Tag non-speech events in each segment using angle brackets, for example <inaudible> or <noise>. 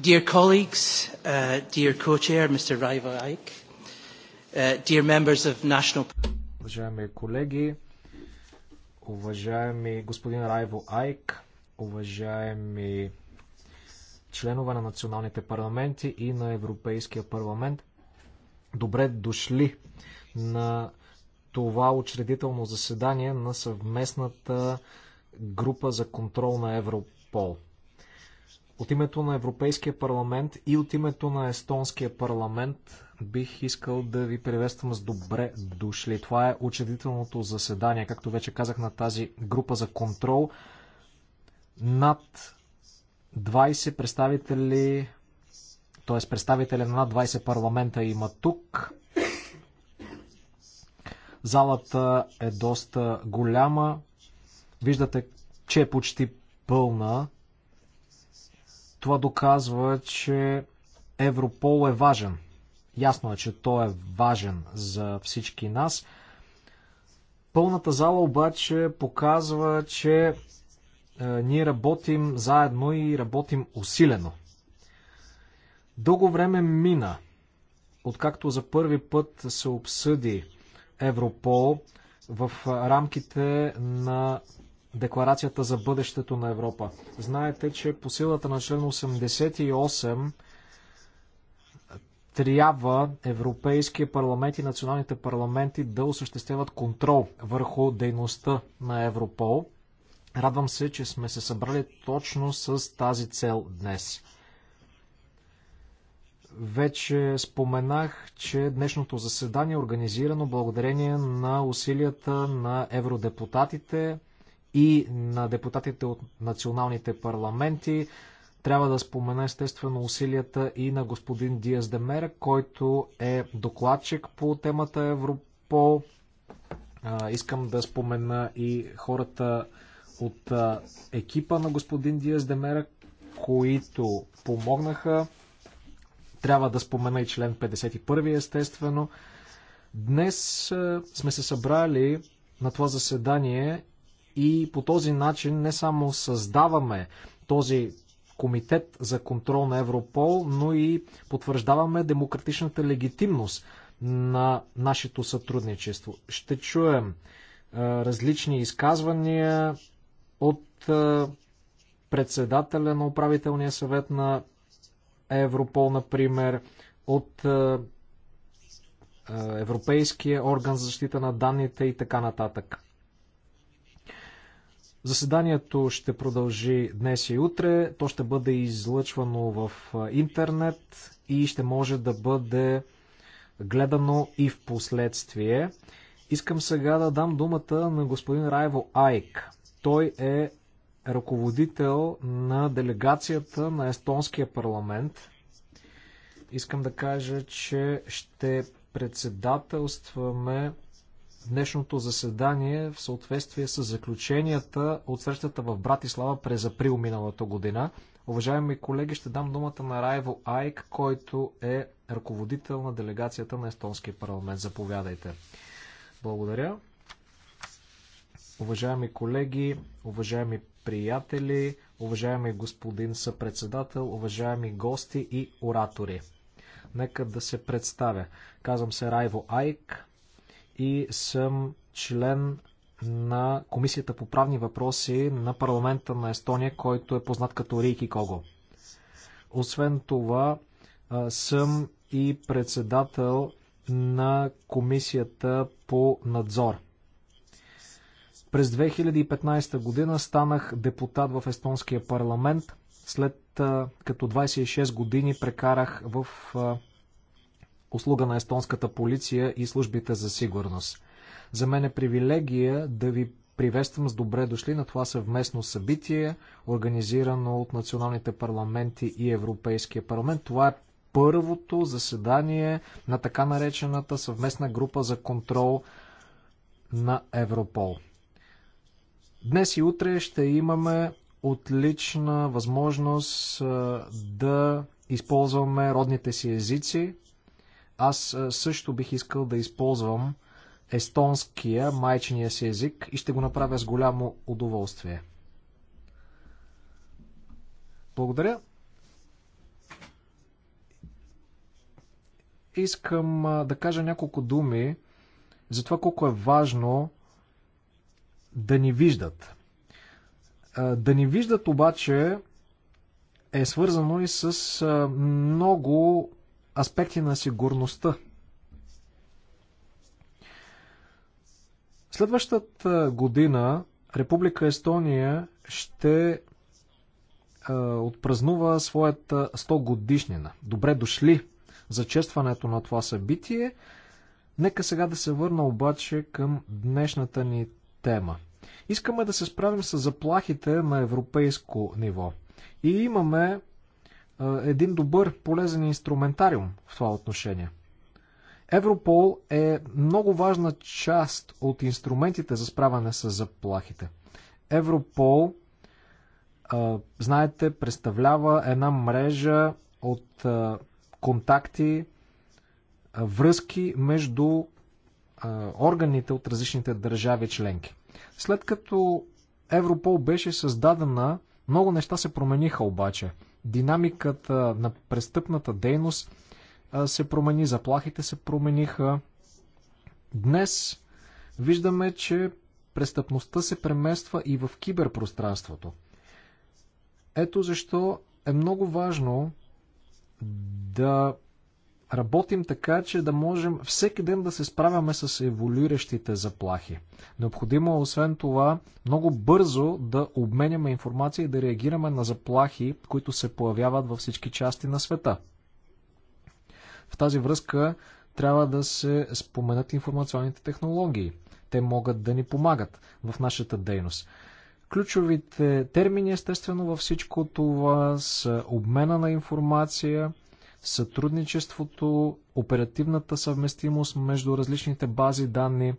Dear colleagues, uh, dear co-chair Mr. Raiva Aik, uh, dear members of national... Уважаеми колеги, уважаеми господин Райво Айк, уважаеми членове на националните парламенти и на Европейския парламент, добре дошли на това учредително заседание на съвместната група за контрол на Европол. От името на Европейския парламент и от името на Естонския парламент бих искал да ви приветствам с добре дошли. Това е учредителното заседание, както вече казах, на тази група за контрол. Над 20 представители, т.е. представители на над 20 парламента има тук. Залата е доста голяма. Виждате, че е почти пълна. Това доказва, че Европол е важен. Ясно е, че той е важен за всички нас. Пълната зала обаче показва, че е, ние работим заедно и работим усилено. Дълго време мина, откакто за първи път се обсъди Европол в рамките на Декларацията за бъдещето на Европа. Знаете, че по силата на член 88 трябва Европейския парламент и националните парламенти да осъществяват контрол върху дейността на Европол. Радвам се, че сме се събрали точно с тази цел днес. Вече споменах, че днешното заседание е организирано благодарение на усилията на евродепутатите, и на депутатите от националните парламенти. Трябва да спомена естествено усилията и на господин Диас Демера, който е докладчик по темата Европол. Искам да спомена и хората от екипа на господин Диас Демер, които помогнаха. Трябва да спомена и член 51 естествено. Днес сме се събрали на това заседание и по този начин не само създаваме този комитет за контрол на Европол, но и потвърждаваме демократичната легитимност на нашето сътрудничество. Ще чуем различни изказвания от председателя на управителния съвет на Европол, например, от Европейския орган за защита на данните и така нататък. Заседанието ще продължи днес и утре. То ще бъде излъчвано в интернет и ще може да бъде гледано и в последствие. Искам сега да дам думата на господин Райво Айк. Той е ръководител на делегацията на Естонския парламент. Искам да кажа, че ще председателстваме днешното заседание в съответствие с заключенията от срещата в Братислава през април миналата година. Уважаеми колеги, ще дам думата на Райво Айк, който е ръководител на делегацията на Естонския парламент. Заповядайте. Благодаря. Уважаеми колеги, уважаеми приятели, уважаеми господин съпредседател, уважаеми гости и оратори. Нека да се представя. Казвам се Райво Айк, и съм член на Комисията по правни въпроси на парламента на Естония, който е познат като Рейки Кого. Освен това, съм и председател на Комисията по надзор. През 2015 година станах депутат в Естонския парламент, след като 26 години прекарах в услуга на естонската полиция и службите за сигурност. За мен е привилегия да ви приветствам с добре дошли на това съвместно събитие, организирано от националните парламенти и Европейския парламент. Това е първото заседание на така наречената съвместна група за контрол на Европол. Днес и утре ще имаме отлична възможност да използваме родните си езици. Аз също бих искал да използвам естонския, майчения си език и ще го направя с голямо удоволствие. Благодаря. Искам да кажа няколко думи за това колко е важно да ни виждат. Да ни виждат обаче е свързано и с много аспекти на сигурността. Следващата година Република Естония ще е, отпразнува своята 100 годишнина. Добре дошли за честването на това събитие. Нека сега да се върна обаче към днешната ни тема. Искаме да се справим с заплахите на европейско ниво. И имаме един добър, полезен инструментариум в това отношение. Европол е много важна част от инструментите за справяне с заплахите. Европол, знаете, представлява една мрежа от контакти, връзки между органите от различните държави членки. След като Европол беше създадена, много неща се промениха обаче – динамиката на престъпната дейност се промени, заплахите се промениха. Днес виждаме, че престъпността се премества и в киберпространството. Ето защо е много важно да работим така, че да можем всеки ден да се справяме с еволюиращите заплахи. Необходимо е освен това много бързо да обменяме информация и да реагираме на заплахи, които се появяват във всички части на света. В тази връзка трябва да се споменат информационните технологии. Те могат да ни помагат в нашата дейност. Ключовите термини, естествено, във всичко това са обмена на информация – сътрудничеството, оперативната съвместимост между различните бази данни.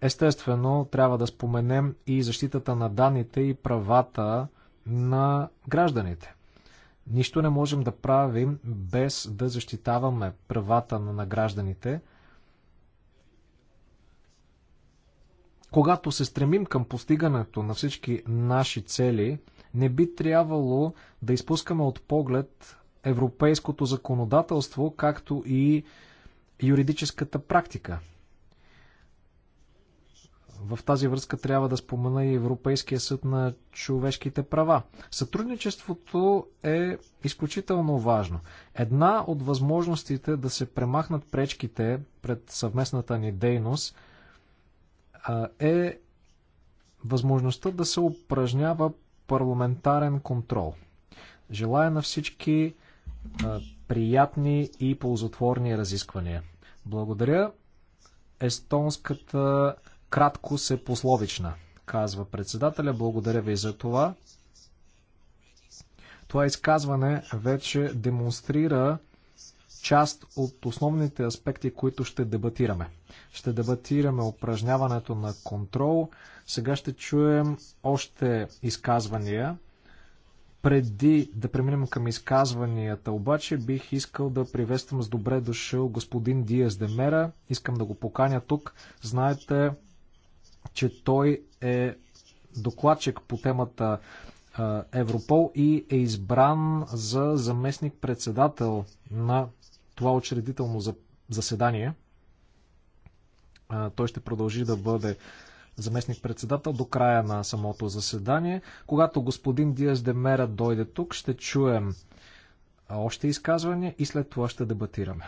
Естествено, трябва да споменем и защитата на данните и правата на гражданите. Нищо не можем да правим без да защитаваме правата на гражданите. Когато се стремим към постигането на всички наши цели – не би трябвало да изпускаме от поглед европейското законодателство, както и юридическата практика. В тази връзка трябва да спомена и Европейския съд на човешките права. Сътрудничеството е изключително важно. Една от възможностите да се премахнат пречките пред съвместната ни дейност е възможността да се упражнява парламентарен контрол. Желая на всички а, приятни и ползотворни разисквания. Благодаря. Естонската кратко се пословична, казва председателя. Благодаря ви за това. Това изказване вече демонстрира част от основните аспекти, които ще дебатираме. Ще дебатираме упражняването на контрол. Сега ще чуем още изказвания. Преди да преминем към изказванията, обаче бих искал да приветствам с добре дошъл господин Диас Демера. Искам да го поканя тук. Знаете, че той е докладчик по темата Европол и е избран за заместник председател на това учредително заседание. Той ще продължи да бъде заместник-председател до края на самото заседание. Когато господин Диас Демера дойде тук, ще чуем още изказвания и след това ще дебатираме.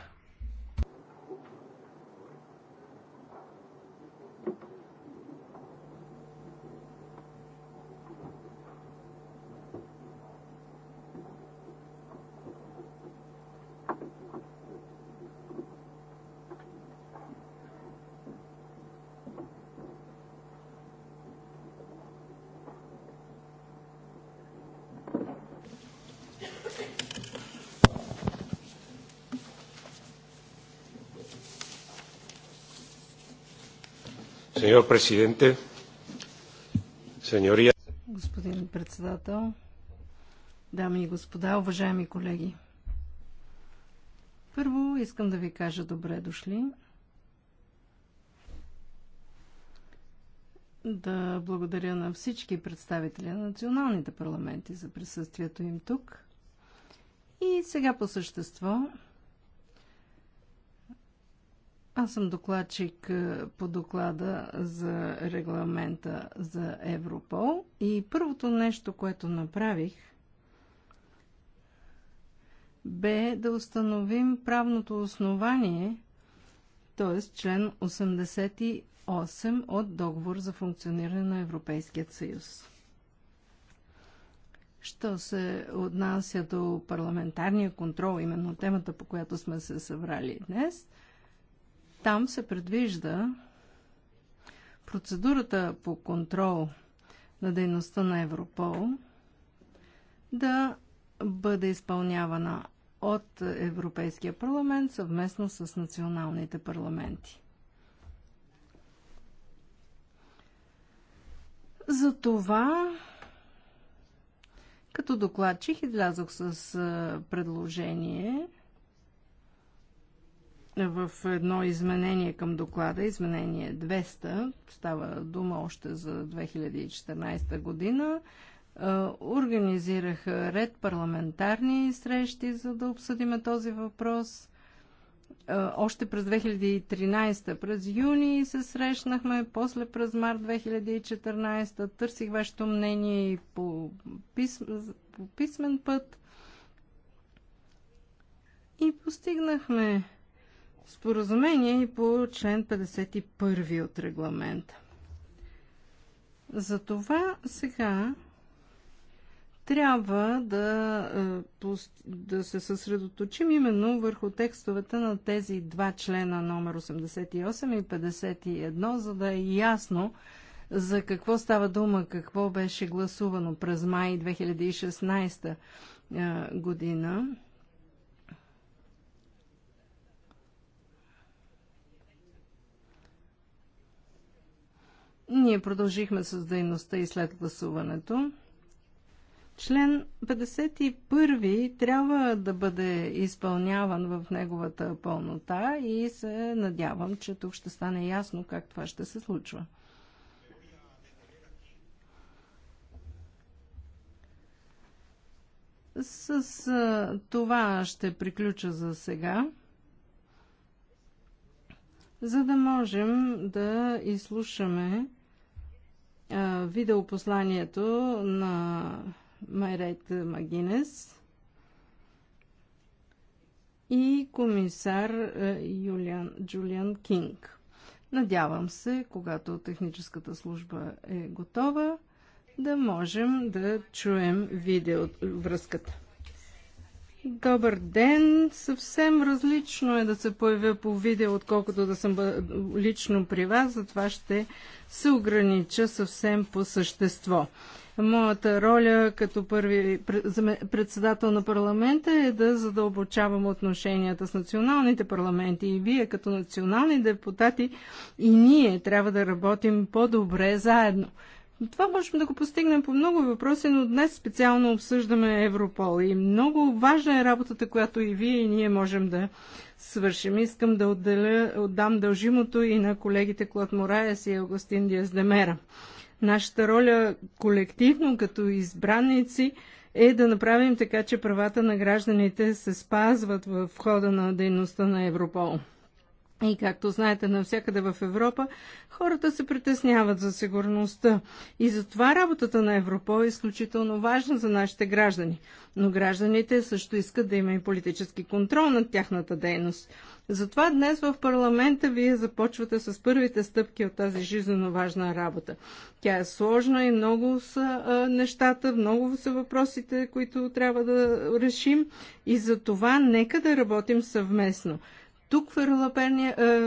Señor presidente, señoría. Господин председател, дами и господа, уважаеми колеги. Първо искам да ви кажа добре дошли. Да благодаря на всички представители на националните парламенти за присъствието им тук. И сега по същество аз съм докладчик е, по доклада за регламента за Европол и първото нещо, което направих, бе да установим правното основание, т.е. член 88 от Договор за функциониране на Европейския съюз. Що се отнася до парламентарния контрол, именно темата, по която сме се събрали днес – там се предвижда процедурата по контрол на дейността на Европол да бъде изпълнявана от Европейския парламент съвместно с националните парламенти. За това, като докладчих, излязох с предложение в едно изменение към доклада, изменение 200, става дума още за 2014 година, организираха ред парламентарни срещи, за да обсъдиме този въпрос. Още през 2013, през юни се срещнахме, после през март 2014 търсих вашето мнение и по, писм, по писмен път. И постигнахме споразумение и по член 51 от регламента. Затова сега трябва да, е, да се съсредоточим именно върху текстовете на тези два члена номер 88 и 51, за да е ясно за какво става дума, какво беше гласувано през май 2016 е, година Ние продължихме с дейността и след гласуването. Член 51 трябва да бъде изпълняван в неговата пълнота и се надявам, че тук ще стане ясно как това ще се случва. С това ще приключа за сега за да можем да изслушаме видеопосланието на Майрет Магинес и комисар Юлиан, Джулиан Кинг. Надявам се, когато техническата служба е готова, да можем да чуем видео връзката. Добър ден! Съвсем различно е да се появя по видео, отколкото да съм лично при вас, затова ще се огранича съвсем по същество. Моята роля като първи председател на парламента е да задълбочавам отношенията с националните парламенти и вие като национални депутати и ние трябва да работим по-добре заедно. Това можем да го постигнем по много въпроси, но днес специално обсъждаме Европол и много важна е работата, която и вие и ние можем да свършим. Искам да отделя, отдам дължимото и на колегите Клад Мораес и Агустин Диас Демера. Нашата роля колективно като избранници е да направим така, че правата на гражданите се спазват в хода на дейността на Европол. И както знаете, навсякъде в Европа хората се притесняват за сигурността. И затова работата на Европол е изключително важна за нашите граждани. Но гражданите също искат да има и политически контрол над тяхната дейност. Затова днес в парламента вие започвате с първите стъпки от тази жизненно важна работа. Тя е сложна и много са а, нещата, много са въпросите, които трябва да решим. И за това нека да работим съвместно тук е,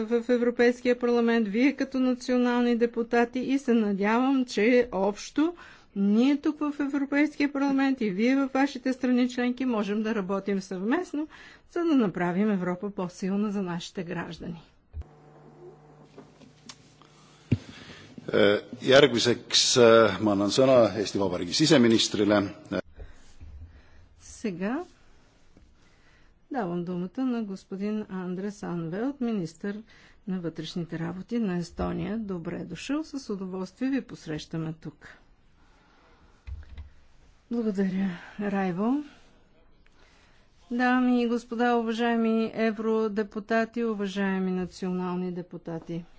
в Европейския парламент, вие като национални депутати и се надявам, че общо ние тук в Европейския парламент и вие във вашите страни членки можем да работим съвместно, за да направим Европа по-силна за нашите граждани. Е, järgmiseks е, ma annan sõna Eesti Vabariigi siseministrile. Сега Давам думата на господин Андрес Анвелт, министър на вътрешните работи на Естония. Добре е дошъл, с удоволствие ви посрещаме тук. Благодаря, Райво. Дами и господа, уважаеми евродепутати, уважаеми национални депутати –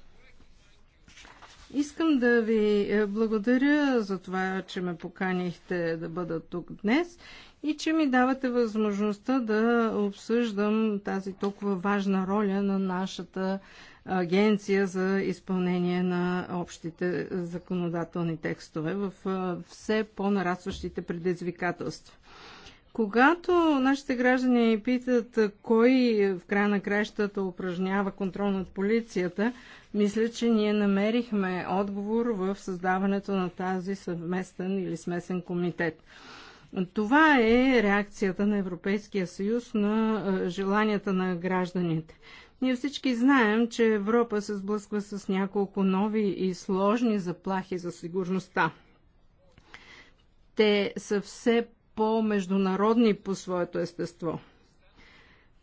Искам да ви е, благодаря за това, че ме поканихте да бъда тук днес и че ми давате възможността да обсъждам тази толкова важна роля на нашата агенция за изпълнение на общите законодателни текстове в е, все по-нарастващите предизвикателства. Когато нашите граждани питат кой е, в края на кращата упражнява контрол над полицията, мисля, че ние намерихме отговор в създаването на тази съвместен или смесен комитет. Това е реакцията на Европейския съюз на желанията на гражданите. Ние всички знаем, че Европа се сблъсква с няколко нови и сложни заплахи за сигурността. Те са все по-международни по своето естество.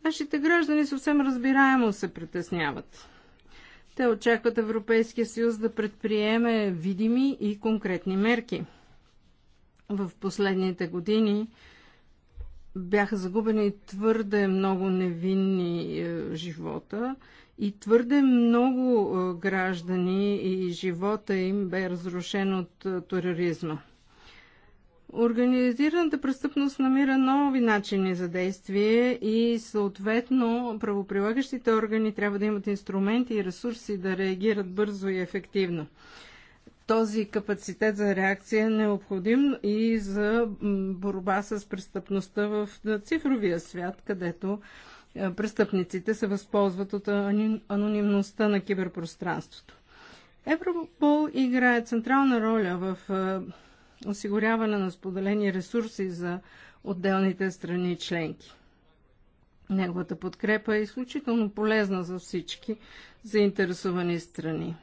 Нашите граждани съвсем разбираемо се притесняват. Те очакват Европейския съюз да предприеме видими и конкретни мерки. В последните години бяха загубени твърде много невинни е, живота и твърде много е, граждани и живота им бе разрушен от е, тероризма. Организираната престъпност намира нови начини за действие и съответно правоприлагащите органи трябва да имат инструменти и ресурси да реагират бързо и ефективно. Този капацитет за реакция е необходим и за борба с престъпността в цифровия свят, където е, престъпниците се възползват от анонимността на киберпространството. Европол играе централна роля в е, осигуряване на споделени ресурси за отделните страни членки. Неговата подкрепа е изключително полезна за всички заинтересовани страни.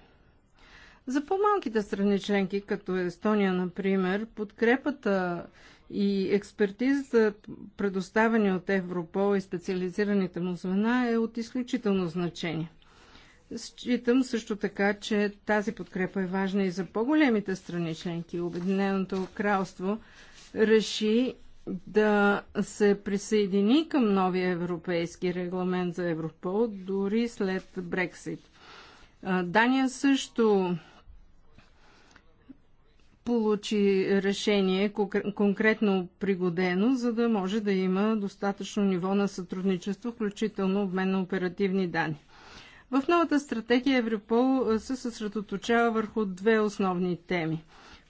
За по-малките страни членки, като Естония, например, подкрепата и експертизата, предоставени от Европол и специализираните му звена, е от изключително значение. Считам също така, че тази подкрепа е важна и за по-големите страни членки. Обединеното кралство реши да се присъедини към новия европейски регламент за Европол дори след Брексит. Дания също получи решение, конкретно пригодено, за да може да има достатъчно ниво на сътрудничество, включително обмен на оперативни данни. В новата стратегия Европол се съсредоточава върху две основни теми.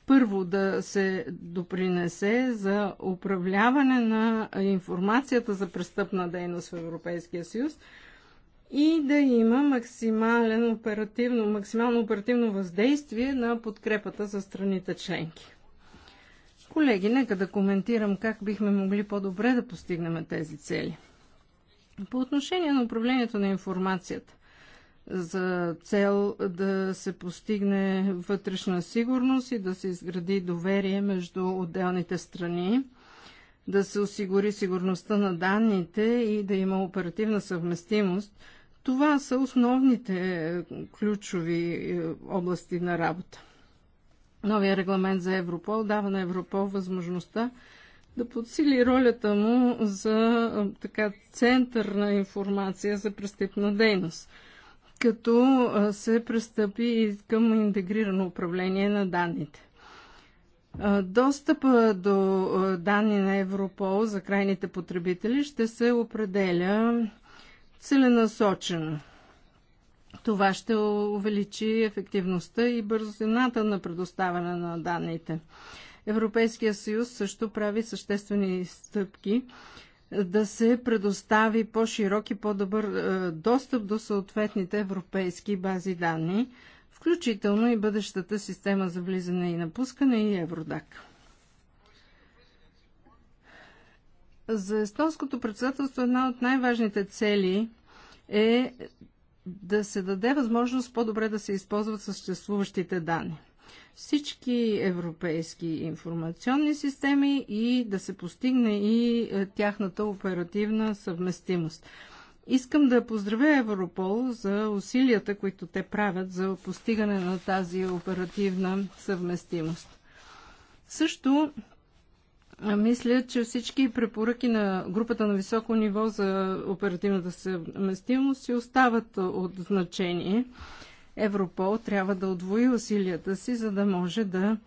Първо да се допринесе за управляване на информацията за престъпна дейност в Европейския съюз и да има максимален оперативно, максимално оперативно въздействие на подкрепата за страните членки. Колеги, нека да коментирам как бихме могли по-добре да постигнем тези цели. По отношение на управлението на информацията за цел да се постигне вътрешна сигурност и да се изгради доверие между отделните страни, да се осигури сигурността на данните и да има оперативна съвместимост. Това са основните е, ключови е, области на работа. Новия регламент за Европол дава на Европол възможността да подсили ролята му за е, така, център на информация за престъпна дейност – като се пристъпи и към интегрирано управление на данните. Достъпа до данни на Европол за крайните потребители ще се определя целенасочено. Това ще увеличи ефективността и бързината на предоставяне на данните. Европейския съюз също прави съществени стъпки да се предостави по-широк и по-добър е, достъп до съответните европейски бази данни, включително и бъдещата система за влизане и напускане и Евродак. За естонското председателство една от най-важните цели е да се даде възможност по-добре да се използват съществуващите данни всички европейски информационни системи и да се постигне и е, тяхната оперативна съвместимост. Искам да поздравя Европол за усилията, които те правят за постигане на тази оперативна съвместимост. Също мисля, че всички препоръки на групата на високо ниво за оперативната съвместимост си остават от значение. Европол трябва да отвои усилията си, за да може да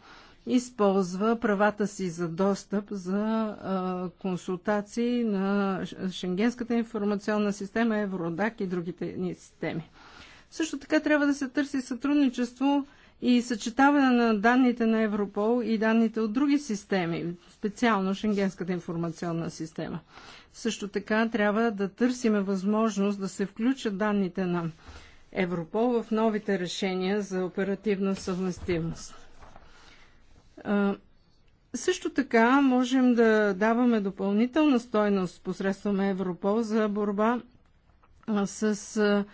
използва правата си за достъп за а, консултации на Шенгенската информационна система, Евродак и другите ни системи. Също така трябва да се търси сътрудничество и съчетаване на данните на Европол и данните от други системи, специално Шенгенската информационна система. Също така трябва да търсиме възможност да се включат данните на Европол в новите решения за оперативна съвместимост. Също така можем да даваме допълнителна стойност посредством Европол за борба с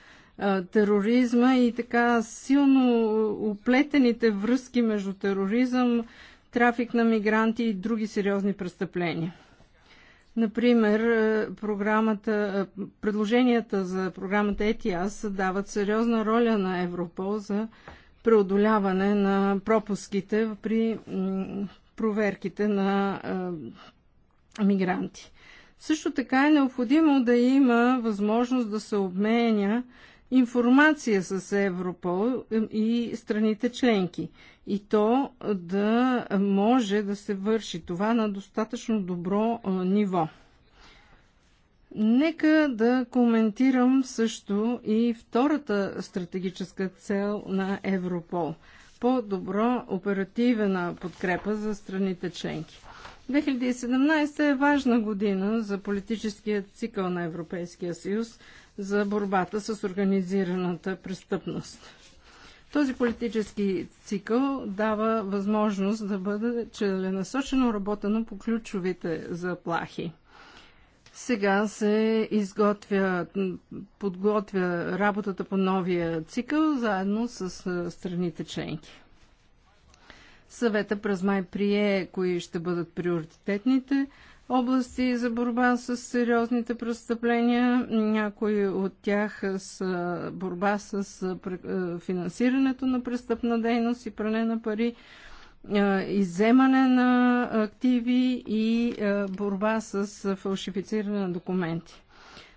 тероризма и така силно оплетените връзки между тероризъм, трафик на мигранти и други сериозни престъпления. Например, е, програмата, е, предложенията за програмата ETIAS дават сериозна роля на Европол за преодоляване на пропуските при проверките на е, мигранти. Също така е необходимо да има възможност да се обменя информация с Европол и страните членки. И то да може да се върши това на достатъчно добро ниво. Нека да коментирам също и втората стратегическа цел на Европол по-добро оперативна подкрепа за страните членки. 2017 е важна година за политическия цикъл на Европейския съюз, за борбата с организираната престъпност. Този политически цикъл дава възможност да бъде целенасочено работено по ключовите заплахи. Сега се изготвя, подготвя работата по новия цикъл заедно с страните членки. Съвета през май прие кои ще бъдат приоритетните области за борба с сериозните престъпления. Някои от тях са борба с финансирането на престъпна дейност и пране на пари, иземане на активи и борба с фалшифициране на документи.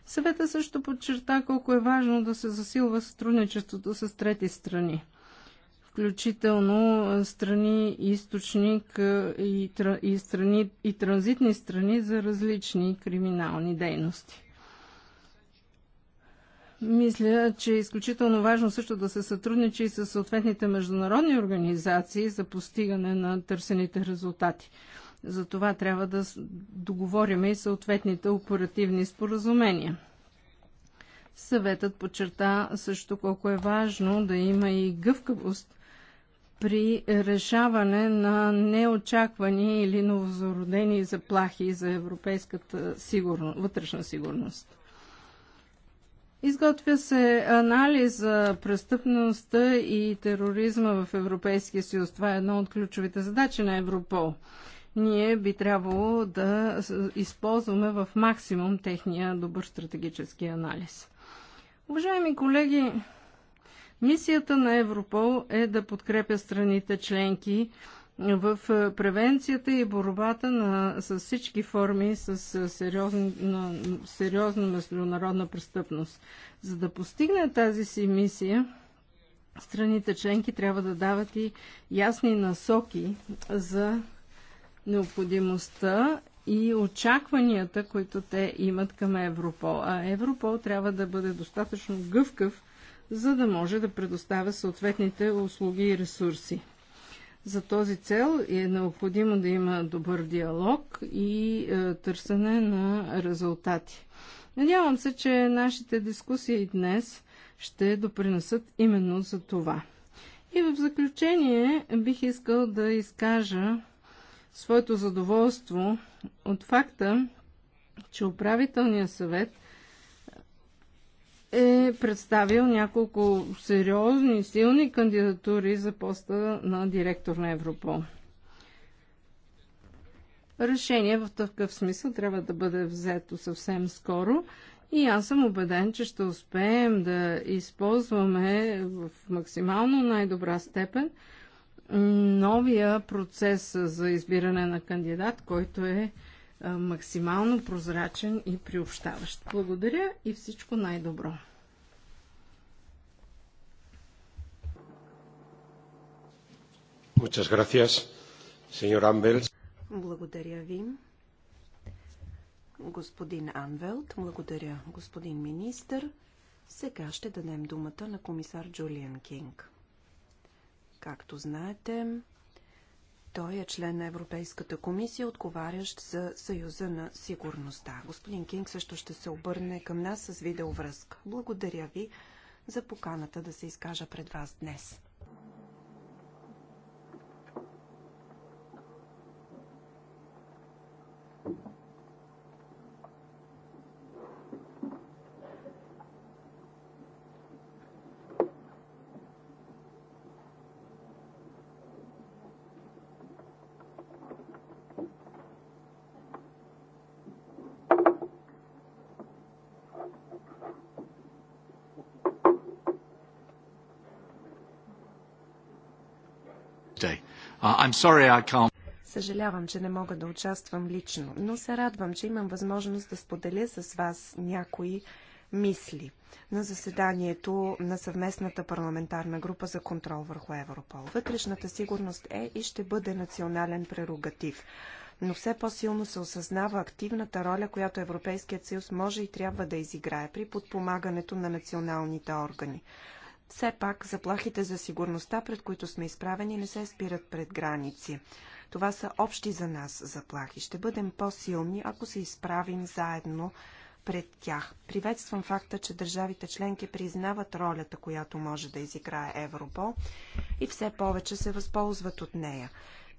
Съвета също подчерта колко е важно да се засилва сътрудничеството с трети страни – включително страни източник и, и, страни, и транзитни страни за различни криминални дейности. Мисля, че е изключително важно също да се сътрудничи и с съответните международни организации за постигане на търсените резултати. За това трябва да договориме и съответните оперативни споразумения. Съветът подчерта също колко е важно да има и гъвкавост при решаване на неочаквани или новозародени заплахи за европейската сигурно, вътрешна сигурност. Изготвя се анализ за престъпността и тероризма в Европейския съюз. Това е една от ключовите задачи на Европол. Ние би трябвало да използваме в максимум техния добър стратегически анализ. Уважаеми колеги, Мисията на Европол е да подкрепя страните членки в е, превенцията и борбата на, с всички форми с е, сериозна, сериозна международна престъпност. За да постигне тази си мисия, страните членки трябва да дават и ясни насоки за необходимостта и очакванията, които те имат към Европол. А Европол трябва да бъде достатъчно гъвкав, за да може да предоставя съответните услуги и ресурси. За този цел е необходимо да има добър диалог и е, търсене на резултати. Надявам се, че нашите дискусии днес ще допринесат именно за това. И в заключение бих искал да изкажа своето задоволство от факта, че управителният съвет – е представил няколко сериозни, и силни кандидатури за поста на директор на Европол. Решение в такъв смисъл трябва да бъде взето съвсем скоро и аз съм убеден, че ще успеем да използваме в максимално най-добра степен новия процес за избиране на кандидат, който е максимално прозрачен и приобщаващ. Благодаря и всичко най-добро! Muchas gracias, señor Благодаря ви. Господин Анвелт, благодаря, господин министр. Сега ще дадем думата на комисар Джулиан Кинг. Както знаете, той е член на Европейската комисия, отговарящ за Съюза на сигурността. Господин Кинг също ще се обърне към нас с видеовръзка. Благодаря ви за поканата да се изкажа пред вас днес. Uh, I'm sorry I can't Съжалявам, че не мога да участвам лично, но се радвам, че имам възможност да споделя с вас някои мисли на заседанието на съвместната парламентарна група за контрол върху Европол. Вътрешната сигурност е и ще бъде национален прерогатив. Но все по-силно се осъзнава активната роля, която Европейският съюз може и трябва да изиграе при подпомагането на националните органи. Все пак заплахите за сигурността, пред които сме изправени, не се спират пред граници. Това са общи за нас заплахи. Ще бъдем по-силни, ако се изправим заедно пред тях. Приветствам факта, че държавите членки признават ролята, която може да изиграе Европол и все повече се възползват от нея.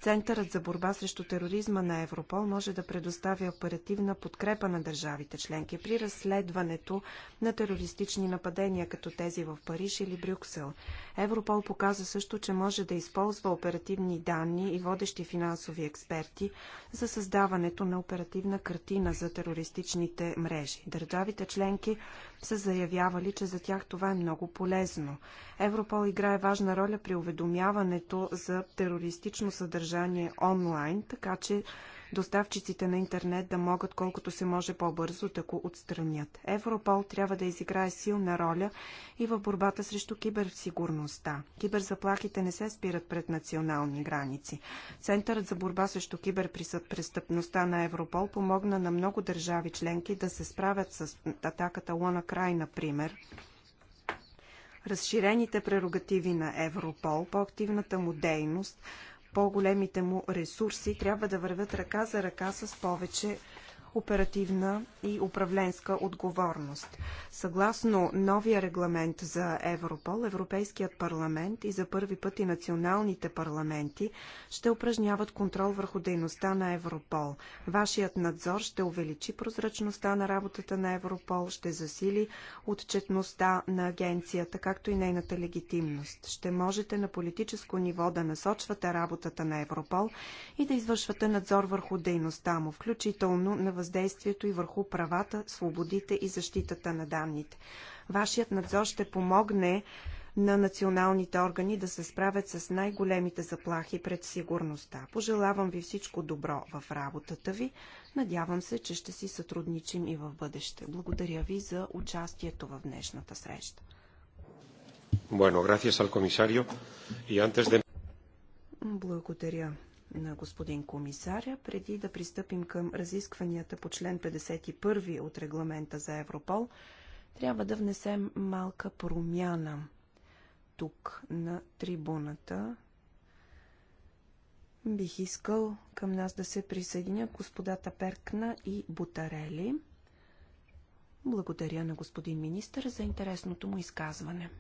Центърът за борба срещу тероризма на Европол може да предоставя оперативна подкрепа на държавите членки при разследването на терористични нападения, като тези в Париж или Брюксел. Европол показа също, че може да използва оперативни данни и водещи финансови експерти за създаването на оперативна картина за терористичните мрежи. Държавите членки са заявявали, че за тях това е много полезно. Европол играе важна роля при уведомяването за терористично съдържание съдържание онлайн, така че доставчиците на интернет да могат колкото се може по-бързо да го отстранят. Европол трябва да изиграе силна роля и в борбата срещу киберсигурността. Киберзаплахите не се спират пред национални граници. Центърът за борба срещу киберпрестъпността на Европол помогна на много държави членки да се справят с атаката Лона Край, например, разширените прерогативи на Европол, по-активната му дейност – по-големите му ресурси трябва да вървят ръка за ръка с повече оперативна и управленска отговорност. Съгласно новия регламент за Европол, Европейският парламент и за първи път и националните парламенти ще упражняват контрол върху дейността на Европол. Вашият надзор ще увеличи прозрачността на работата на Европол, ще засили отчетността на агенцията, както и нейната легитимност. Ще можете на политическо ниво да насочвате работата на Европол и да извършвате надзор върху дейността му, включително на въздействието и върху правата, свободите и защитата на данните. Вашият надзор ще помогне на националните органи да се справят с най-големите заплахи пред сигурността. Пожелавам ви всичко добро в работата ви. Надявам се, че ще си сътрудничим и в бъдеще. Благодаря ви за участието в днешната среща. Bueno, gracias al comisario. Y antes de... Благодаря на господин комисаря. Преди да пристъпим към разискванията по член 51 от регламента за Европол, трябва да внесем малка промяна тук на трибуната. Бих искал към нас да се присъединят господата Перкна и Бутарели. Благодаря на господин министър за интересното му изказване.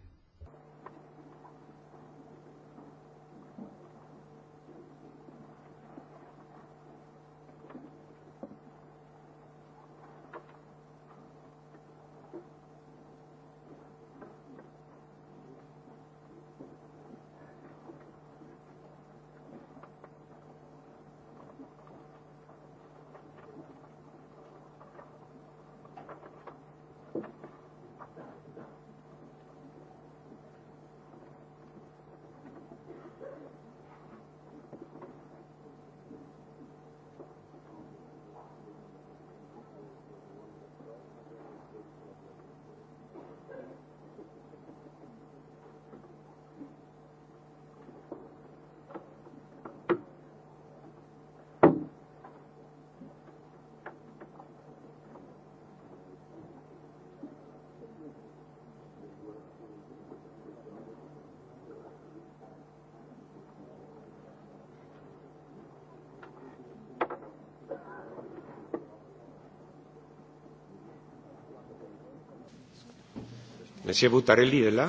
Месье Бутарели е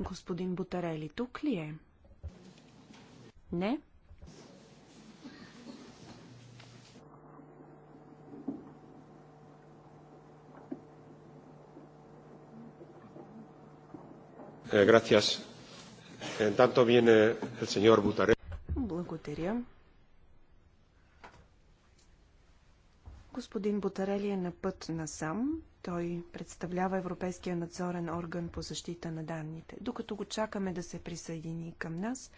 Господин Бутарели тук ли е? Не. Eh, Благодаря. Господин Бутарели е на път насам. Той представлява Европейския надзорен орган по защита на данните. Докато го чакаме да се присъедини към нас,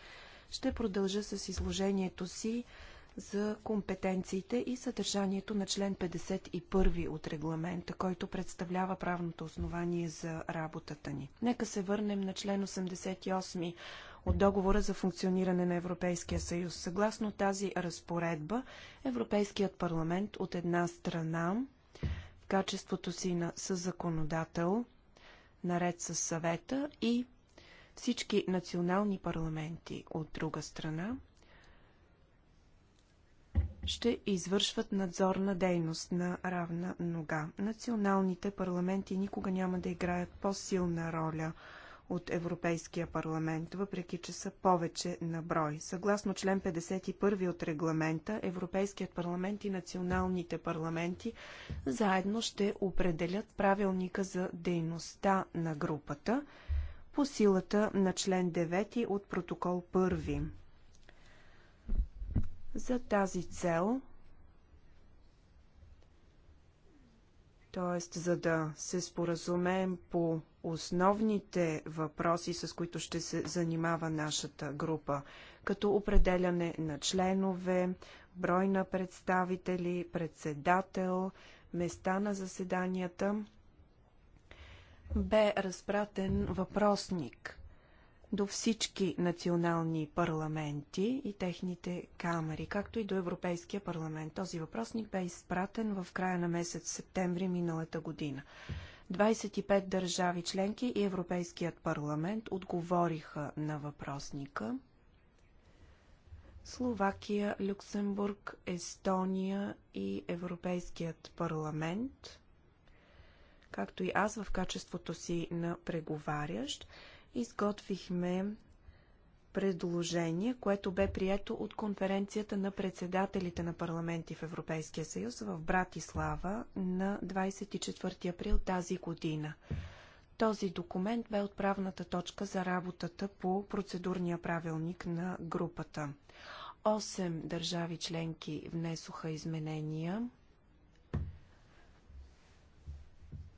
ще продължа с изложението си за компетенциите и съдържанието на член 51 от регламента, който представлява правното основание за работата ни. Нека се върнем на член 88 от договора за функциониране на Европейския съюз. Съгласно тази разпоредба, Европейският парламент от една страна качеството си на съзаконодател, наред с съвета и всички национални парламенти от друга страна, ще извършват надзорна дейност на равна нога. Националните парламенти никога няма да играят по-силна роля – от Европейския парламент, въпреки че са повече на брой. Съгласно член 51 от регламента, Европейският парламент и националните парламенти заедно ще определят правилника за дейността на групата по силата на член 9 от протокол 1. За тази цел т.е. за да се споразумеем по основните въпроси, с които ще се занимава нашата група, като определяне на членове, брой на представители, председател, места на заседанията, бе разпратен въпросник до всички национални парламенти и техните камери, както и до Европейския парламент. Този въпросник бе изпратен в края на месец септември миналата година. 25 държави членки и Европейският парламент отговориха на въпросника. Словакия, Люксембург, Естония и Европейският парламент, както и аз в качеството си на преговарящ, изготвихме предложение, което бе прието от конференцията на председателите на парламенти в Европейския съюз в Братислава на 24 април тази година. Този документ бе отправната точка за работата по процедурния правилник на групата. Осем държави членки внесоха изменения.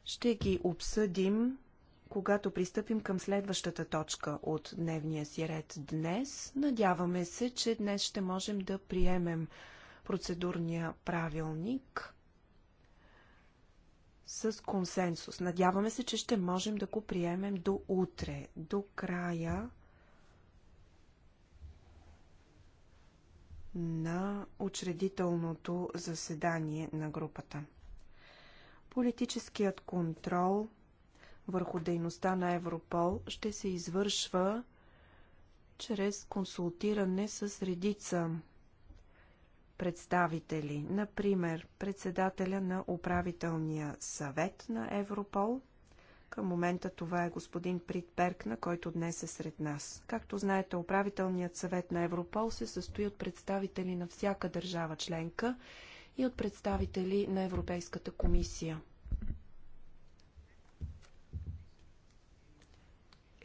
Ще ги обсъдим когато пристъпим към следващата точка от дневния си ред днес. Надяваме се, че днес ще можем да приемем процедурния правилник с консенсус. Надяваме се, че ще можем да го приемем до утре, до края на учредителното заседание на групата. Политическият контрол – върху дейността на Европол ще се извършва чрез консултиране с редица представители, например председателя на управителния съвет на Европол. Към момента това е господин Прит Перкна, който днес е сред нас. Както знаете, управителният съвет на Европол се състои от представители на всяка държава членка и от представители на Европейската комисия.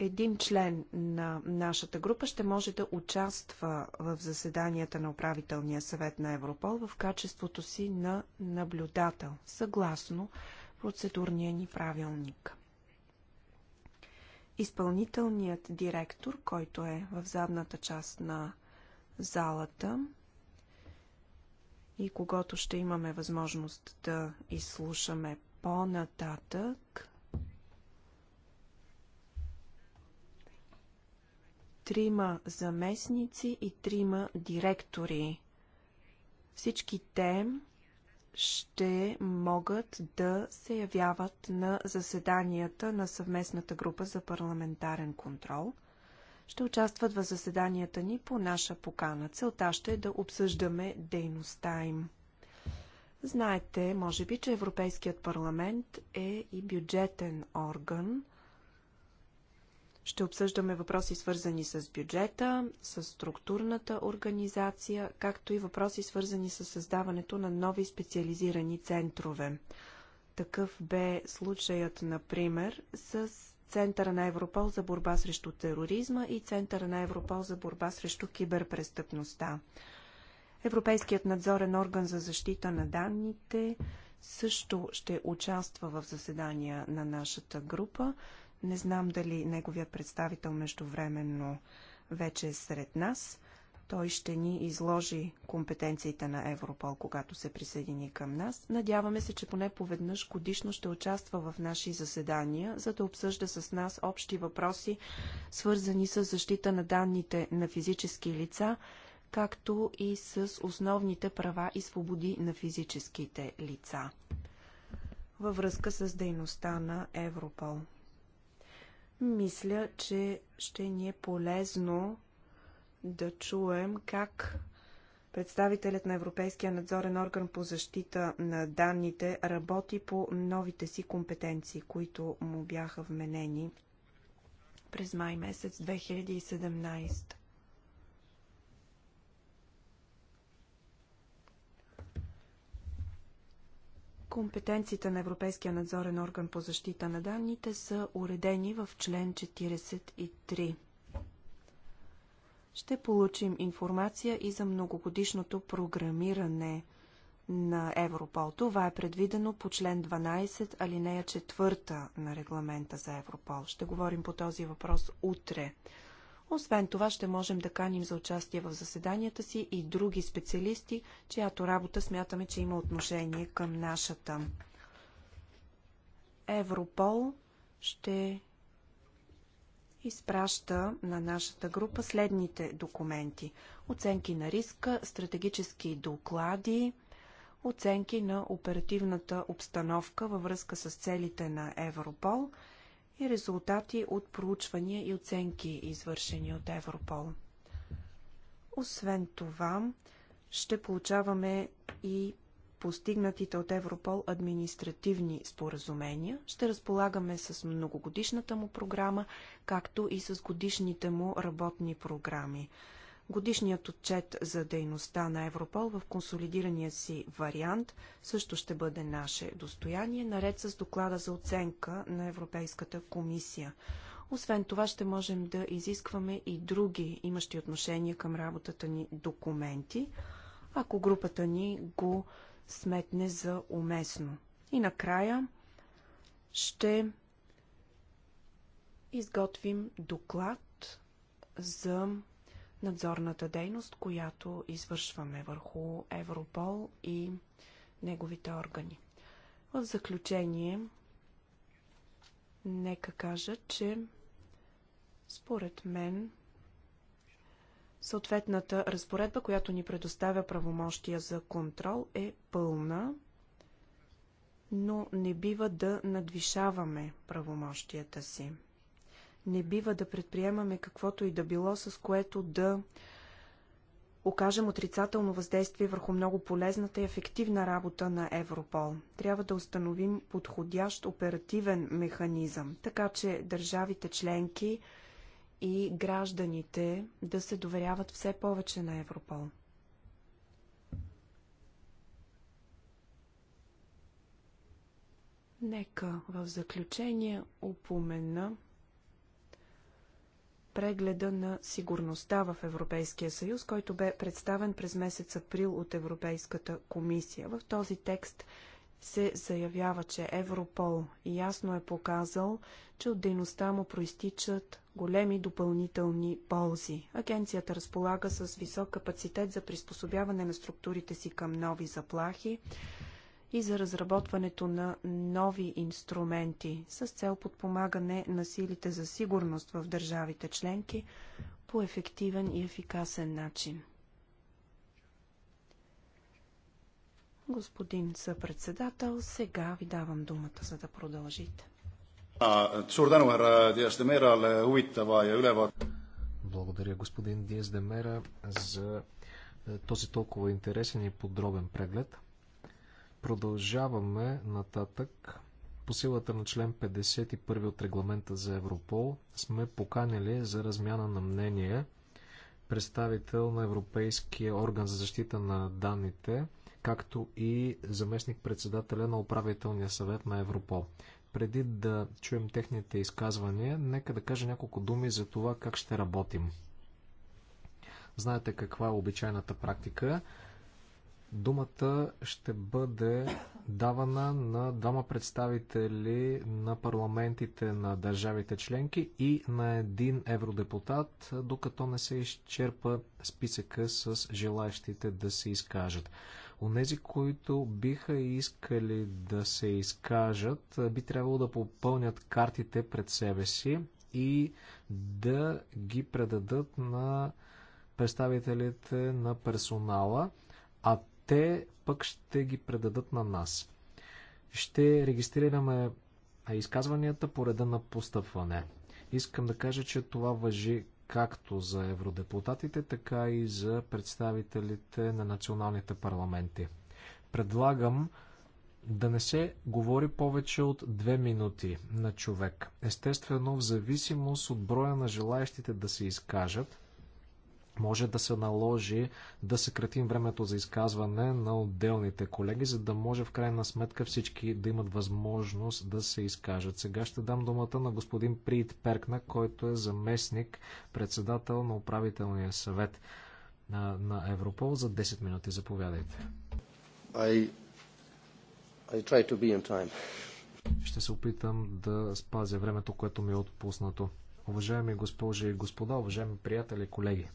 един член на нашата група ще може да участва в заседанията на управителния съвет на Европол в качеството си на наблюдател, съгласно процедурния ни правилник. Изпълнителният директор, който е в задната част на залата и когато ще имаме възможност да изслушаме по-нататък, трима заместници и трима директори. Всички те ще могат да се явяват на заседанията на съвместната група за парламентарен контрол. Ще участват в заседанията ни по наша покана. Целта ще е да обсъждаме дейността им. Знаете, може би, че Европейският парламент е и бюджетен орган – ще обсъждаме въпроси свързани с бюджета, с структурната организация, както и въпроси свързани с създаването на нови специализирани центрове. Такъв бе случаят, например, с Центъра на Европол за борба срещу тероризма и Центъра на Европол за борба срещу киберпрестъпността. Европейският надзорен орган за защита на данните също ще участва в заседания на нашата група. Не знам дали неговият представител междувременно вече е сред нас. Той ще ни изложи компетенциите на Европол, когато се присъедини към нас. Надяваме се, че поне поведнъж годишно ще участва в наши заседания, за да обсъжда с нас общи въпроси, свързани с защита на данните на физически лица, както и с основните права и свободи на физическите лица във връзка с дейността на Европол. Мисля, че ще ни е полезно да чуем как представителят на Европейския надзорен орган по защита на данните работи по новите си компетенции, които му бяха вменени през май месец 2017. Компетенциите на Европейския надзорен орган по защита на данните са уредени в член 43. Ще получим информация и за многогодишното програмиране на Европол. Това е предвидено по член 12, алинея 4 на регламента за Европол. Ще говорим по този въпрос утре. Освен това ще можем да каним за участие в заседанията си и други специалисти, чиято работа смятаме, че има отношение към нашата. Европол ще изпраща на нашата група следните документи. Оценки на риска, стратегически доклади, оценки на оперативната обстановка във връзка с целите на Европол – и резултати от проучвания и оценки, извършени от Европол. Освен това, ще получаваме и постигнатите от Европол административни споразумения. Ще разполагаме с многогодишната му програма, както и с годишните му работни програми. Годишният отчет за дейността на Европол в консолидирания си вариант също ще бъде наше достояние, наред с доклада за оценка на Европейската комисия. Освен това ще можем да изискваме и други, имащи отношение към работата ни документи, ако групата ни го сметне за уместно. И накрая ще изготвим доклад за надзорната дейност, която извършваме върху Европол и неговите органи. В заключение, нека кажа, че според мен съответната разпоредба, която ни предоставя правомощия за контрол е пълна, но не бива да надвишаваме правомощията си. Не бива да предприемаме каквото и да било, с което да окажем отрицателно въздействие върху много полезната и ефективна работа на Европол. Трябва да установим подходящ оперативен механизъм, така че държавите членки и гражданите да се доверяват все повече на Европол. Нека в заключение упомена прегледа на сигурността в Европейския съюз, който бе представен през месец април от Европейската комисия. В този текст се заявява, че Европол ясно е показал, че от дейността му проистичат големи допълнителни ползи. Агенцията разполага с висок капацитет за приспособяване на структурите си към нови заплахи, и за разработването на нови инструменти с цел подпомагане на силите за сигурност в държавите членки по ефективен и ефикасен начин. Господин съпредседател, сега ви давам думата, за да продължите. Благодаря, господин Диас Демера, за е, този толкова интересен и подробен преглед. Продължаваме нататък. По силата на член 51 от регламента за Европол сме поканили за размяна на мнение представител на Европейския орган за защита на данните, както и заместник-председателя на управителния съвет на Европол. Преди да чуем техните изказвания, нека да кажа няколко думи за това как ще работим. Знаете каква е обичайната практика. Думата ще бъде давана на двама представители на парламентите на държавите членки и на един евродепутат, докато не се изчерпа списъка с желаящите да се изкажат. Онези, които биха искали да се изкажат, би трябвало да попълнят картите пред себе си и да ги предадат на представителите на персонала. А те пък ще ги предадат на нас. Ще регистрираме изказванията по реда на постъпване. Искам да кажа, че това въжи както за евродепутатите, така и за представителите на националните парламенти. Предлагам да не се говори повече от две минути на човек. Естествено, в зависимост от броя на желаящите да се изкажат, може да се наложи да съкратим времето за изказване на отделните колеги, за да може в крайна сметка всички да имат възможност да се изкажат. Сега ще дам думата на господин Приит Перкна, който е заместник председател на управителния съвет на, на Европол за 10 минути. Заповядайте. I, I try to be in time. Ще се опитам да спазя времето, което ми е отпуснато. Уважаеми госпожи и господа, уважаеми приятели, колеги.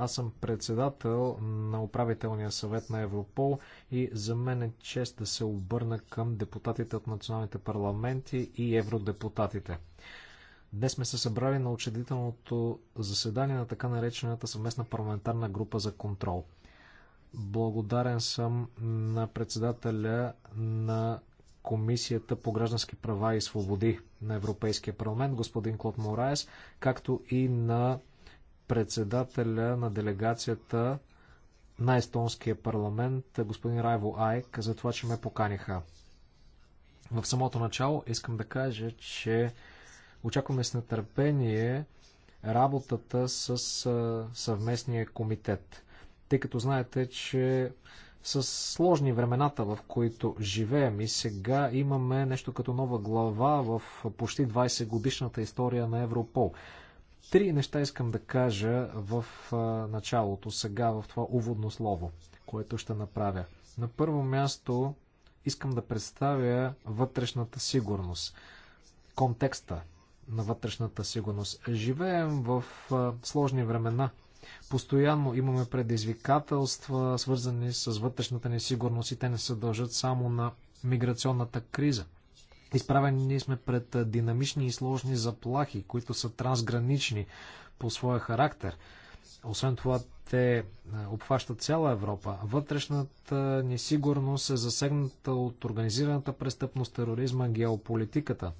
Аз съм председател на управителния съвет на Европол и за мен е чест да се обърна към депутатите от националните парламенти и евродепутатите. Днес сме се събрали на учредителното заседание на така наречената съвместна парламентарна група за контрол. Благодарен съм на председателя на Комисията по граждански права и свободи на Европейския парламент, господин Клод Мораес, както и на председателя на делегацията на Естонския парламент, господин Райво Айк, за това, че ме поканиха. В самото начало искам да кажа, че очакваме с нетърпение работата с съвместния комитет. Тъй като знаете, че с сложни времената, в които живеем и сега имаме нещо като нова глава в почти 20 годишната история на Европол. Три неща искам да кажа в началото, сега в това уводно слово, което ще направя. На първо място искам да представя вътрешната сигурност, контекста на вътрешната сигурност. Живеем в сложни времена. Постоянно имаме предизвикателства, свързани с вътрешната несигурност и те не се дължат само на миграционната криза – Изправени сме пред динамични и сложни заплахи, които са трансгранични по своя характер. Освен това, те обхващат цяла Европа. Вътрешната несигурност е засегната от организираната престъпност, тероризма, геополитиката.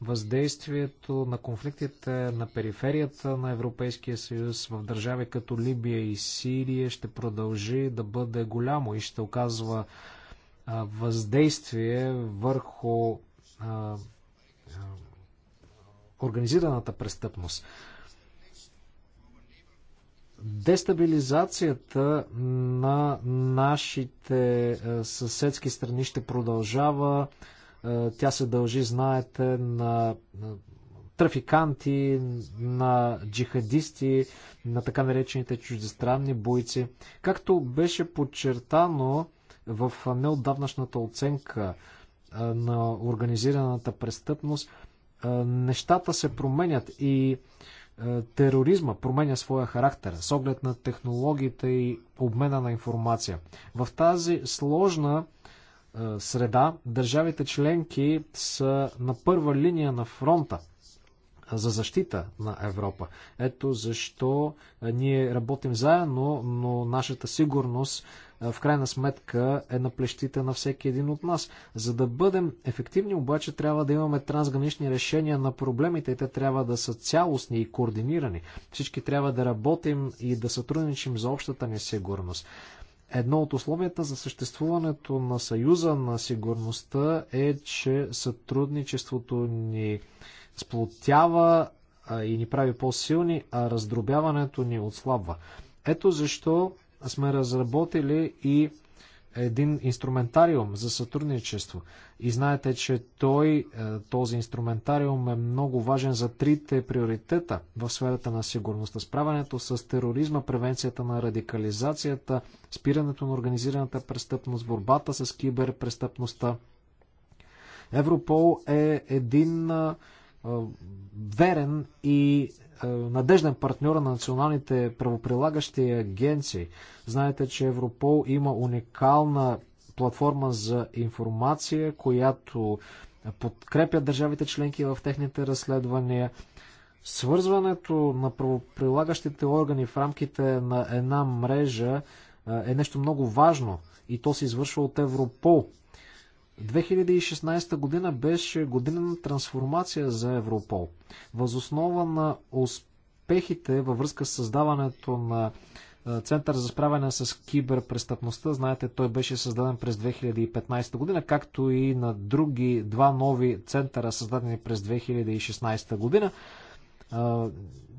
Въздействието на конфликтите на периферията на Европейския съюз в държави като Либия и Сирия ще продължи да бъде голямо и ще оказва въздействие върху а, а, организираната престъпност. Дестабилизацията на нашите съседски страни ще продължава. Тя се дължи, знаете, на трафиканти, на джихадисти, на така наречените чуждестранни бойци. Както беше подчертано в неотдавнашната оценка на организираната престъпност, нещата се променят и тероризма променя своя характер с оглед на технологиите и обмена на информация. В тази сложна среда държавите членки са на първа линия на фронта за защита на Европа. Ето защо ние работим заедно, но нашата сигурност в крайна сметка е на плещите на всеки един от нас. За да бъдем ефективни обаче трябва да имаме трансгранични решения на проблемите и те трябва да са цялостни и координирани. Всички трябва да работим и да сътрудничим за общата ни сигурност. Едно от условията за съществуването на Съюза на сигурността е, че сътрудничеството ни сплотява и ни прави по-силни, а раздробяването ни отслабва. Ето защо сме разработили и един инструментариум за сътрудничество. И знаете, че той, е, този инструментариум е много важен за трите приоритета в сферата на сигурността. Справянето с тероризма, превенцията на радикализацията, спирането на организираната престъпност, борбата с киберпрестъпността. Европол е един е, верен и надежден партньор на националните правоприлагащи агенции. Знаете, че Европол има уникална платформа за информация, която подкрепя държавите членки в техните разследвания. Свързването на правоприлагащите органи в рамките на една мрежа е нещо много важно и то се извършва от Европол. 2016 година беше година на трансформация за Европол. Възоснова на успехите във връзка с създаването на Център за справяне с киберпрестъпността, знаете, той беше създаден през 2015 година, както и на други два нови центъра, създадени през 2016 година.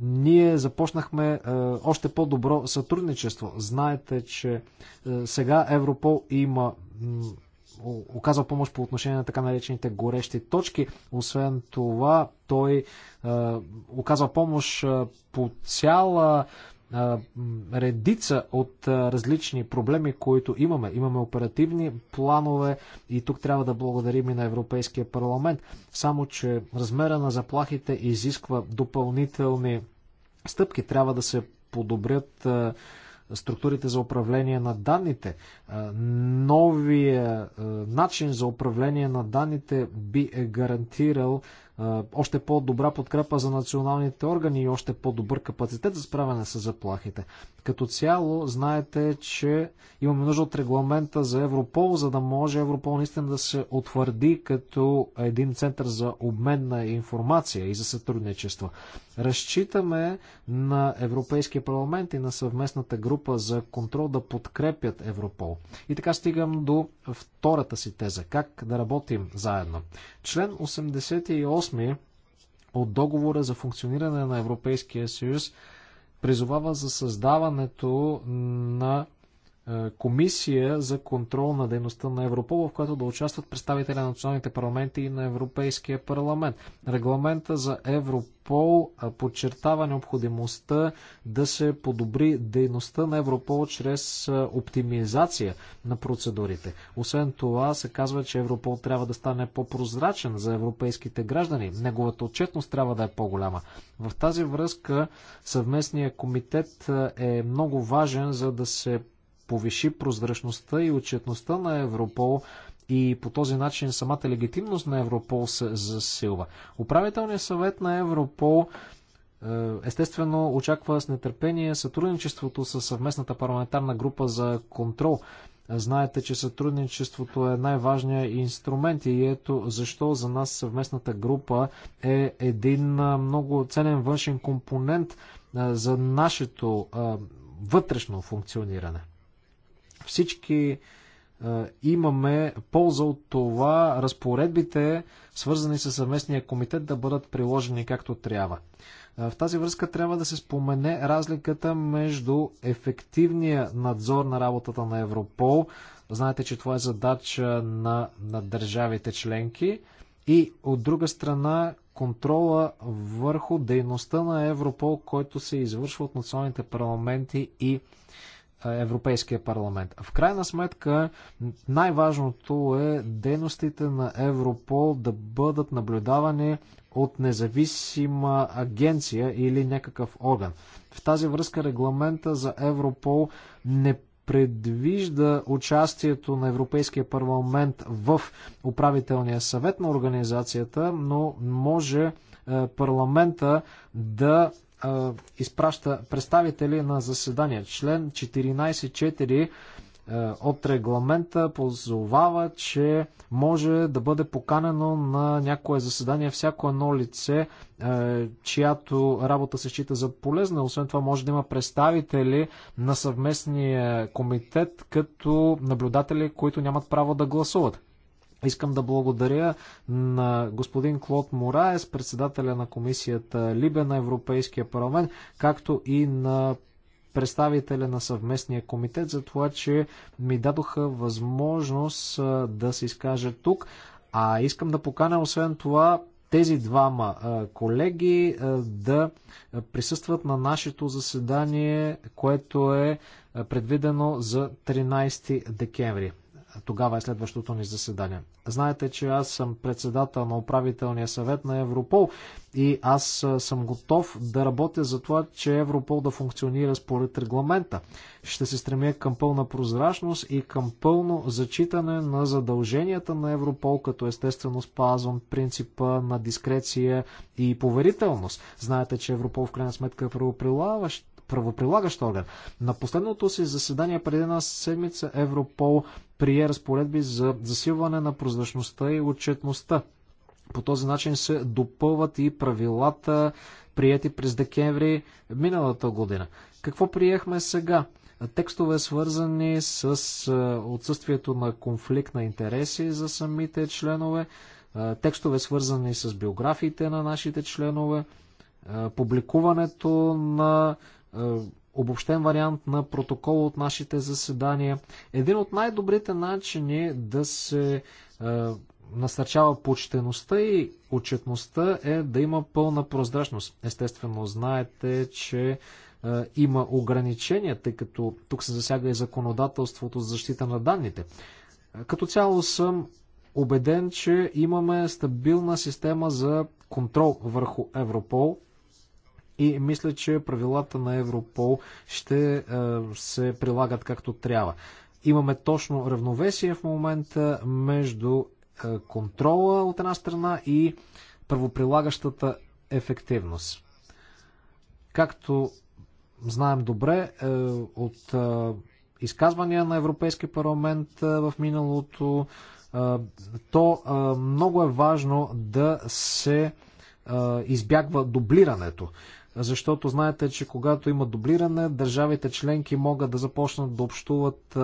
Ние започнахме още по-добро сътрудничество. Знаете, че сега Европол има оказва помощ по отношение на така наречените горещи точки. Освен това, той а, е, оказва помощ е, по цяла а, е, редица от различни проблеми, които имаме. Имаме оперативни планове и тук трябва да благодарим и на Европейския парламент. Само, че размера на заплахите изисква допълнителни стъпки. Трябва да се подобрят А, структурите за управление на данните. Новия начин за управление на данните би е гарантирал още по-добра подкрепа за националните органи и още по-добър капацитет за справяне с заплахите. Като цяло, знаете, че имаме нужда от регламента за Европол, за да може Европол наистина да се утвърди като един център за обмен на информация и за сътрудничество. Разчитаме на Европейския парламент и на съвместната група за контрол да подкрепят Европол. И така стигам до втората си теза. Как да работим заедно? Член 88 8 от договора за функциониране на Европейския съюз призовава за създаването на е, комисия за контрол на дейността на Европол, в която да участват представители на националните парламенти и на Европейския парламент. Регламента за Европол е, подчертава необходимостта да се подобри дейността на Европол чрез е, оптимизация на процедурите. Освен това се казва, че Европол трябва да стане по-прозрачен за европейските граждани. Неговата отчетност трябва да е по-голяма. В тази връзка съвместният комитет е много важен за да се повиши прозрачността и отчетността на Европол и по този начин самата легитимност на Европол се засилва. Управителният съвет на Европол е, естествено очаква с нетърпение сътрудничеството с съвместната парламентарна група за контрол. Знаете, че сътрудничеството е най-важният инструмент и ето защо за нас съвместната група е един е, много ценен външен компонент е, за нашето вътрешно функциониране. Всички имаме полза от това разпоредбите, свързани с съвместния комитет, да бъдат приложени както трябва. В тази връзка трябва да се спомене разликата между ефективния надзор на работата на Европол, знаете, че това е задача на, на държавите членки, и от друга страна контрола върху дейността на Европол, който се извършва от националните парламенти и Европейския парламент. В крайна сметка най-важното е дейностите на Европол да бъдат наблюдавани от независима агенция или някакъв орган. В тази връзка регламента за Европол не предвижда участието на Европейския парламент в управителния съвет на организацията, но може е, парламента да изпраща представители на заседания. Член 14.4 е, от регламента позовава, че може да бъде поканено на някое заседание всяко едно лице, е, чиято работа се счита за полезна. Освен това може да има представители на съвместния комитет като наблюдатели, които нямат право да гласуват. Искам да благодаря на господин Клод Мораес, председателя на комисията Либе на Европейския парламент, както и на представителя на съвместния комитет за това, че ми дадоха възможност да се изкажа тук. А искам да поканя, освен това, тези двама колеги да присъстват на нашето заседание, което е предвидено за 13 декември. Тогава е следващото ни заседание. Знаете, че аз съм председател на управителния съвет на Европол и аз съм готов да работя за това, че Европол да функционира според регламента. Ще се стремя към пълна прозрачност и към пълно зачитане на задълженията на Европол, като естествено спазвам принципа на дискреция и поверителност. Знаете, че Европол в крайна сметка е правоприлаващ правоприлагащ орган. На последното си заседание преди една седмица Европол прие разпоредби за засилване на прозрачността и отчетността. По този начин се допълват и правилата, прияти през декември миналата година. Какво приехме сега? текстове свързани с отсъствието на конфликт на интереси за самите членове, текстове свързани с биографиите на нашите членове, публикуването на е, обобщен вариант на протокола от нашите заседания. Един от най-добрите начини е да се е, насърчава почтеността и отчетността е да има пълна прозрачност. Естествено, знаете, че има ограничения, тъй като тук се засяга и законодателството за защита на данните. Като цяло съм убеден, че имаме стабилна система за контрол върху Европол и мисля, че правилата на Европол ще е, се прилагат както трябва. Имаме точно равновесие в момента между е, контрола от една страна и правоприлагащата ефективност. Както знаем добре е, от изказвания на Европейски парламент в миналото, то много е важно да се избягва дублирането защото знаете, че когато има дублиране, държавите членки могат да започнат да общуват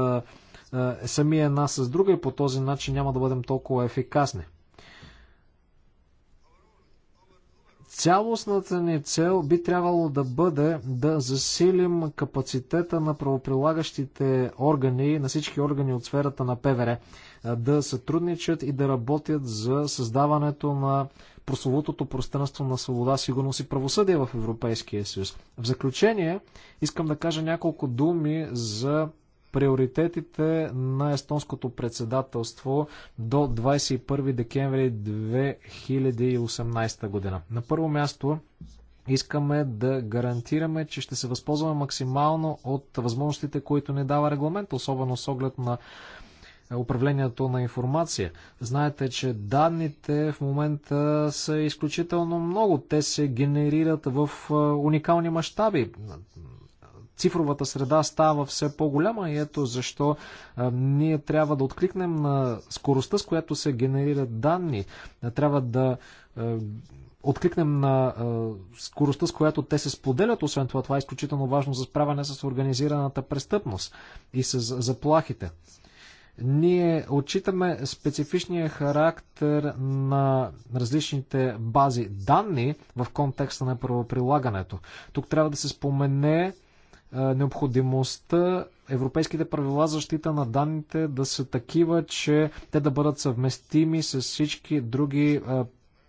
сами една с друга и по този начин няма да бъдем толкова ефикасни. Цялостната ни цел би трябвало да бъде да засилим капацитета на правоприлагащите органи, на всички органи от сферата на ПВР да сътрудничат и да работят за създаването на прословутото пространство на свобода, сигурност и правосъдие в Европейския съюз. В заключение искам да кажа няколко думи за приоритетите на естонското председателство до 21 декември 2018 година. На първо място искаме да гарантираме, че ще се възползваме максимално от възможностите, които ни дава регламент, особено с оглед на управлението на информация. Знаете, че данните в момента са изключително много. Те се генерират в уникални мащаби. Цифровата среда става все по-голяма и ето защо ние трябва да откликнем на скоростта, с която се генерират данни. Трябва да откликнем на скоростта, с която те се споделят. Освен това, това е изключително важно за справяне с организираната престъпност и с заплахите. Ние отчитаме специфичния характер на различните бази данни в контекста на правоприлагането. Тук трябва да се спомене е, необходимостта европейските правила защита на данните да са такива, че те да бъдат съвместими с всички други е,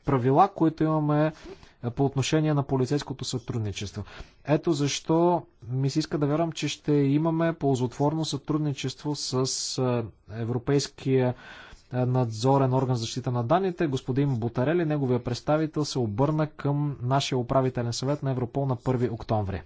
правила, които имаме е, по отношение на полицейското сътрудничество. Ето защо ми се иска да вярвам, че ще имаме ползотворно сътрудничество с е, Европейския е, надзорен орган за защита на данните. Господин Бутарели, неговия представител, се обърна към нашия управителен съвет на Европол на 1 октомври.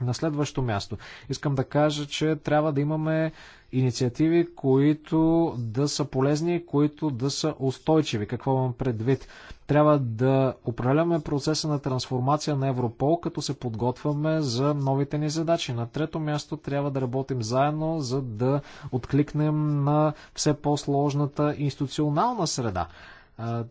На следващо място искам да кажа, че трябва да имаме инициативи, които да са полезни, които да са устойчиви. Какво имам предвид? Трябва да управляваме процеса на трансформация на Европол, като се подготвяме за новите ни задачи. На трето място трябва да работим заедно, за да откликнем на все по-сложната институционална среда.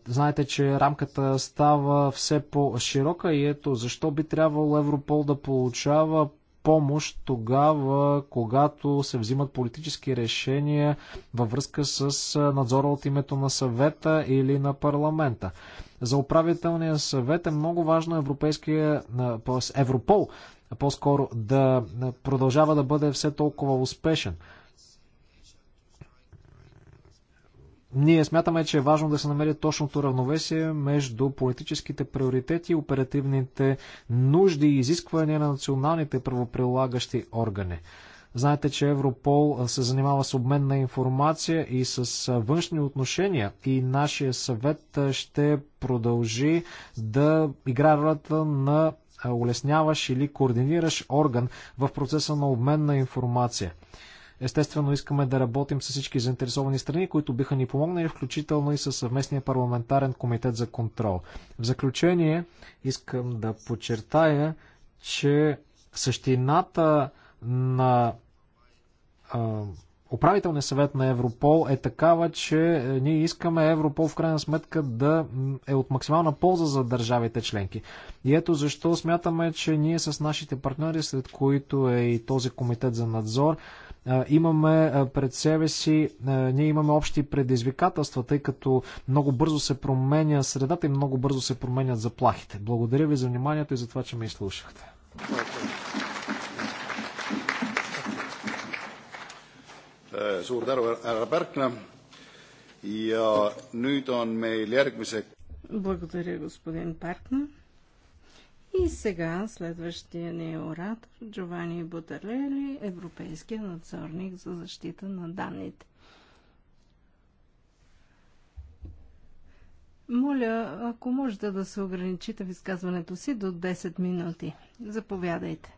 Знаете, че рамката става все по-широка и ето защо би трябвало Европол да получава помощ тогава, когато се взимат политически решения във връзка с надзора от името на съвета или на парламента за управителния съвет е много важно европейския, Европол по-скоро да продължава да бъде все толкова успешен. Ние смятаме, че е важно да се намери точното равновесие между политическите приоритети и оперативните нужди и изисквания на националните правоприлагащи органи. Знаете, че Европол се занимава с обмен на информация и с външни отношения и нашия съвет ще продължи да играе ролята на улесняваш или координираш орган в процеса на обмен на информация. Естествено, искаме да работим с всички заинтересовани страни, които биха ни помогнали, включително и с съвместния парламентарен комитет за контрол. В заключение, искам да подчертая, че същината на управителния съвет на Европол е такава, че е, ние искаме Европол в крайна сметка да е от максимална полза за държавите членки. И ето защо смятаме, че ние с нашите партньори, сред които е и този комитет за надзор, имаме пред себе си, ние имаме общи предизвикателства, тъй като много бързо се променя средата и много бързо се променят заплахите. Благодаря ви за вниманието и за това, че ме изслушахте. Eh, suur Благодаря, господин Паркна. И сега следващия ни е оратор Джовани Бутарели, Европейския надзорник за защита на данните. Моля, ако можете да се ограничите в изказването си до 10 минути. Заповядайте.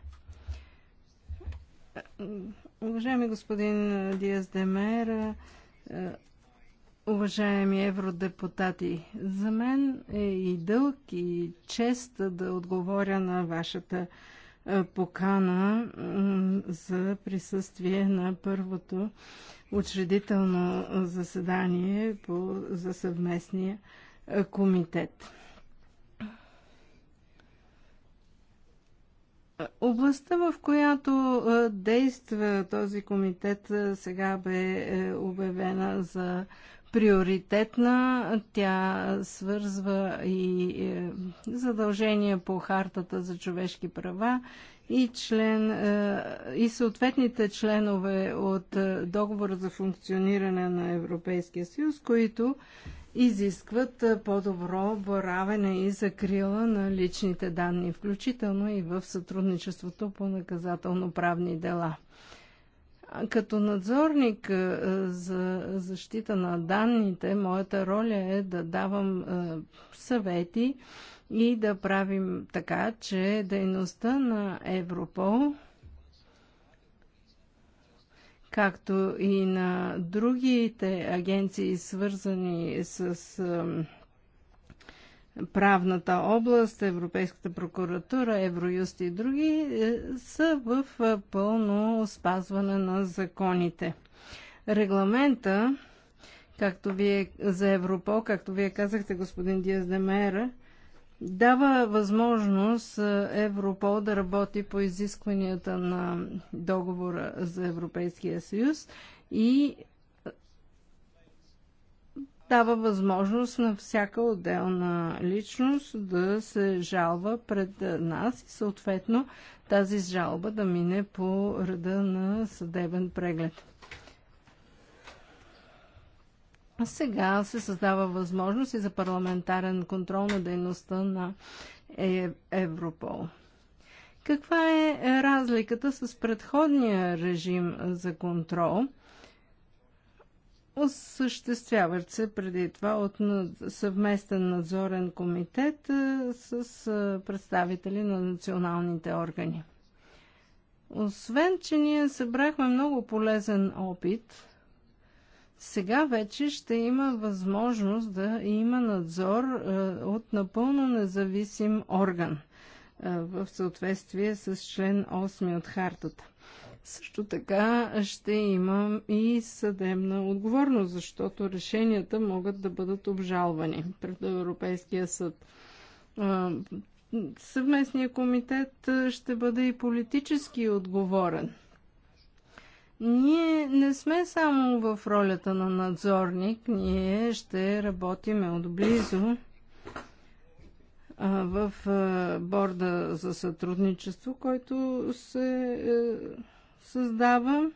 Уважаеми господин Диас Демер, е, уважаеми евродепутати, за мен е и дълг и чест да отговоря на вашата е, покана за присъствие на първото учредително заседание по, за съвместния е, комитет. Областта, в която действа този комитет, сега бе е, обявена за приоритетна. Тя свързва и е, задължения по хартата за човешки права и, член, е, и съответните членове от договор за функциониране на Европейския съюз, които изискват по-добро боравене и закрила на личните данни, включително и в сътрудничеството по наказателно-правни дела. Като надзорник за защита на данните, моята роля е да давам съвети и да правим така, че дейността на Европол както и на другите агенции, свързани с правната област, Европейската прокуратура, Евроюст и други, е, са в пълно спазване на законите. Регламента, както вие, за Европол, както вие казахте, господин Диаздемера, дава възможност е, Европол да работи по изискванията на договора за Европейския съюз и е, дава възможност на всяка отделна личност да се жалва пред нас и съответно тази жалба да мине по реда на съдебен преглед. Сега се създава възможност и за парламентарен контрол на дейността на е, Европол. Каква е разликата с предходния режим за контрол? Осъществяват се преди това от съвместен надзорен комитет с представители на националните органи. Освен, че ние събрахме много полезен опит – сега вече ще има възможност да има надзор е, от напълно независим орган е, в съответствие с член 8 от хартата. Също така ще има и съдебна отговорност, защото решенията могат да бъдат обжалвани пред Европейския съд. Е, съвместният комитет ще бъде и политически отговорен ние не сме само в ролята на надзорник, ние ще работиме отблизо в борда за сътрудничество, който се е, създава.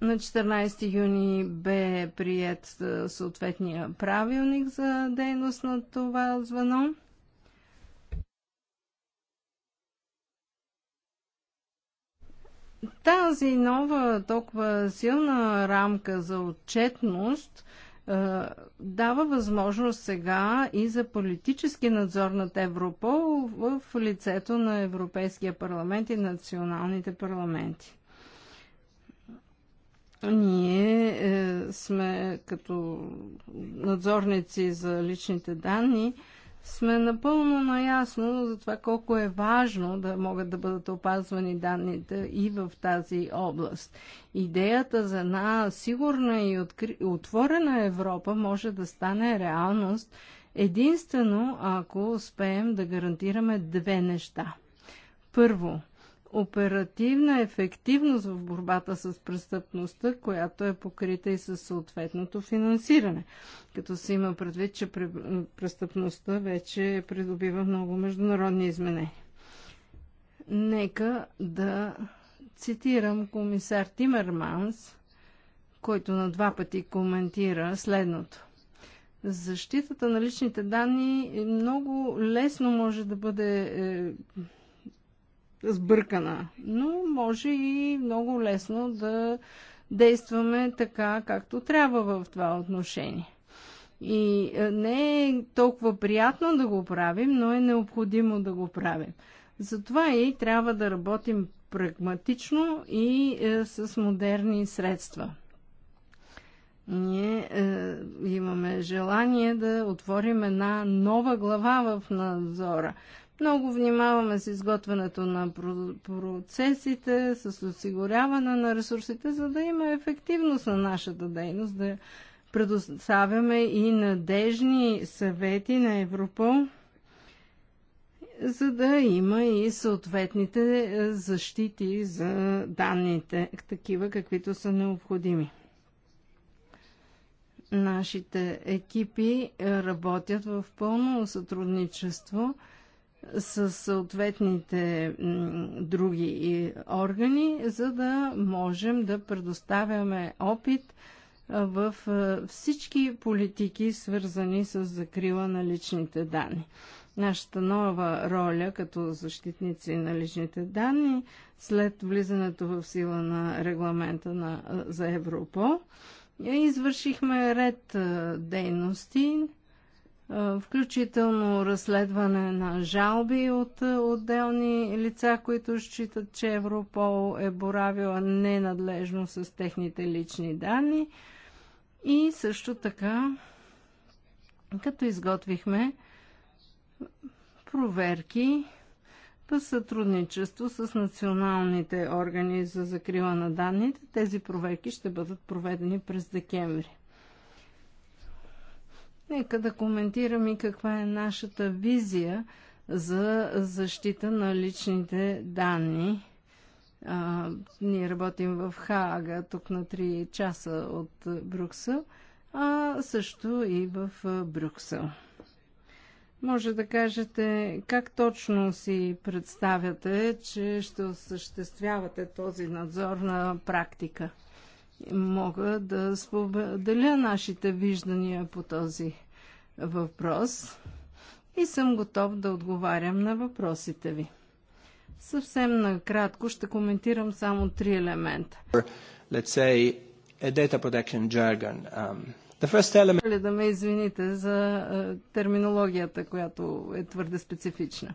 На 14 юни бе прият съответния правилник за дейност на това звено. Тази нова толкова силна рамка за отчетност дава възможност сега и за политически надзор над Европол в лицето на Европейския парламент и националните парламенти. Ние е, сме като надзорници за личните данни сме напълно наясно за това колко е важно да могат да бъдат опазвани данните и в тази област. Идеята за една сигурна и откри... отворена Европа може да стане реалност единствено ако успеем да гарантираме две неща. Първо, оперативна ефективност в борбата с престъпността, която е покрита и със съответното финансиране. Като се има предвид, че престъпността вече придобива много международни изменения. Нека да цитирам комисар Тимерманс, който на два пъти коментира следното. Защитата на личните данни много лесно може да бъде е, сбъркана, но може и много лесно да действаме така, както трябва в това отношение. И е, не е толкова приятно да го правим, но е необходимо да го правим. Затова и трябва да работим прагматично и е, с модерни средства. Ние е, имаме желание да отворим една нова глава в надзора. Много внимаваме с изготвянето на процесите, с осигуряване на ресурсите, за да има ефективност на нашата дейност, да предоставяме и надежни съвети на Европол, за да има и съответните е, защити за данните, такива каквито са необходими. Нашите екипи е, работят в пълно сътрудничество – с съответните други органи, за да можем да предоставяме опит в всички политики, свързани с закрила на личните данни. Нашата нова роля като защитници на личните данни след влизането в сила на регламента на, за Европол е, извършихме ред дейности, включително разследване на жалби от отделни лица, които считат, че Европол е боравила ненадлежно с техните лични данни. И също така, като изготвихме проверки по сътрудничество с националните органи за закрила на данните, тези проверки ще бъдат проведени през декември. Нека да коментирам и каква е нашата визия за защита на личните данни. А, ние работим в Хаага, тук на 3 часа от Брюксел, а също и в Брюксел. Може да кажете как точно си представяте, че ще осъществявате този надзор на практика. Мога да споделя нашите виждания по този въпрос и съм готов да отговарям на въпросите ви. Съвсем накратко ще коментирам само три елемента. Let's say a data protection jargon. Um, the first element... Да ме извините за е, терминологията, която е твърде специфична.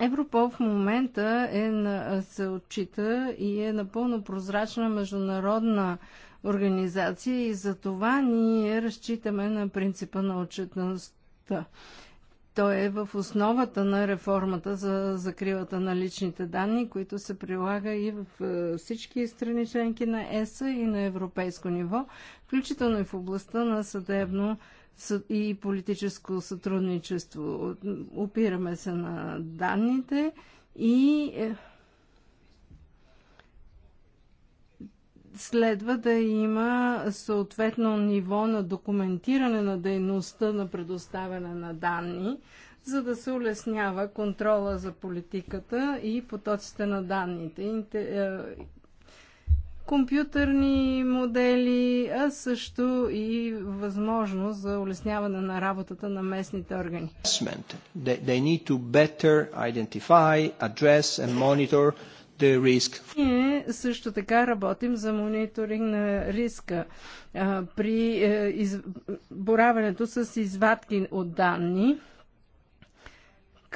Европол в момента е на, се отчита и е напълно прозрачна международна организация и за това ние разчитаме на принципа на отчетността. Той е в основата на реформата за закривата на личните данни, които се прилага и в е, всички страни членки на ЕСА и на европейско ниво, включително и в областта на съдебно и политическо сътрудничество. Опираме се на данните и е, следва да има съответно ниво на документиране на дейността на предоставяне на данни, за да се улеснява контрола за политиката и потоците на данните. Е, компютърни модели, а също и възможност за улесняване на работата на местните органи. Ние също така работим за мониторинг на риска а, при е, из, боравенето с извадки от данни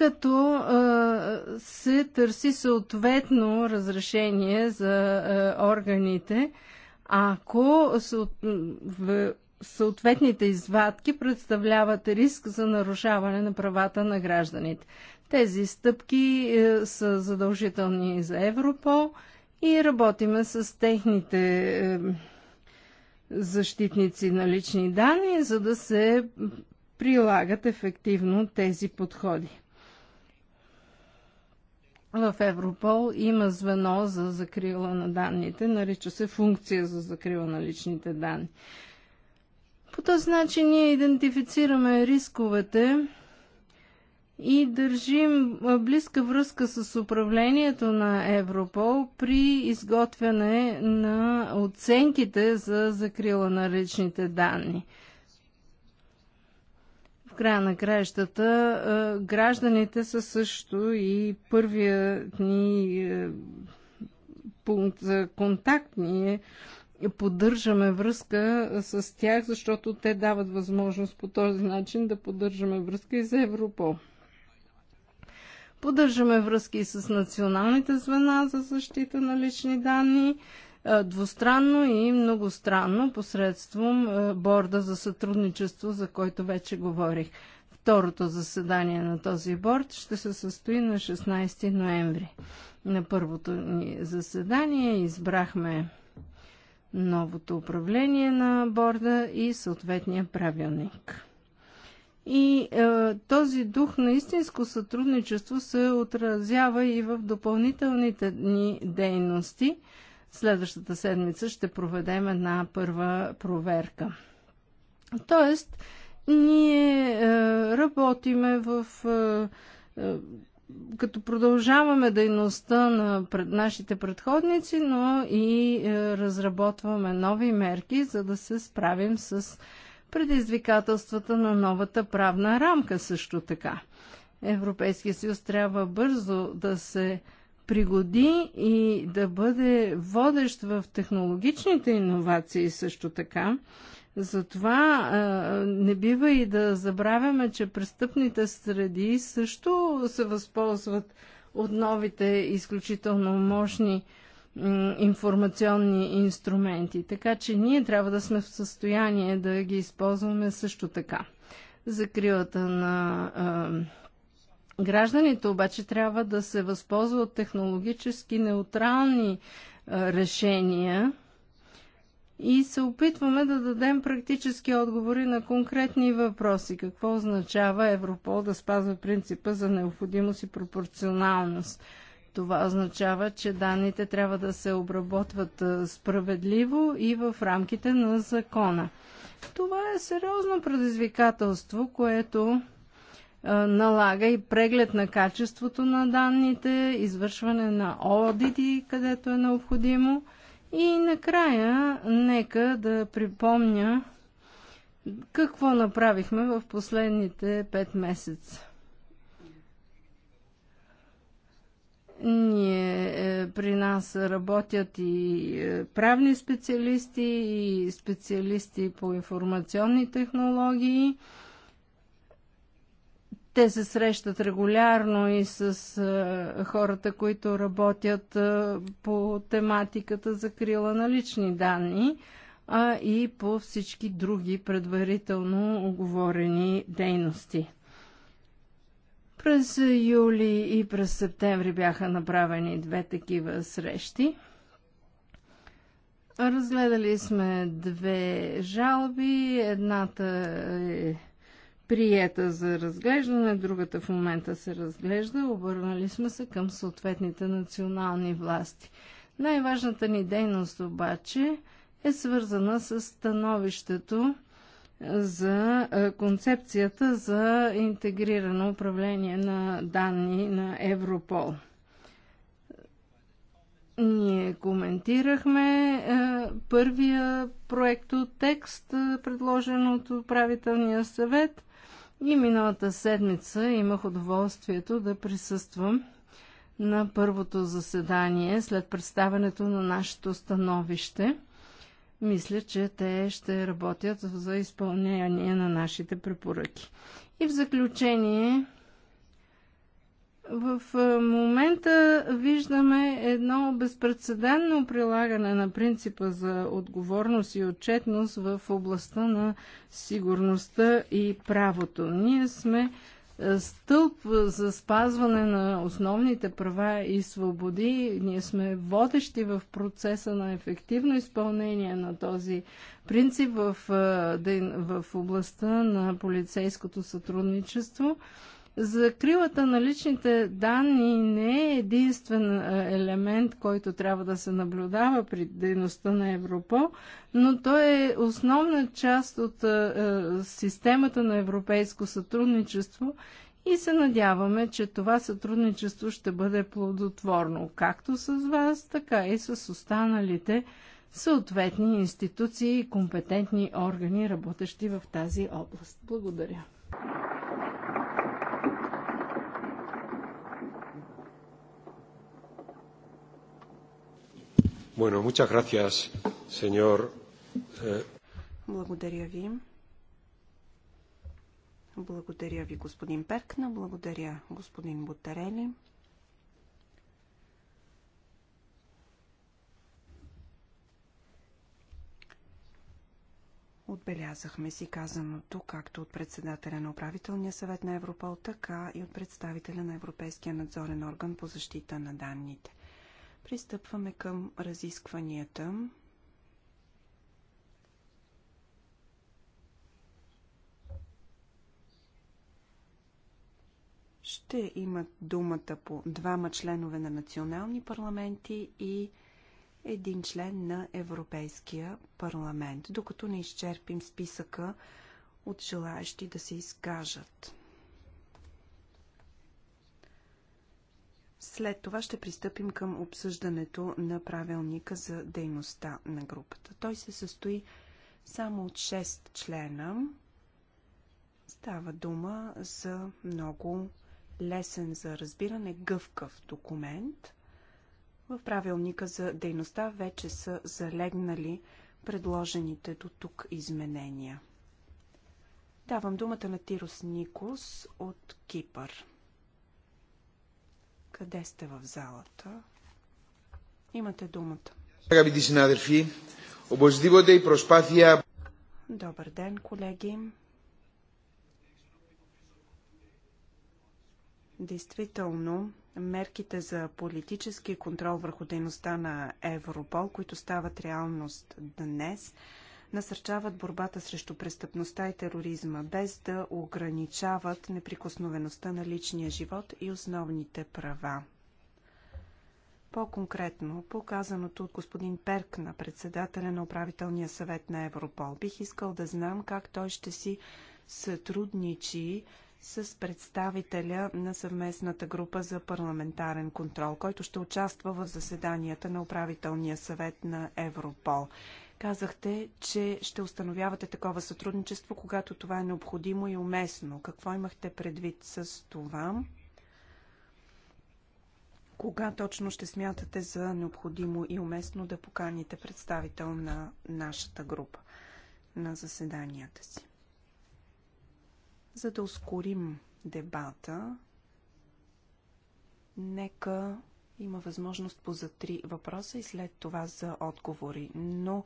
като а, се търси съответно разрешение за а, органите, ако съответните извадки представляват риск за нарушаване на правата на гражданите. Тези стъпки е, са задължителни за Европол и работиме с техните е, защитници на лични данни, за да се прилагат ефективно тези подходи. В Европол има звено за закрила на данните, нарича се функция за закрила на личните данни. По този начин ние идентифицираме рисковете и държим близка връзка с управлението на Европол при изготвяне на оценките за закрила на личните данни – края на краищата гражданите са също и първият ни е, пункт за контакт. Ние поддържаме връзка с тях, защото те дават възможност по този начин да поддържаме връзка и за Европол. Поддържаме връзки и с националните звена за защита на лични данни, е, двустранно и многостранно посредством е, борда за сътрудничество, за който вече говорих. Второто заседание на този борд ще се състои на 16 ноември. На първото ни заседание избрахме новото управление на борда и съответния правилник. И е, този дух на истинско сътрудничество се отразява и в допълнителните ни дейности – Следващата седмица ще проведем една първа проверка. Тоест, ние е, работиме в. Е, е, като продължаваме дейността на пред нашите предходници, но и е, разработваме нови мерки, за да се справим с предизвикателствата на новата правна рамка също така. Европейския съюз трябва бързо да се пригоди и да бъде водещ в технологичните иновации също така. Затова а, не бива и да забравяме, че престъпните среди също се възползват от новите изключително мощни информационни инструменти. Така че ние трябва да сме в състояние да ги използваме също така. Закрилата на а, Гражданите обаче трябва да се възползват технологически неутрални решения и се опитваме да дадем практически отговори на конкретни въпроси. Какво означава Европол да спазва принципа за необходимост и пропорционалност? Това означава, че данните трябва да се обработват справедливо и в рамките на закона. Това е сериозно предизвикателство, което налага и преглед на качеството на данните, извършване на одити, където е необходимо. И накрая, нека да припомня какво направихме в последните 5 месеца. Ние, е, при нас работят и е, правни специалисти, и специалисти по информационни технологии – те се срещат регулярно и с хората, които работят по тематиката за крила на лични данни, а и по всички други предварително оговорени дейности. През юли и през септември бяха направени две такива срещи. Разгледали сме две жалби. Едната е приета за разглеждане, другата в момента се разглежда. Обърнали сме се към съответните национални власти. Най-важната ни дейност обаче е свързана с становището е, за е, концепцията за интегрирано управление на данни на Европол. Ние коментирахме е, първия проект от текст, е, предложен от управителния съвет. И миналата седмица имах удоволствието да присъствам на първото заседание след представянето на нашето становище. Мисля, че те ще работят за изпълнение на нашите препоръки. И в заключение в е, момента виждаме едно безпредседентно прилагане на принципа за отговорност и отчетност в областта на сигурността и правото. Ние сме е, стълб за спазване на основните права и свободи. Ние сме водещи в процеса на ефективно изпълнение на този принцип в, е, в областта на полицейското сътрудничество. Закрилата на личните данни не е единствен е, елемент, който трябва да се наблюдава при дейността на Европол, но той е основна част от е, е, системата на европейско сътрудничество и се надяваме, че това сътрудничество ще бъде плодотворно, както с вас, така и с останалите съответни институции и компетентни органи, работещи в тази област. Благодаря. Bueno, muchas gracias, señor. Eh, Благодаря ви. Благодаря ви, господин Перкна. Благодаря, господин Бутарели. Отбелязахме си казаното както от председателя на управителния съвет на Европол, така и от представителя на Европейския надзорен орган по защита на данните. Пристъпваме към разискванията. Ще имат думата по двама членове на национални парламенти и един член на Европейския парламент, докато не изчерпим списъка от желаящи да се изкажат. След това ще пристъпим към обсъждането на правилника за дейността на групата. Той се състои само от 6 члена. Става дума за много лесен за разбиране, гъвкав документ. В правилника за дейността вече са залегнали предложените до тук изменения. Давам думата на Тирос Никос от Кипър. Къде сте в залата? Имате думата. Αγαπητοί συνάδελφοι, οπωσδήποτε и проспатия... Добър ден, колеги. Действително, мерките за политически контрол върху дейността на Европол, които стават реалност днес, насърчават борбата срещу престъпността и тероризма, без да ограничават неприкосновеността на личния живот и основните права. По-конкретно, показаното от господин Перк на председателя на управителния съвет на Европол, бих искал да знам как той ще си сътрудничи с представителя на съвместната група за парламентарен контрол, който ще участва в заседанията на управителния съвет на Европол. Казахте, че ще установявате такова сътрудничество, когато това е необходимо и уместно. Какво имахте предвид с това? Кога точно ще смятате за необходимо и уместно да поканите представител на нашата група на заседанията си? За да ускорим дебата, нека има възможност по за три въпроса и след това за отговори. Но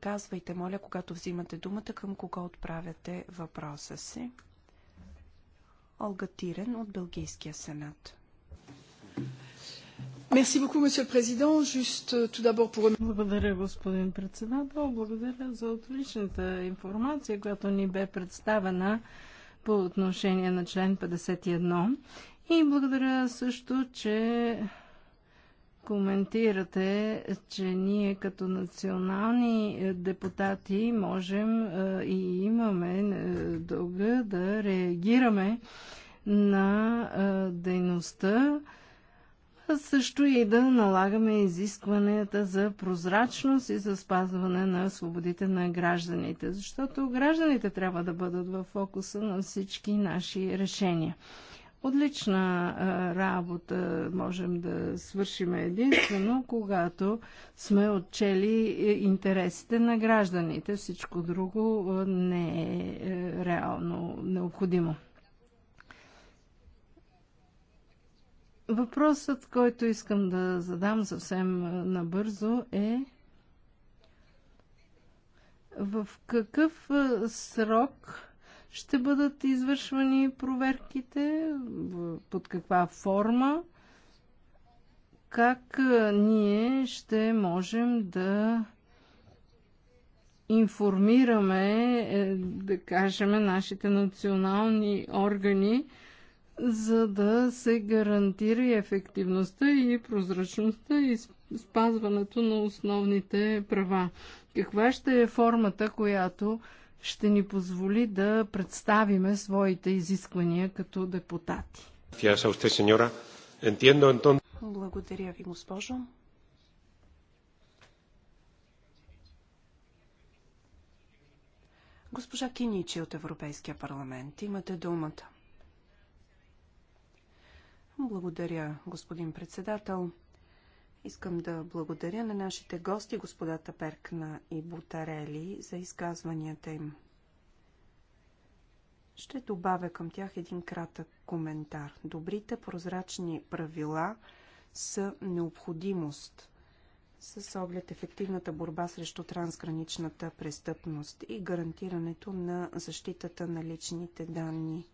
Казвайте, моля, когато взимате думата, към кого отправяте въпроса си. Олга Тирен от Белгийския сенат. Euh, благодаря, господин председател. Благодаря за отличната информация, която ни бе представена по отношение на член 51. И благодаря също, че коментирате, че ние като национални е, депутати можем е, и имаме е, дълга да реагираме на дейността, а също и да налагаме изискванията за прозрачност и за спазване на свободите на гражданите, защото гражданите трябва да бъдат в фокуса на всички наши решения. Отлична работа можем да свършим единствено, когато сме отчели е, интересите на гражданите. Всичко друго не е, е реално необходимо. Въпросът, който искам да задам съвсем набързо е в какъв срок ще бъдат извършвани проверките, под каква форма, как ние ще можем да информираме, е, да кажем, нашите национални органи, за да се гарантира и ефективността и прозрачността и спазването на основните права. Каква ще е формата, която ще ни позволи да представиме своите изисквания като депутати. Благодаря ви, госпожо. Госпожа Киничи от Европейския парламент, имате думата. Благодаря, господин председател. Искам да благодаря на нашите гости, господата Перкна и Бутарели, за изказванията им. Ще добавя към тях един кратък коментар. Добрите прозрачни правила са необходимост с оглед ефективната борба срещу трансграничната престъпност и гарантирането на защитата на личните данни.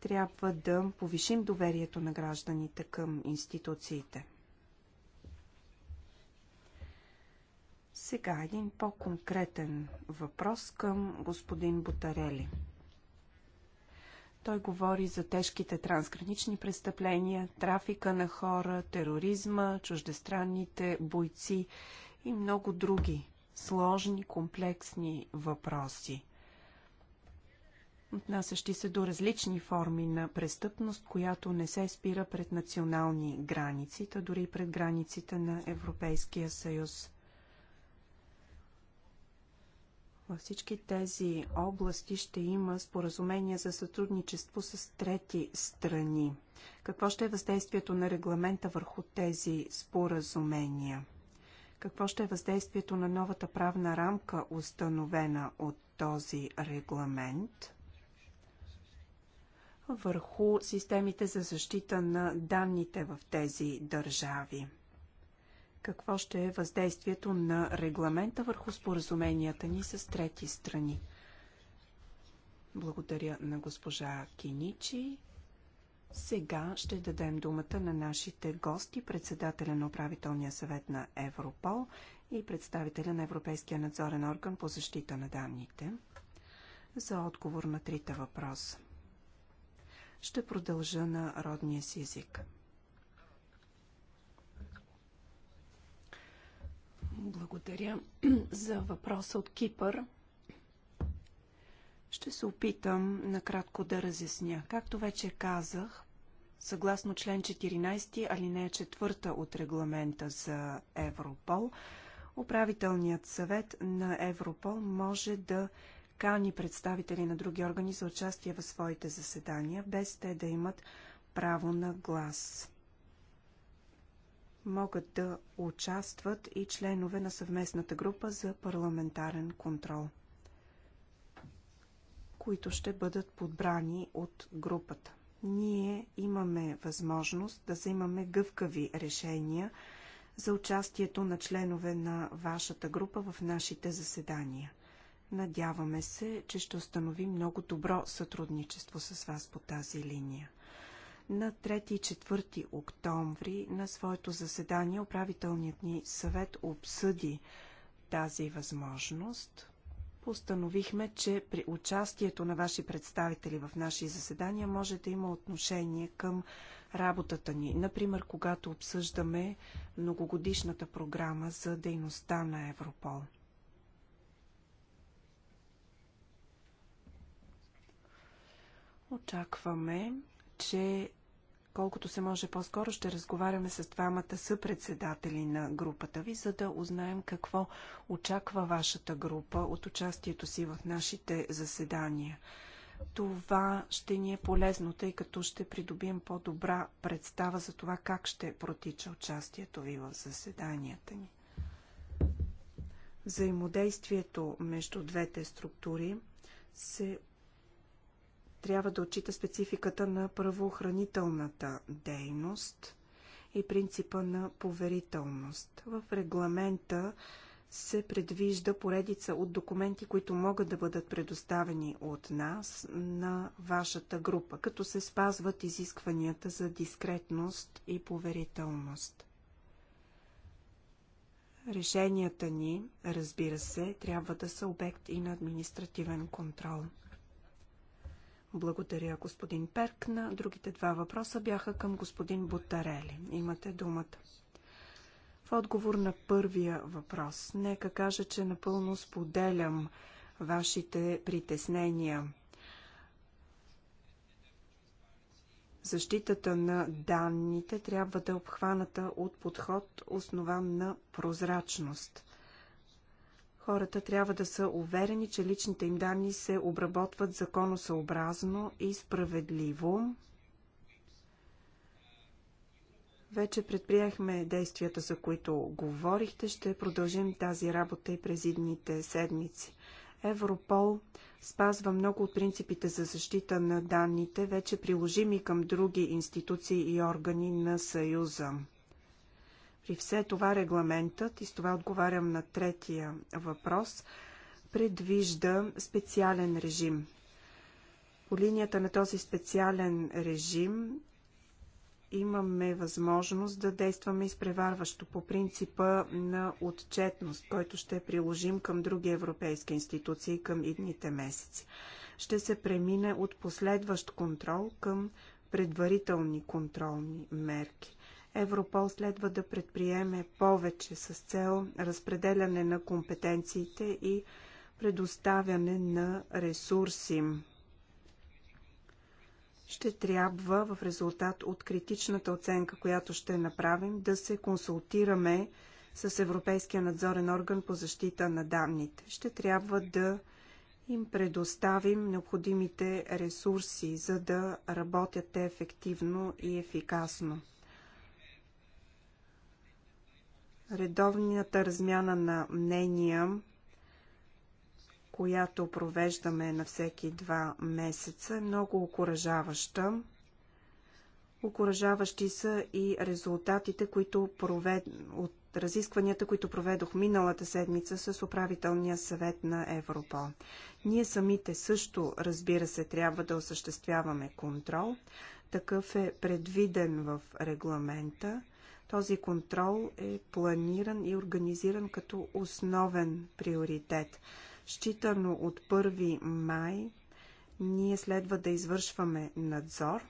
Трябва да повишим доверието на гражданите към институциите. Сега един по-конкретен въпрос към господин Бутарели. Той говори за тежките трансгранични престъпления, трафика на хора, тероризма, чуждестранните бойци и много други сложни, комплексни въпроси, отнасящи се до различни форми на престъпност, която не се спира пред национални граници, та дори пред границите на Европейския съюз. Във всички тези области ще има споразумения за сътрудничество с трети страни. Какво ще е въздействието на регламента върху тези споразумения? Какво ще е въздействието на новата правна рамка, установена от този регламент? върху системите за защита на данните в тези държави какво ще е въздействието на регламента върху споразуменията ни с трети страни. Благодаря на госпожа Киничи. Сега ще дадем думата на нашите гости, председателя на управителния съвет на Европол и представителя на Европейския надзорен орган по защита на данните, за отговор на трите въпроса. Ще продължа на родния си език. Благодаря <clears throat> за въпроса от Кипър. Ще се опитам накратко да разясня. Както вече казах, съгласно член 14, алинея 4 от регламента за Европол, управителният съвет на Европол може да кани представители на други органи за участие в своите заседания, без те да имат право на глас могат да участват и членове на съвместната група за парламентарен контрол, които ще бъдат подбрани от групата. Ние имаме възможност да взимаме гъвкави решения за участието на членове на вашата група в нашите заседания. Надяваме се, че ще установим много добро сътрудничество с вас по тази линия. На 3 и 4 октомври на своето заседание управителният ни съвет обсъди тази възможност. Постановихме, че при участието на ваши представители в наши заседания може да има отношение към работата ни. Например, когато обсъждаме многогодишната програма за дейността на Европол. Очакваме, че Колкото се може по-скоро ще разговаряме с двамата съпредседатели на групата ви, за да узнаем какво очаква вашата група от участието си в нашите заседания. Това ще ни е полезно, тъй като ще придобием по-добра представа за това как ще протича участието ви в заседанията ни. Взаимодействието между двете структури се трябва да отчита спецификата на правоохранителната дейност и принципа на поверителност. В регламента се предвижда поредица от документи, които могат да бъдат предоставени от нас на вашата група, като се спазват изискванията за дискретност и поверителност. Решенията ни, разбира се, трябва да са обект и на административен контрол. Благодаря, господин Перк. На другите два въпроса бяха към господин Бутарели. Имате думата. В отговор на първия въпрос, нека кажа, че напълно споделям вашите притеснения. Защитата на данните трябва да е обхваната от подход, основан на прозрачност. Хората трябва да са уверени, че личните им данни се обработват законосъобразно и справедливо. Вече предприехме действията, за които говорихте. Ще продължим тази работа и през идните седмици. Европол спазва много от принципите за защита на данните, вече приложими към други институции и органи на Съюза. При все това регламентът, и с това отговарям на третия въпрос, предвижда специален режим. По линията на този специален режим имаме възможност да действаме изпреварващо по принципа на отчетност, който ще приложим към други европейски институции към идните месеци. Ще се премине от последващ контрол към предварителни контролни мерки. Европол следва да предприеме повече с цел разпределяне на компетенциите и предоставяне на ресурси. Ще трябва в резултат от критичната оценка, която ще направим, да се консултираме с Европейския надзорен орган по защита на данните. Ще трябва да им предоставим необходимите ресурси, за да работят те ефективно и ефикасно. Редовната размяна на мнения, която провеждаме на всеки два месеца, е много окоръжаваща. Окоръжаващи са и резултатите, които провед... от разискванията, които проведох миналата седмица с управителния съвет на Европол. Ние самите също, разбира се, трябва да осъществяваме контрол. Такъв е предвиден в регламента. Този контрол е планиран и организиран като основен приоритет. Считано от 1 май ние следва да извършваме надзор.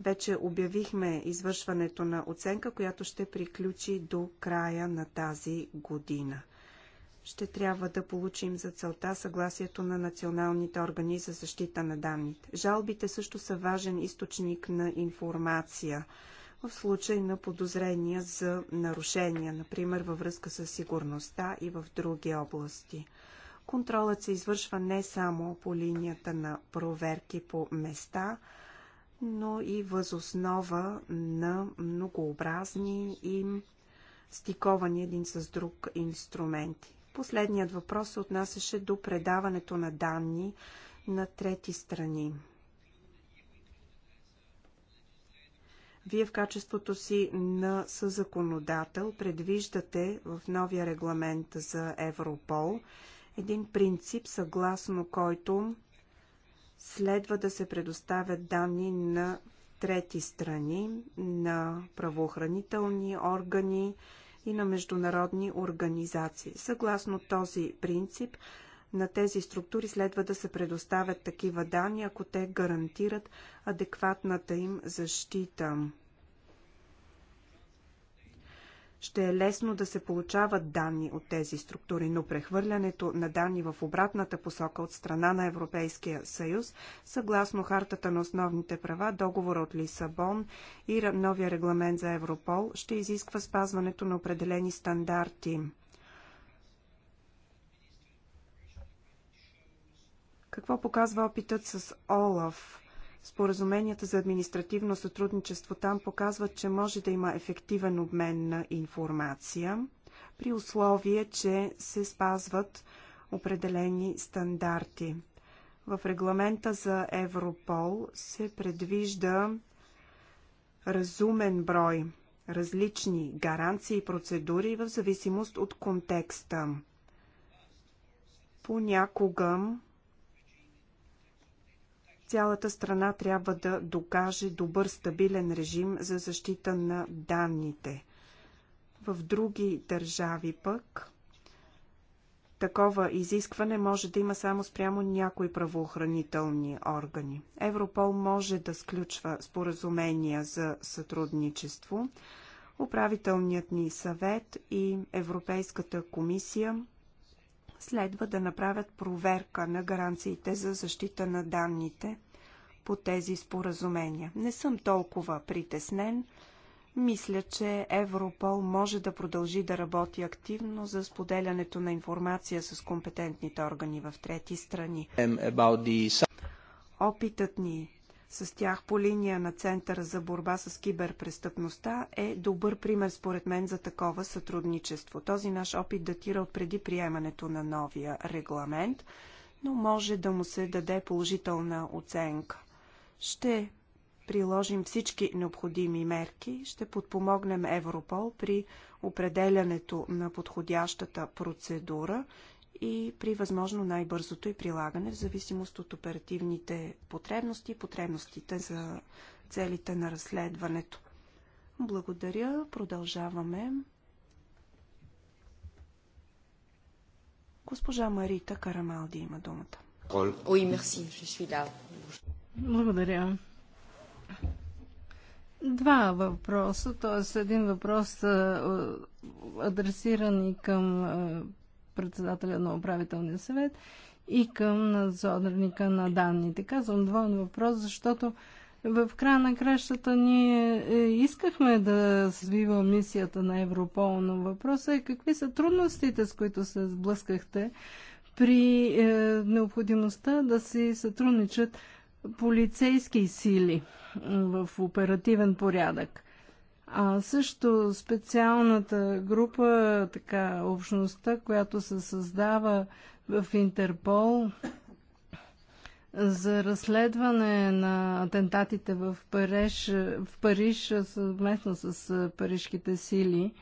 Вече обявихме извършването на оценка, която ще приключи до края на тази година. Ще трябва да получим за целта съгласието на националните органи за защита на данните. Жалбите също са важен източник на информация в случай на подозрения за нарушения, например във връзка с сигурността и в други области. Контролът се извършва не само по линията на проверки по места, но и възоснова на многообразни и стиковани един с друг инструменти. Последният въпрос се отнасяше до предаването на данни на трети страни. Вие в качеството си на съзаконодател предвиждате в новия регламент за Европол един принцип, съгласно който следва да се предоставят данни на трети страни, на правоохранителни органи и на международни организации. Съгласно този принцип, на тези структури следва да се предоставят такива данни, ако те гарантират адекватната им защита ще е лесно да се получават данни от тези структури, но прехвърлянето на данни в обратната посока от страна на Европейския съюз, съгласно Хартата на основните права, договора от Лисабон и новия регламент за Европол, ще изисква спазването на определени стандарти. Какво показва опитът с ОЛАФ? Споразуменията за административно сътрудничество там показват, че може да има ефективен обмен на информация при условие, че се спазват определени стандарти. В регламента за Европол се предвижда разумен брой различни гаранции и процедури в зависимост от контекста. Понякога Цялата страна трябва да докаже добър стабилен режим за защита на данните. В други държави пък такова изискване може да има само спрямо някои правоохранителни органи. Европол може да сключва споразумения за сътрудничество. Управителният ни съвет и Европейската комисия следва да направят проверка на гаранциите за защита на данните по тези споразумения. Не съм толкова притеснен. Мисля, че Европол може да продължи да работи активно за споделянето на информация с компетентните органи в трети страни. Опитът ни с тях по линия на Центъра за борба с киберпрестъпността е добър пример според мен за такова сътрудничество. Този наш опит датира от преди приемането на новия регламент, но може да му се даде положителна оценка. Ще приложим всички необходими мерки, ще подпомогнем Европол при определянето на подходящата процедура – и при възможно най-бързото и прилагане в зависимост от оперативните потребности и потребностите за целите на разследването. Благодаря. Продължаваме. Госпожа Марита Карамалди има думата. Ой, мерси, Благодаря. Два въпроса, т.е. един въпрос адресиран и към председателя на управителния съвет и към надзорника на данните. Казвам двойен въпрос, защото в края на кращата ние е, искахме да свива мисията на Европол, но въпросът е какви са трудностите, с които се сблъскахте при е, необходимостта да си сътрудничат полицейски сили в оперативен порядък. А също специалната група, така общността, която се създава в Интерпол за разследване на атентатите в Париж, в Париж съвместно с парижките сили.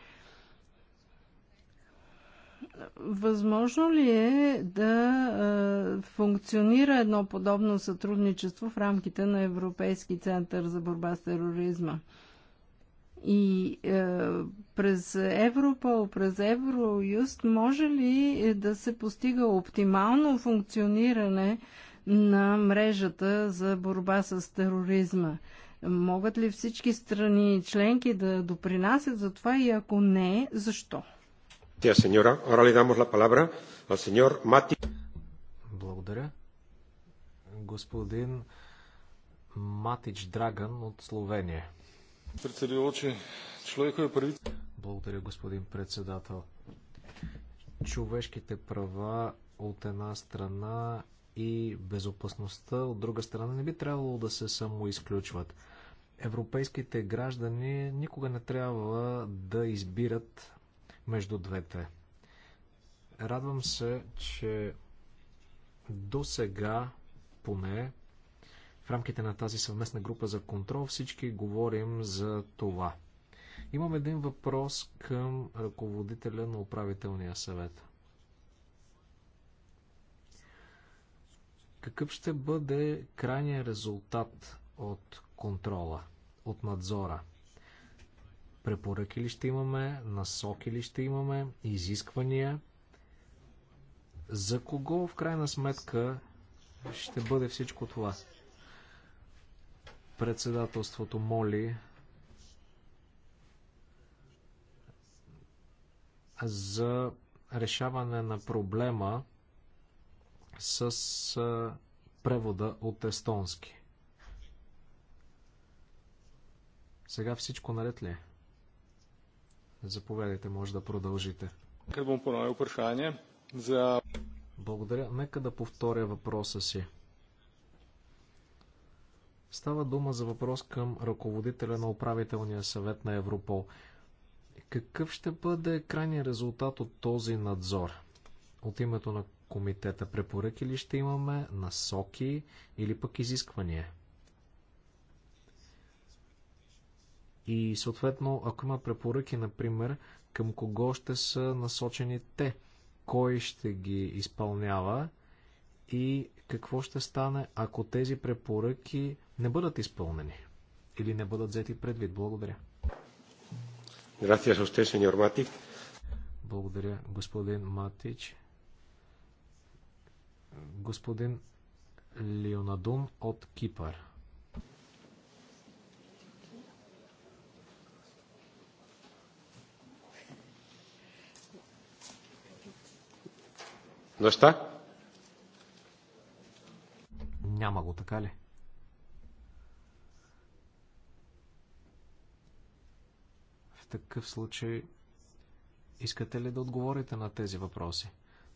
Възможно ли е да функционира едно подобно сътрудничество в рамките на Европейски център за борба с тероризма? И е, през Европол, през Евроюст може ли да се постига оптимално функциониране на мрежата за борба с тероризма? Могат ли всички страни членки да допринасят за това и ако не, защо? Благодаря. Господин Матич Драган от Словения. Председател, човеко е Благодаря, господин председател. Човешките права от една страна и безопасността от друга страна не би трябвало да се самоизключват. Европейските граждани никога не трябва да избират между двете. Радвам се, че до сега поне в рамките на тази съвместна група за контрол всички говорим за това. Имам един въпрос към ръководителя на управителния съвет. Какъв ще бъде крайният резултат от контрола, от надзора? Препоръки ли ще имаме, насоки ли ще имаме, изисквания? За кого в крайна сметка ще бъде всичко това? Председателството моли за решаване на проблема с превода от естонски. Сега всичко наред ли е? Заповядайте, може да продължите. Благодаря. Нека да повторя въпроса си. Става дума за въпрос към ръководителя на управителния съвет на Европол. Какъв ще бъде крайният резултат от този надзор? От името на комитета препоръки ли ще имаме, насоки или пък изисквания? И съответно, ако има препоръки, например, към кого ще са насочени те, кой ще ги изпълнява и какво ще стане, ако тези препоръки не бъдат изпълнени или не бъдат взети предвид. Благодаря. Gracias a usted, señor Matic. Благодаря, господин Матич. Господин Леонадун от Кипър. Но Няма го, така ли? такъв случай искате ли да отговорите на тези въпроси?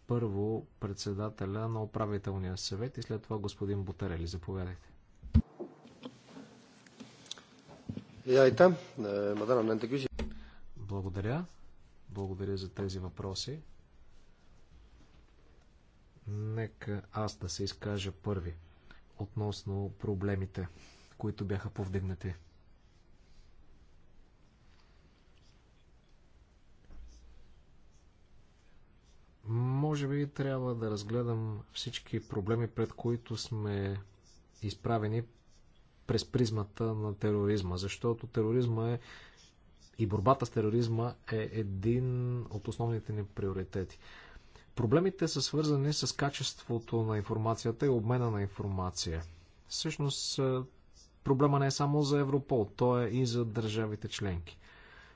Първо председателя на управителния съвет и след това господин Бутарели. Заповядайте. Е, е, Благодаря. Благодаря за тези въпроси. Нека аз да се изкажа първи относно проблемите, които бяха повдигнати. може би трябва да разгледам всички проблеми, пред които сме изправени през призмата на тероризма, защото тероризма е и борбата с тероризма е един от основните ни приоритети. Проблемите са свързани с качеството на информацията и обмена на информация. Всъщност, е, проблема не е само за Европол, то е и за държавите членки.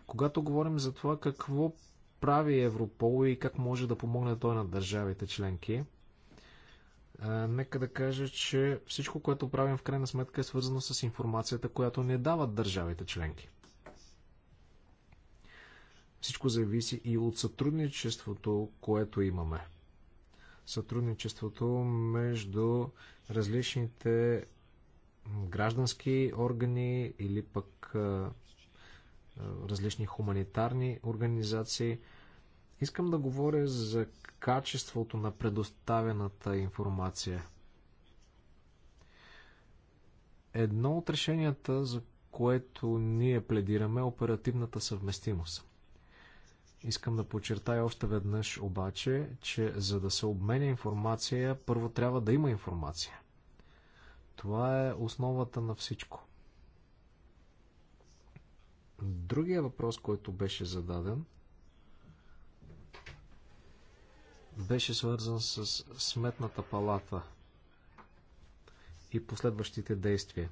Когато говорим за това какво прави Европол и как може да помогне той на държавите членки. А, е, нека да кажа, че всичко, което правим в крайна сметка е свързано с информацията, която не дават държавите членки. Всичко зависи и от сътрудничеството, което имаме. Сътрудничеството между различните граждански органи или пък е, различни хуманитарни организации. Искам да говоря за качеството на предоставената информация. Едно от решенията, за което ние пледираме, е оперативната съвместимост. Искам да подчертая още веднъж обаче, че за да се обменя информация, първо трябва да има информация. Това е основата на всичко. Другия въпрос, който беше зададен, беше свързан с сметната палата и последващите действия.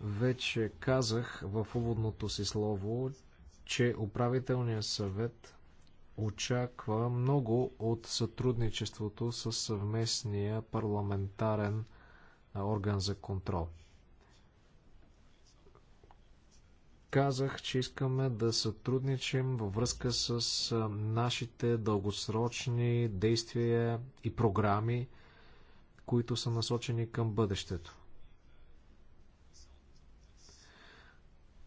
Вече казах в уводното си слово, че управителният съвет очаква много от сътрудничеството с съвместния парламентарен орган за контрол. казах, че искаме да сътрудничим във връзка с нашите дългосрочни действия и програми, които са насочени към бъдещето.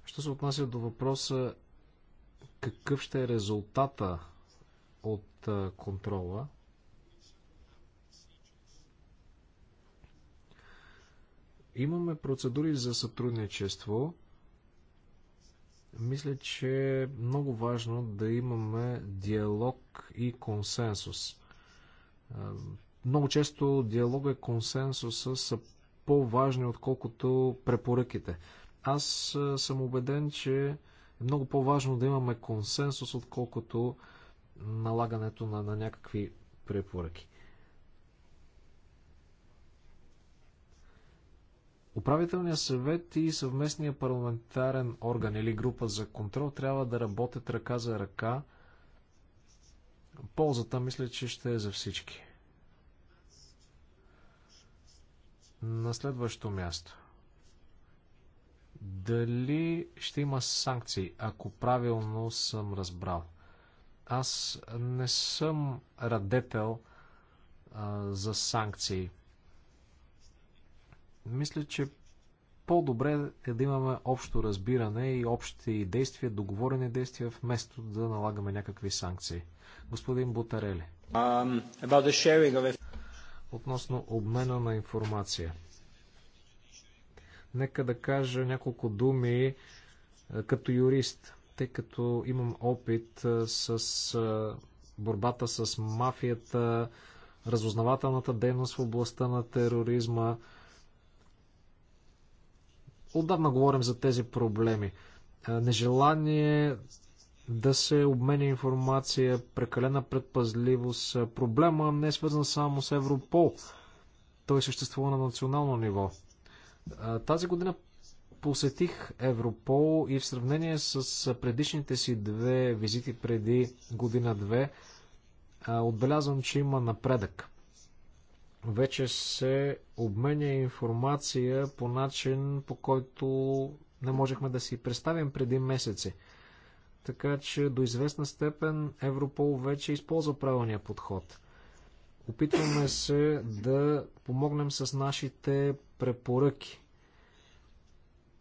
Що се отнася до въпроса какъв ще е резултата от контрола, имаме процедури за сътрудничество – мисля, че е много важно да имаме диалог и консенсус. Много често диалога и консенсуса са по-важни, отколкото препоръките. Аз съм убеден, че е много по-важно да имаме консенсус, отколкото налагането на, на някакви препоръки. Управителният съвет и съвместния парламентарен орган или група за контрол трябва да работят ръка за ръка. Ползата мисля, че ще е за всички. На следващо място. Дали ще има санкции, ако правилно съм разбрал? Аз не съм радетел а, за санкции мисля, че по-добре е да имаме общо разбиране и общи действия, договорени действия, вместо да налагаме някакви санкции. Господин Бутарели. Um, of... Относно обмена на информация. Нека да кажа няколко думи е, като юрист, тъй като имам опит е, с е, борбата с мафията, разузнавателната дейност в областта на тероризма, Отдавна говорим за тези проблеми. Нежелание да се обменя информация, прекалена предпазливост. Проблема не е свързан само с Европол. Той съществува на национално ниво. Тази година посетих Европол и в сравнение с предишните си две визити преди година-две, отбелязвам, че има напредък вече се обменя информация по начин, по който не можехме да си представим преди месеци. Така че до известна степен Европол вече използва правилния подход. Опитваме се да помогнем с нашите препоръки,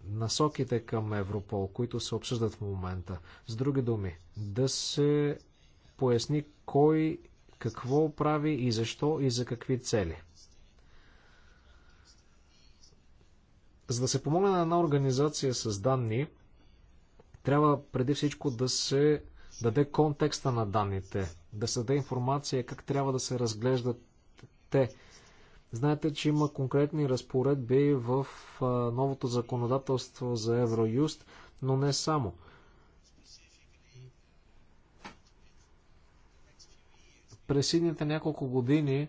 насоките към Европол, които се обсъждат в момента. С други думи, да се поясни кой какво прави и защо и за какви цели. За да се помогне на една организация с данни, трябва преди всичко да се даде контекста на данните, да се даде информация как трябва да се разглеждат те. Знаете, че има конкретни разпоредби в новото законодателство за Евроюст, но не само – През едните няколко години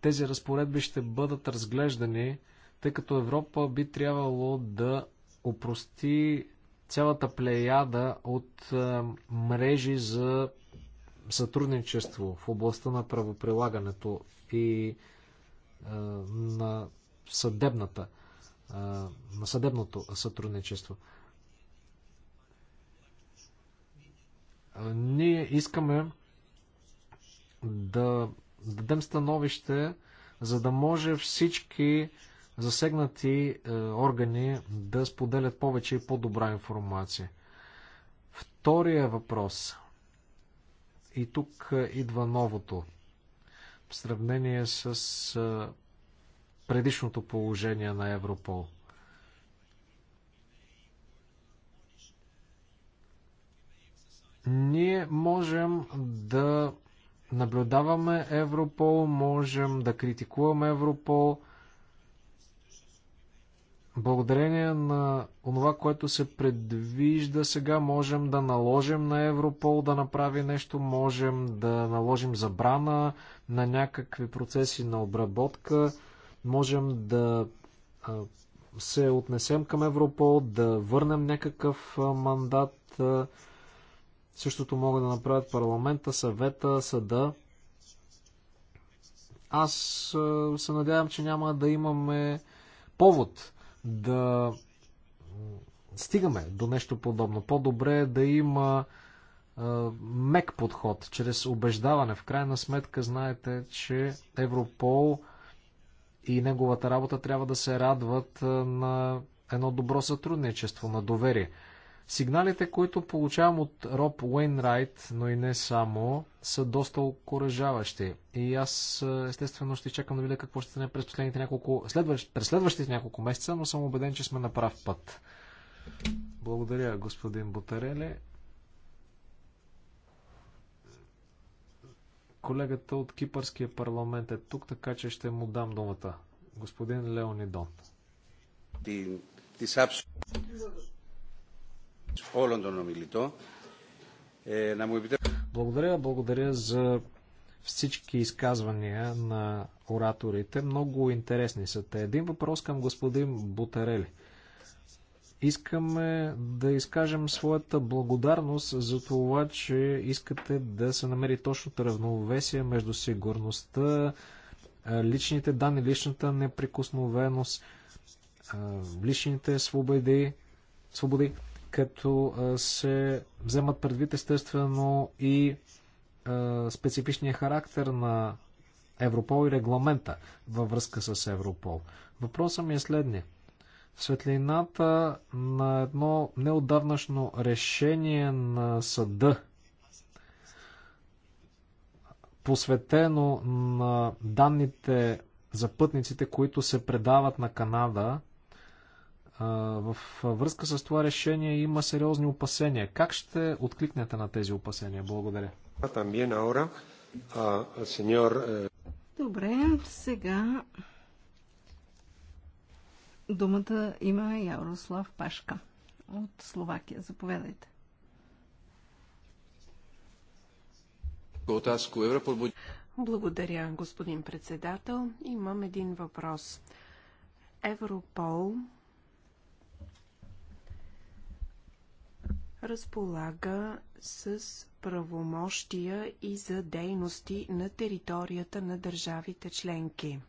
тези разпоредби ще бъдат разглеждани, тъй като Европа би трябвало да опрости цялата плеяда от е, мрежи за сътрудничество в областта на правоприлагането и е, на съдебната е, на съдебното сътрудничество. Ние искаме да дадем становище, за да може всички засегнати е, органи да споделят повече и по-добра информация. Втория въпрос. И тук е, идва новото. В сравнение с е, предишното положение на Европол. Ние можем да наблюдаваме Европол, можем да критикуваме Европол. Благодарение на това, което се предвижда сега, можем да наложим на Европол да направи нещо, можем да наложим забрана на някакви процеси на обработка, можем да се отнесем към Европол, да върнем някакъв мандат Същото могат да направят парламента, съвета, съда. Аз се надявам, че няма да имаме повод да стигаме до нещо подобно. По-добре е да има мек подход, чрез убеждаване. В крайна сметка знаете, че Европол и неговата работа трябва да се радват на едно добро сътрудничество, на доверие. Сигналите, които получавам от Роб Уейнрайт, но и не само, са доста окоръжаващи. И аз е, естествено ще чакам да видя какво ще стане през последните няколко, следващ, през следващите няколко месеца, но съм убеден, че сме на прав път. Благодаря, господин Бутареле. Колегата от Кипърския парламент е тук, така че ще му дам думата. Господин Леонидон. Ти, ти благодаря, благодаря за всички изказвания на ораторите. Много интересни са те. Един въпрос към господин Бутарели. Искаме да изкажем своята благодарност за това, че искате да се намери точното равновесие между сигурността, личните данни, личната неприкосновеност, личните свободи, свободи като се вземат предвид естествено и специфичния характер на Европол и регламента във връзка с Европол. Въпросът ми е следния. Светлината на едно неодавнашно решение на съда, посветено на данните за пътниците, които се предават на Канада, в връзка с това решение има сериозни опасения. Как ще откликнете на тези опасения? Благодаря. Е, Добре, сега думата има Ярослав Пашка от Словакия. Заповядайте. Благодаря, господин председател. Имам един въпрос. Европол разполага с правомощия и за дейности на територията на държавите членки.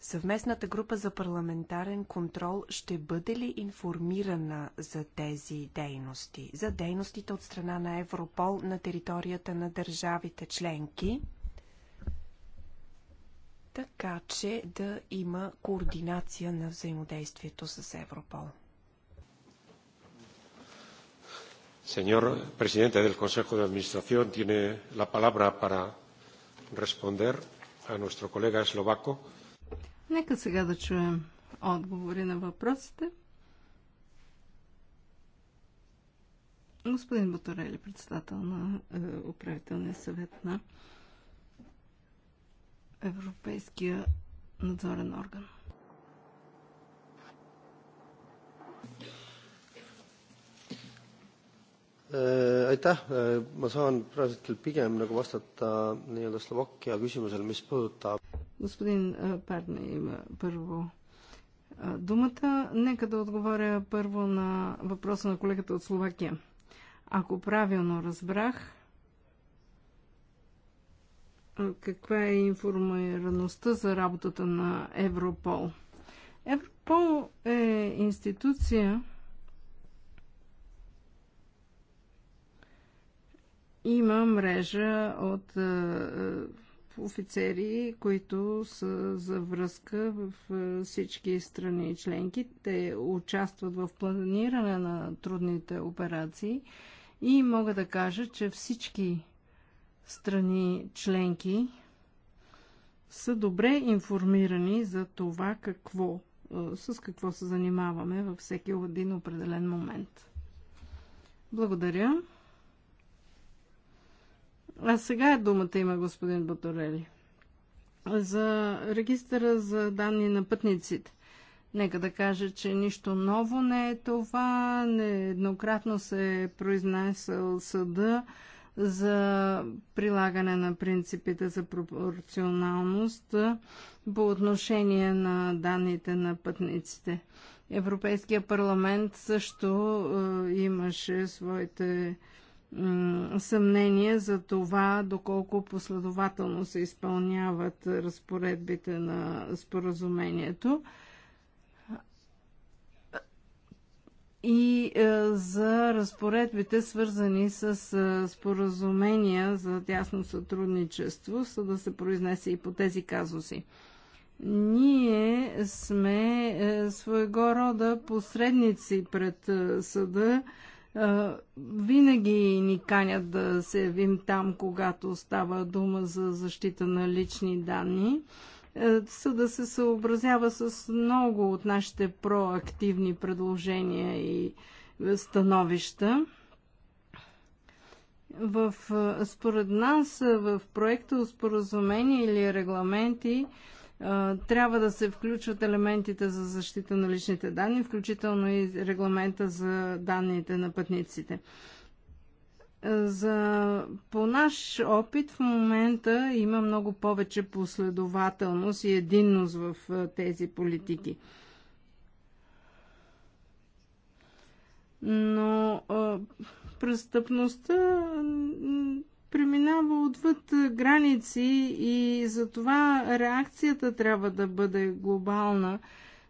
Съвместната група за парламентарен контрол ще бъде ли информирана за тези дейности? За дейностите от страна на Европол на територията на държавите членки? Така че да има координация на взаимодействието с Европол. Señor presidente del Consejo de Administración, tiene la palabra para responder a nuestro colega eslovaco. Нека сега да чуем отговори на въпросите. Господин председател на е, управителния съвет на Европейския надзорен орган. Äh, aitäh, äh, ma saan praegu pigem nagu vastata nii-öelda Slovakkia küsimusele, mis puudutab. Господин Перне äh, има първо думата. Нека да отговоря първо на въпроса на колегата от Словакия. Ако правилно разбрах, э, каква е информираността за работата на Европол? Европол е институция, има мрежа от е, е, офицери, които са за връзка в е, всички страни и членки. Те участват в планиране на трудните операции и мога да кажа, че всички страни членки са добре информирани за това какво, с какво се занимаваме във всеки един определен момент. Благодаря. А сега е думата има господин Баторели. За регистъра за данни на пътниците. Нека да кажа, че нищо ново не е това. Нееднократно се е произнесъл съда за прилагане на принципите за пропорционалност по отношение на данните на пътниците. Европейския парламент също е, имаше своите е, съмнение за това доколко последователно се изпълняват разпоредбите на споразумението и е, за разпоредбите свързани с е, споразумения за тясно сътрудничество, за да се произнесе и по тези казуси. Ние сме е, своего рода посредници пред съда, винаги ни канят да се явим там, когато става дума за защита на лични данни е, съда се съобразява с много от нашите проактивни предложения и становища. В, е, според нас е, в проекта споразумения или регламенти трябва да се включват елементите за защита на личните данни, включително и регламента за данните на пътниците. За, по наш опит в момента има много повече последователност и единност в тези политики. Но престъпността преминава отвъд граници и затова реакцията трябва да бъде глобална.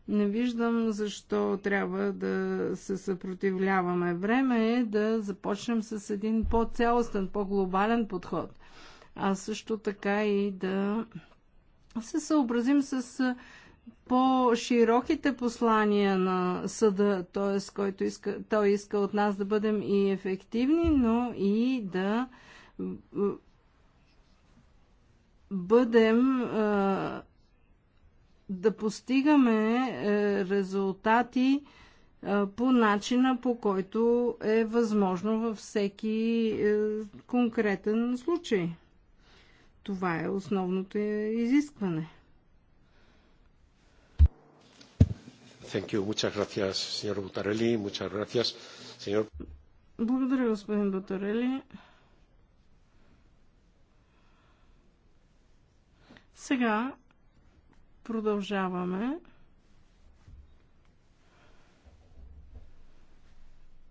Не виждам защо трябва да се съпротивляваме. Време е да започнем с един по-цялостен, по-глобален подход. А също така и да се съобразим с по-широките послания на съда, т.е. който иска, той иска от нас да бъдем и ефективни, но и да а, бъдем да постигаме е, резултати по начина по който е възможно във всеки е, конкретен случай. Това е основното изискване. Thank you. Muchas gracias, señor Butarelli. Muchas gracias, señor... Благодаря, господин Бутарели. Сега продължаваме.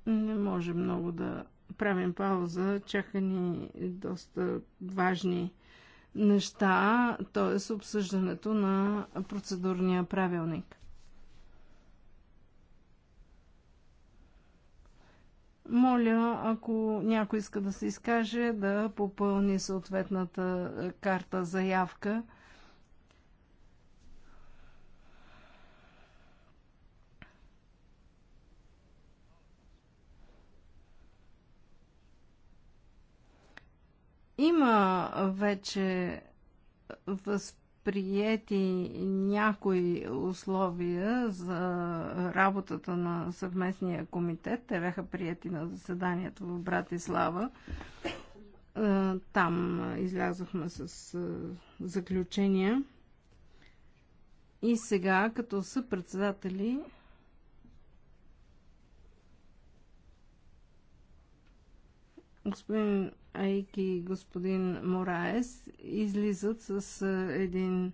Не може много да правим пауза. Чака ни доста важни неща, т.е. обсъждането на процедурния правилник. Моля, ако някой иска да се изкаже, да попълни съответната карта заявка. Има вече възприети някои условия за работата на съвместния комитет. Те бяха прияти на заседанието в Братислава. Е, там излязохме с е, заключения. И сега, като съпредседатели, господин Айки господин Мораес излизат с един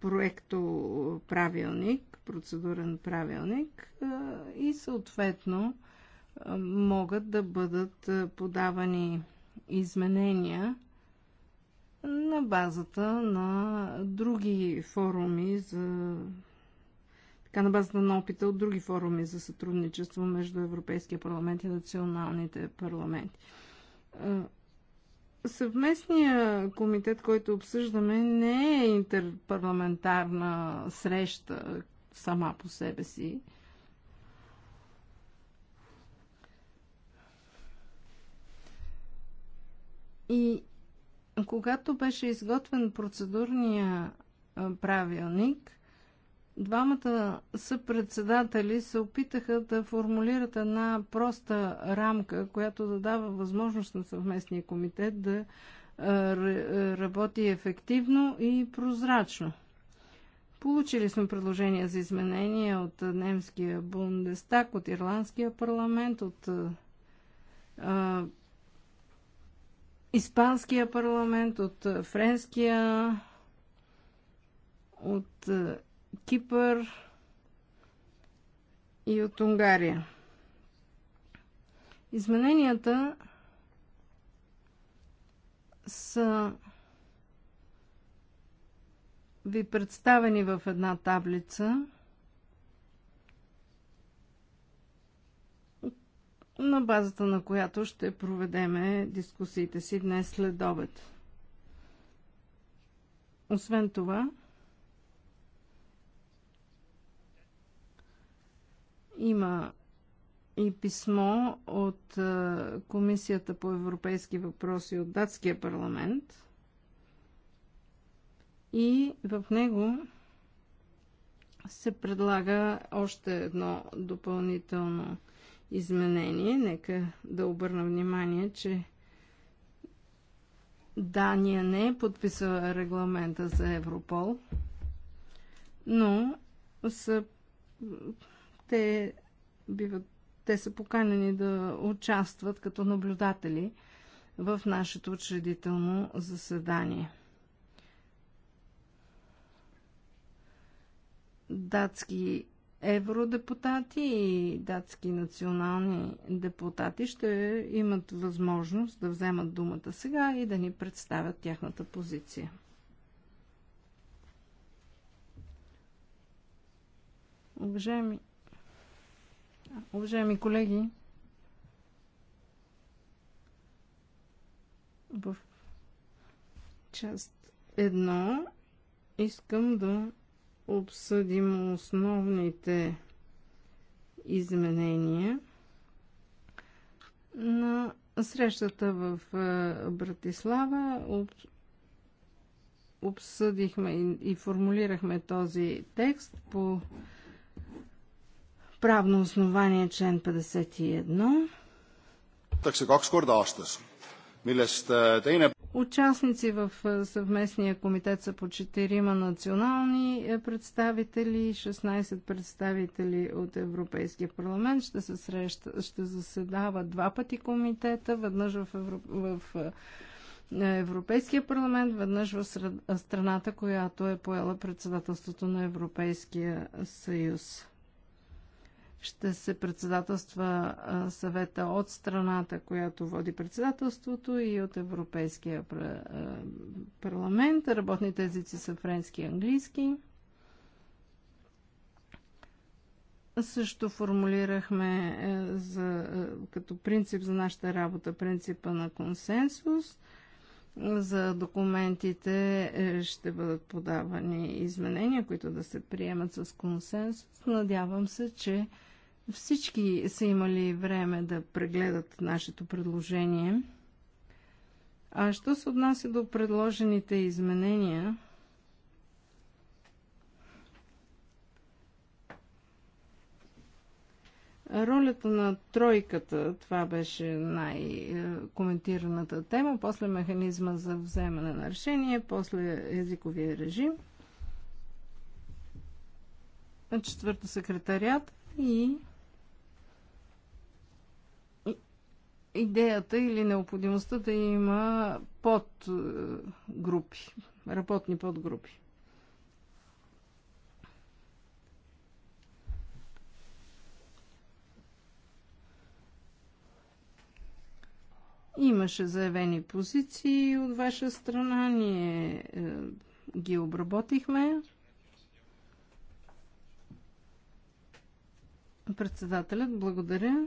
проекто правилник, процедурен правилник и съответно могат да бъдат подавани изменения на базата на други форуми за така на базата на опита от други форуми за сътрудничество между Европейския парламент и националните парламенти. Съвместния комитет, който обсъждаме, не е интерпарламентарна среща сама по себе си. И когато беше изготвен процедурния правилник, Двамата съпредседатели се опитаха да формулират една проста рамка, която да дава възможност на съвместния комитет да е, е, работи ефективно и прозрачно. Получили сме предложения за изменения от немския Бундестаг, от ирландския парламент, от а, е, испанския парламент, от френския, от Кипър и от Унгария. Измененията са ви представени в една таблица на базата на която ще проведеме дискусиите си днес след обед. Освен това, Има и писмо от Комисията по европейски въпроси от датския парламент. И в него се предлага още едно допълнително изменение. Нека да обърна внимание, че Дания не е подписала регламента за Европол, но са те, биват, те са поканени да участват като наблюдатели в нашето учредително заседание. Датски евродепутати и датски национални депутати ще имат възможност да вземат думата сега и да ни представят тяхната позиция. Уважаеми Уважаеми колеги, в част едно искам да обсъдим основните изменения на срещата в е, Братислава. Обсъдихме и формулирахме този текст по правно основание член 51. Е, Участници в е, съвместния комитет са по 4 национални е, представители, 16 представители от Европейския парламент. Ще се среща, ще заседава два пъти комитета, веднъж в, Евро... в Европейския парламент, веднъж в страната, която е поела председателството на Европейския съюз ще се председателства съвета от страната, която води председателството и от Европейския парламент. Работните езици са френски и английски. Също формулирахме е, за, е, като принцип за нашата работа принципа на консенсус – за документите е, ще бъдат подавани изменения, които да се приемат с консенсус. Надявам се, че всички са имали време да прегледат нашето предложение. А що се отнася до предложените изменения, Ролята на тройката, това беше най-коментираната тема, после механизма за вземане на решение, после езиковия режим, четвърто секретарят и идеята или необходимостта да има подгрупи, е, работни подгрупи. Имаше заявени позиции от ваша страна, ние е, ги обработихме. Председателят, благодаря.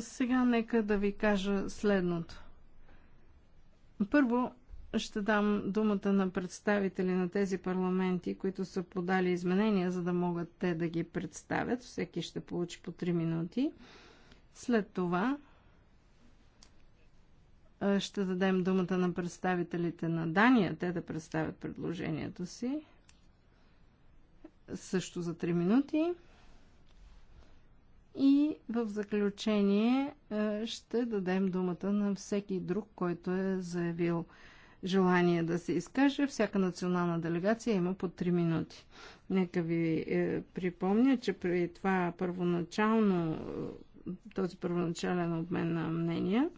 Сега нека да ви кажа следното. Първо ще дам думата на представители на тези парламенти, които са подали изменения, за да могат те да ги представят. Всеки ще получи по 3 минути. След това ще дадем думата на представителите на Дания, те да представят предложението си също за 3 минути. И в заключение е, ще дадем думата на всеки друг, който е заявил желание да се изкаже. Всяка национална делегация има по 3 минути. Нека ви е, припомня, че при това първоначално, е, този първоначален обмен на мнения,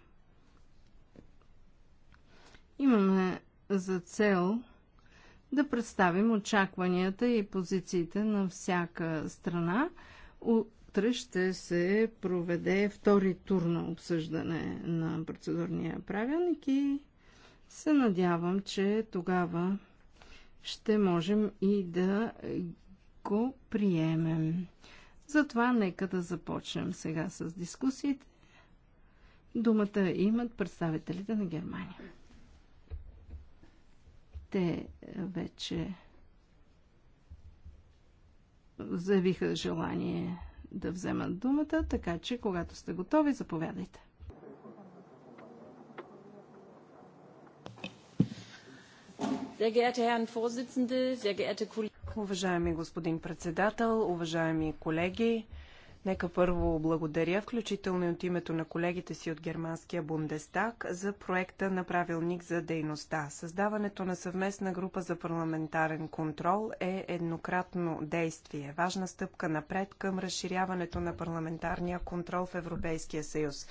имаме за цел да представим очакванията и позициите на всяка страна утре ще се проведе втори тур на обсъждане на процедурния правилник и се надявам, че тогава ще можем и да го приемем. Затова нека да започнем сега с дискусиите. Думата имат представителите на Германия. Те вече заявиха желание да вземат думата, така че когато сте готови, заповядайте. Уважаеми господин председател, уважаеми колеги, Нека първо благодаря, включително и от името на колегите си от германския Бундестаг, за проекта на правилник за дейността. Създаването на съвместна група за парламентарен контрол е еднократно действие, важна стъпка напред към разширяването на парламентарния контрол в Европейския съюз.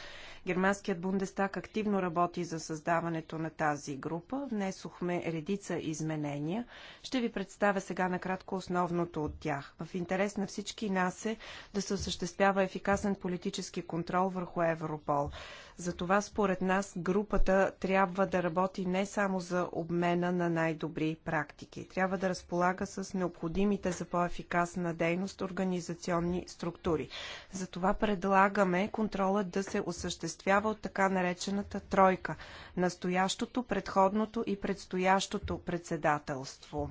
Германският Бундестаг активно работи за създаването на тази група. Внесохме редица изменения. Ще ви представя сега накратко основното от тях. В интерес на всички нас е да се осъществява осъществява ефикасен политически контрол върху Европол. Затова според нас групата трябва да работи не само за обмена на най-добри практики. Трябва да разполага с необходимите за по-ефикасна дейност организационни структури. Затова предлагаме контролът да се осъществява от така наречената тройка – настоящото, предходното и предстоящото председателство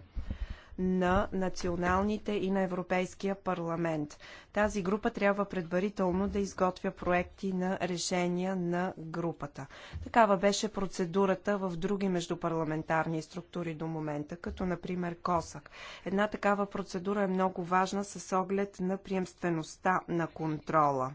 на националните и на Европейския парламент. Тази група трябва предварително да изготвя проекти на решения на групата. Такава беше процедурата в други междупарламентарни структури до момента, като например КОСАК. Една такава процедура е много важна с оглед на приемствеността на контрола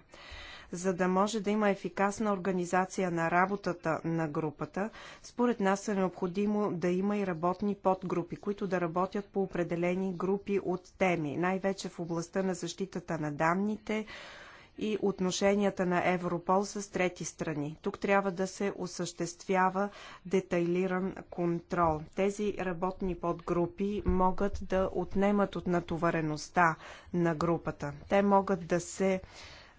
за да може да има ефикасна организация на работата на групата, според нас е необходимо да има и работни подгрупи, които да работят по определени групи от теми, най-вече в областта на защитата на данните, и отношенията на Европол с трети страни. Тук трябва да се осъществява детайлиран контрол. Тези работни подгрупи могат да отнемат от натовареността на групата. Те могат да се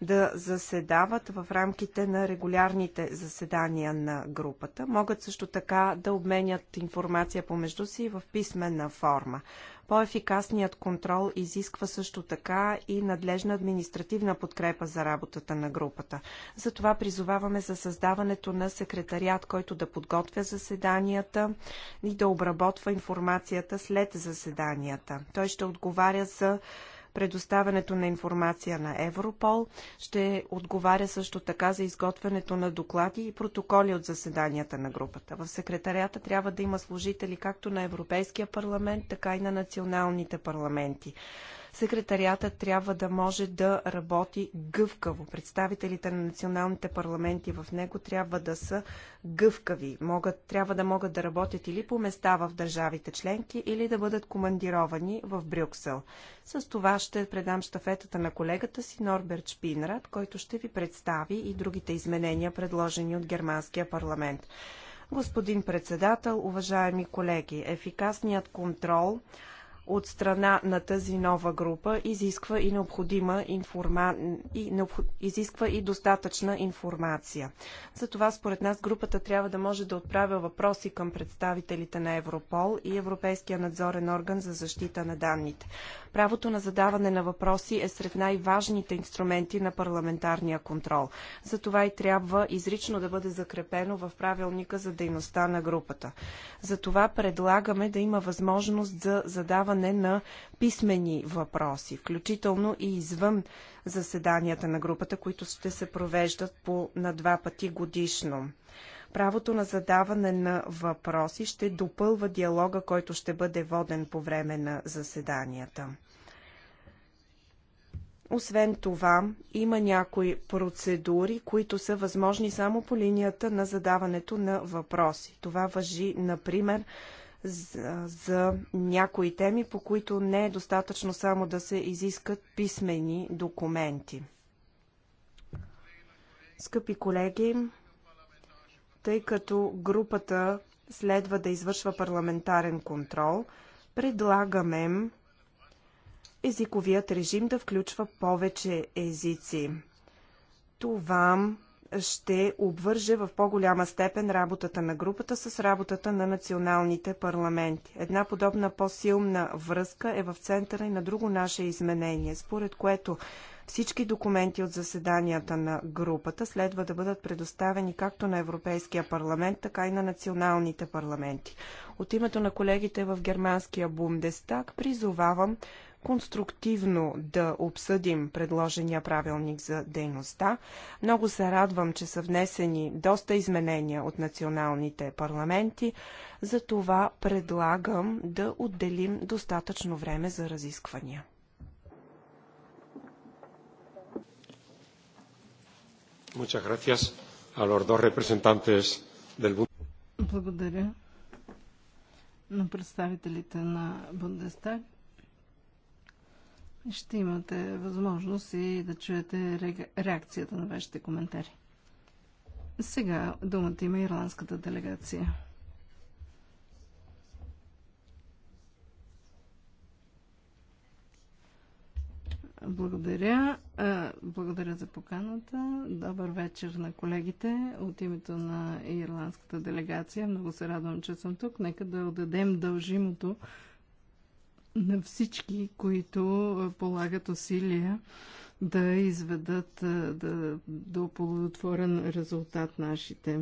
да заседават в рамките на регулярните заседания на групата. Могат също така да обменят информация помежду си в писменна форма. По-ефикасният контрол изисква също така и надлежна административна подкрепа за работата на групата. Затова призоваваме за създаването на секретариат, който да подготвя заседанията и да обработва информацията след заседанията. Той ще отговаря за предоставянето на информация на Европол. Ще отговаря също така за изготвянето на доклади и протоколи от заседанията на групата. В секретарията трябва да има служители както на Европейския парламент, така и на националните парламенти секретариатът трябва да може да работи гъвкаво. Представителите на националните парламенти в него трябва да са гъвкави. Могат, трябва да могат да работят или по места в държавите членки, или да бъдат командировани в Брюксел. С това ще предам штафетата на колегата си Норберт Шпинрат, който ще ви представи и другите изменения, предложени от германския парламент. Господин председател, уважаеми колеги, ефикасният контрол от страна на тази нова група изисква и необходима информа... и необх... изисква и достатъчна информация. Затова според нас групата трябва да може да отправя въпроси към представителите на Европол и Европейския надзорен орган за защита на данните. Правото на задаване на въпроси е сред най-важните инструменти на парламентарния контрол. Затова и трябва изрично да бъде закрепено в правилника за дейността на групата. Затова предлагаме да има възможност за задаване задаване на писмени въпроси, включително и извън заседанията на групата, които ще се провеждат по на два пъти годишно. Правото на задаване на въпроси ще допълва диалога, който ще бъде воден по време на заседанията. Освен това, има някои процедури, които са възможни само по линията на задаването на въпроси. Това въжи, например, за, за някои теми, по които не е достатъчно само да се изискат писмени документи. Скъпи колеги, тъй като групата следва да извършва парламентарен контрол, предлагаме езиковият режим да включва повече езици. Това ще обвърже в по-голяма степен работата на групата с работата на националните парламенти. Една подобна по-силна връзка е в центъра и на друго наше изменение, според което всички документи от заседанията на групата следва да бъдат предоставени както на Европейския парламент, така и на националните парламенти. От името на колегите в германския Бундестаг призовавам конструктивно да обсъдим предложения правилник за дейността. Много се радвам, че са внесени доста изменения от националните парламенти. За това предлагам да отделим достатъчно време за разисквания. Muchas gracias a los dos representantes del Благодаря на представителите на Бундестаг ще имате възможност и да чуете реакцията на вашите коментари. Сега думата има ирландската делегация. Благодаря. Благодаря за поканата. Добър вечер на колегите от името на ирландската делегация. Много се радвам, че съм тук. Нека да отдадем дължимото на всички, които полагат усилия да изведат да, до оплодотворен резултат нашите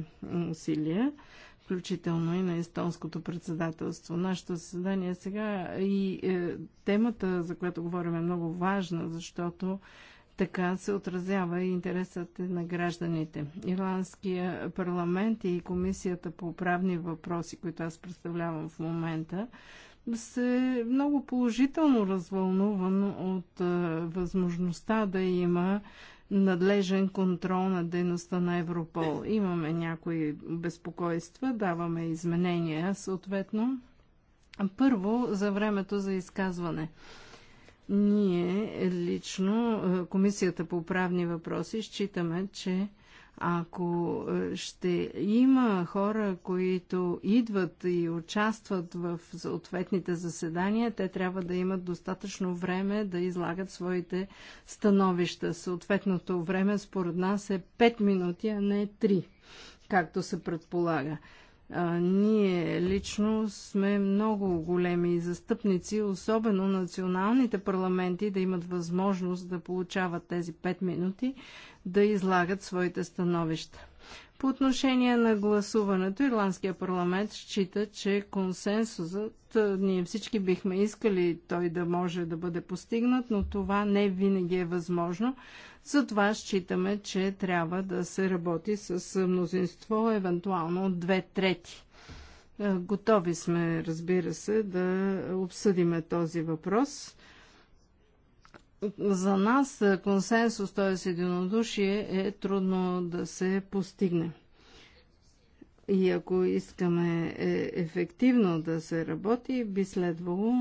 усилия, включително и на естонското председателство. Нашето съседание сега и е, темата, за която говорим, е много важна, защото така се отразява и интересът на гражданите. Ирландския парламент и комисията по правни въпроси, които аз представлявам в момента, се много положително развълнуван от възможността да има надлежен контрол на дейността на Европол. Имаме някои безпокойства, даваме изменения съответно. Първо, за времето за изказване. Ние лично, Комисията по правни въпроси, считаме, че ако е, ще има хора, които идват и участват в съответните заседания, те трябва да имат достатъчно време да излагат своите становища. Съответното време според нас е 5 минути, а не 3, както се предполага. ние лично сме много големи застъпници, особено националните парламенти да имат възможност да получават тези 5 минути, да излагат своите становища. По отношение на гласуването, Ирландския парламент счита, че консенсусът, ние всички бихме искали той да може да бъде постигнат, но това не винаги е възможно. Затова считаме, че трябва да се работи с мнозинство, евентуално от две трети. Готови сме, разбира се, да обсъдиме този въпрос за нас консенсус, т.е. единодушие, е трудно да се постигне. И ако искаме е, ефективно да се работи, би следвало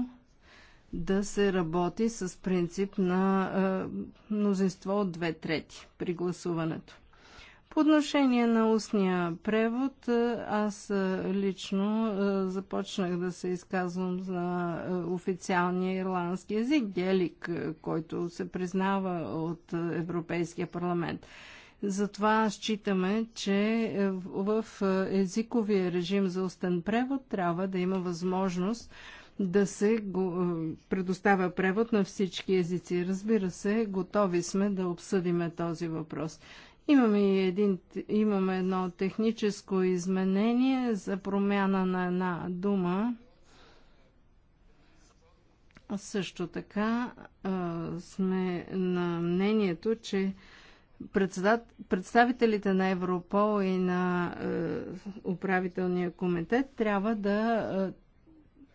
да се работи с принцип на мнозинство от две трети при гласуването. По отношение на устния превод, аз лично започнах да се изказвам за официалния ирландски язик, гелик, който се признава от Европейския парламент. Затова считаме, че в езиковия режим за устен превод трябва да има възможност да се предоставя превод на всички езици. Разбира се, готови сме да обсъдиме този въпрос. Имаме, и един, имаме едно техническо изменение за промяна на една дума. Също така а, сме на мнението, че представителите на Европол и на а, управителния комитет трябва да а,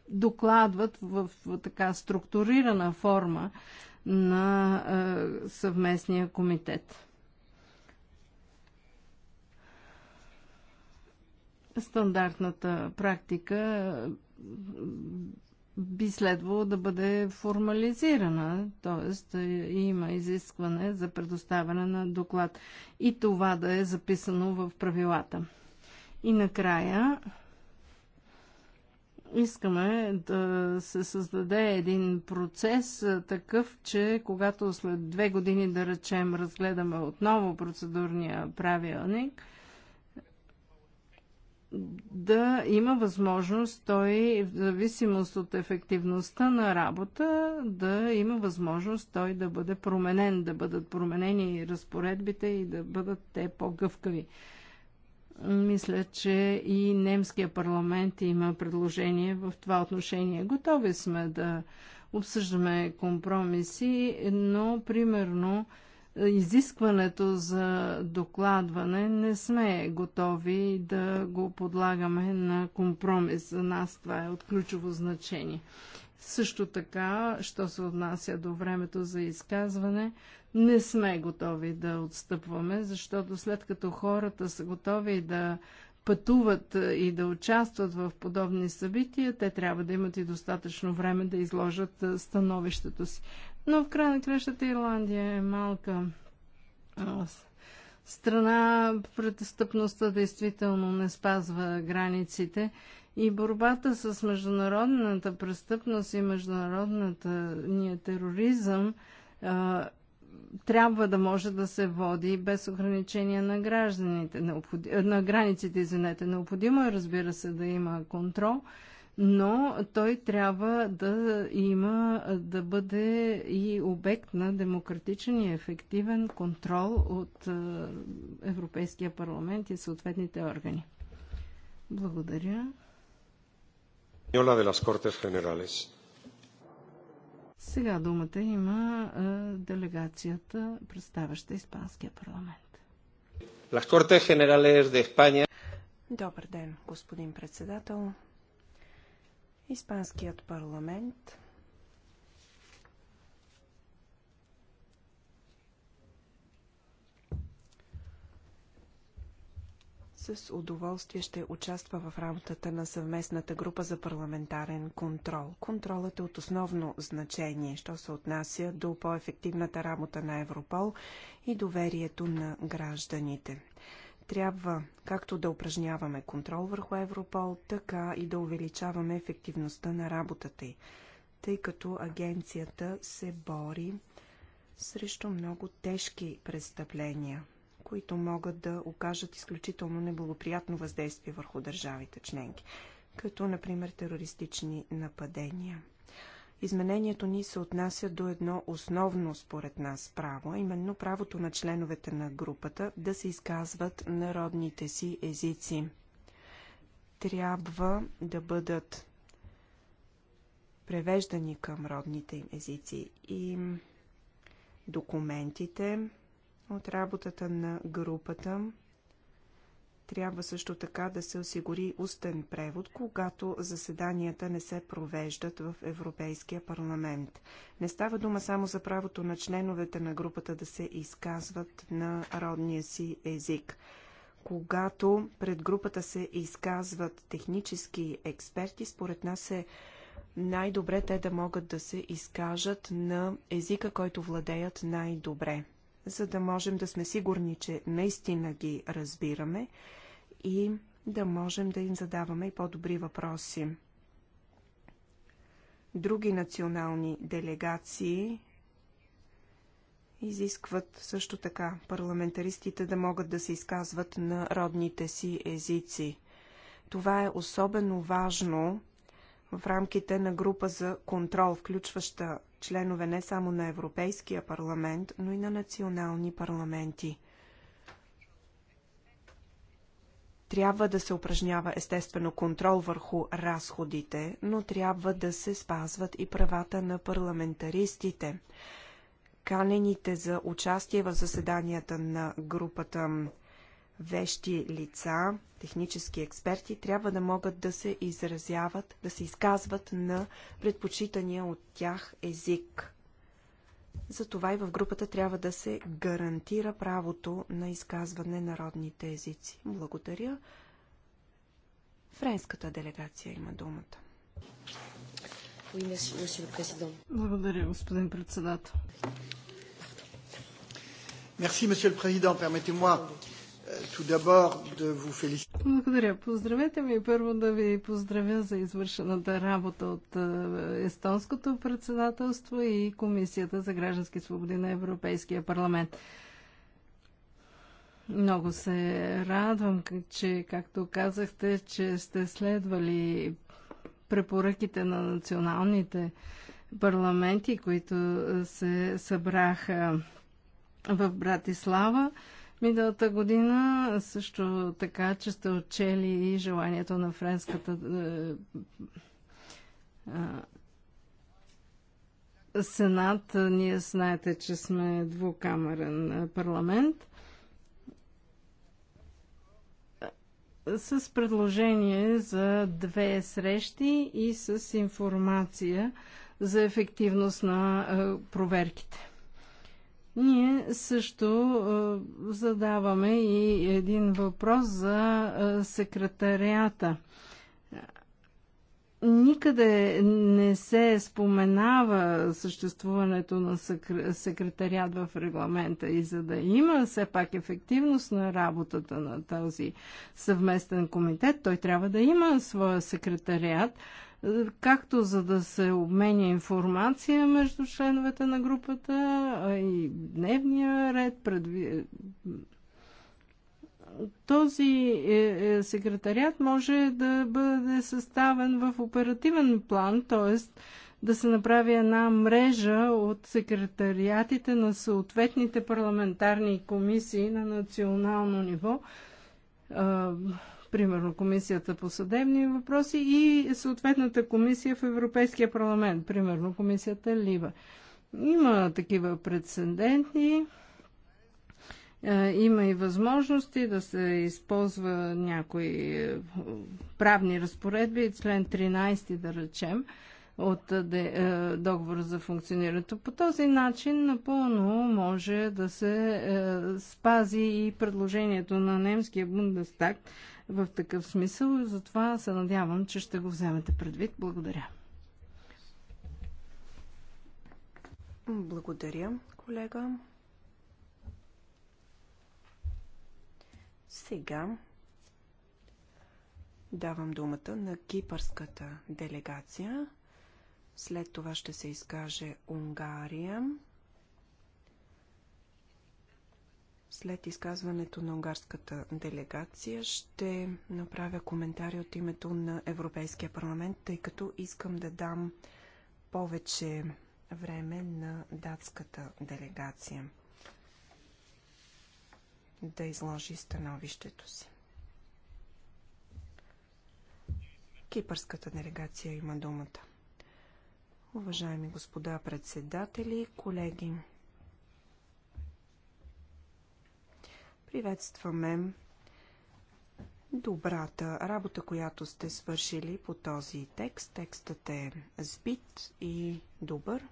докладват в, в така структурирана форма на а, съвместния комитет. стандартната практика би следвало да бъде формализирана, т.е. има изискване за предоставяне на доклад и това да е записано в правилата. И накрая искаме да се създаде един процес е, такъв, че когато след две години, да речем, разгледаме отново процедурния правилник – да има възможност той, в зависимост от ефективността на работа, да има възможност той да бъде променен, да бъдат променени разпоредбите и да бъдат те по-гъвкави. Мисля, че и немския парламент има предложение в това отношение. Готови сме да обсъждаме компромиси, но примерно изискването за докладване не сме готови да го подлагаме на компромис. За нас това е от ключово значение. Също така, що се отнася до времето за изказване, не сме готови да отстъпваме, защото след като хората са готови да пътуват и да участват в подобни събития, те трябва да имат и достатъчно време да изложат становището си. Но в край на кращата Ирландия е малка страна. Престъпността действително не спазва границите и борбата с международната престъпност и международната ние тероризъм а, трябва да може да се води без ограничения на гражданите, необходи... на границите, извинете. Необходимо е, разбира се, да има контрол, но той трябва да има, да бъде и обект на демократичен и ефективен контрол от Европейския парламент и съответните органи. Благодаря. Сега думата има делегацията, представяща Испанския парламент. Las Cortes Generales de España. Добър ден, господин председател, Испанският парламент с удоволствие ще участва в работата на съвместната група за парламентарен контрол. Контролът е от основно значение, що се отнася до по-ефективната работа на Европол и доверието на гражданите. Трябва както да упражняваме контрол върху Европол, така и да увеличаваме ефективността на работата й, тъй като агенцията се бори срещу много тежки престъпления, които могат да окажат изключително неблагоприятно въздействие върху държавите членки, като например терористични нападения. Изменението ни се отнася до едно основно според нас право, именно правото на членовете на групата да се изказват народните си езици. Трябва да бъдат превеждани към родните им езици и документите от работата на групата трябва също така да се осигури устен превод, когато заседанията не се провеждат в Европейския парламент. Не става дума само за правото на членовете на групата да се изказват на родния си език. Когато пред групата се изказват технически експерти, според нас е най-добре те да могат да се изкажат на езика, който владеят най-добре за да можем да сме сигурни, че наистина ги разбираме и да можем да им задаваме и по-добри въпроси. Други национални делегации изискват също така парламентаристите да могат да се изказват на родните си езици. Това е особено важно в рамките на група за контрол, включваща членове не само на Европейския парламент, но и на национални парламенти. Трябва да се упражнява естествено контрол върху разходите, но трябва да се спазват и правата на парламентаристите. Канените за участие в заседанията на групата вещи лица, технически експерти трябва да могат да се изразяват, да се изказват на предпочитания от тях език. Затова и в групата трябва да се гарантира правото на изказване на родните езици. Благодаря. Френската делегация има думата. Благодаря, господин председател. Merci, господин le Permettez-moi Euh, Благодаря. Поздравете ми първо да ви поздравя за извършената работа от е, естонското председателство и Комисията за граждански свободи на Европейския парламент. Много се радвам, че, както казахте, че сте следвали препоръките на националните парламенти, които е, се събраха в Братислава. Миналата година също така, че сте отчели и желанието на френската е, е, Сенат. Ние знаете, че сме двукамерен парламент. С предложение за две срещи и с информация за ефективност на е, проверките. Ние също задаваме и един въпрос за секретарията. Никъде не се споменава съществуването на секретариат в регламента и за да има все пак ефективност на работата на този съвместен комитет, той трябва да има своя секретариат, както за да се обменя информация между членовете на групата, а и дневния ред, предви... този е, е, секретарят може да бъде съставен в оперативен план, т.е. да се направи една мрежа от секретариатите на съответните парламентарни комисии на национално ниво, примерно Комисията по съдебни въпроси и съответната комисия в Европейския парламент, примерно Комисията Лива. Има такива прецеденти, е, има и възможности да се използва някои е, правни разпоредби, член 13 да речем, от е, договора за функционирането. По този начин напълно може да се спази и предложението на немския Бундестаг в такъв смисъл. Затова се надявам, че ще го вземете предвид. Благодаря. Благодаря, колега. Сега давам думата на кипърската делегация. След това ще се изкаже Унгария. След изказването на унгарската делегация ще направя коментари от името на Европейския парламент, тъй като искам да дам повече време на датската делегация да изложи становището си. Кипърската делегация има думата. Уважаеми господа председатели, колеги, Приветстваме добрата работа, която сте свършили по този текст. Текстът е сбит и добър.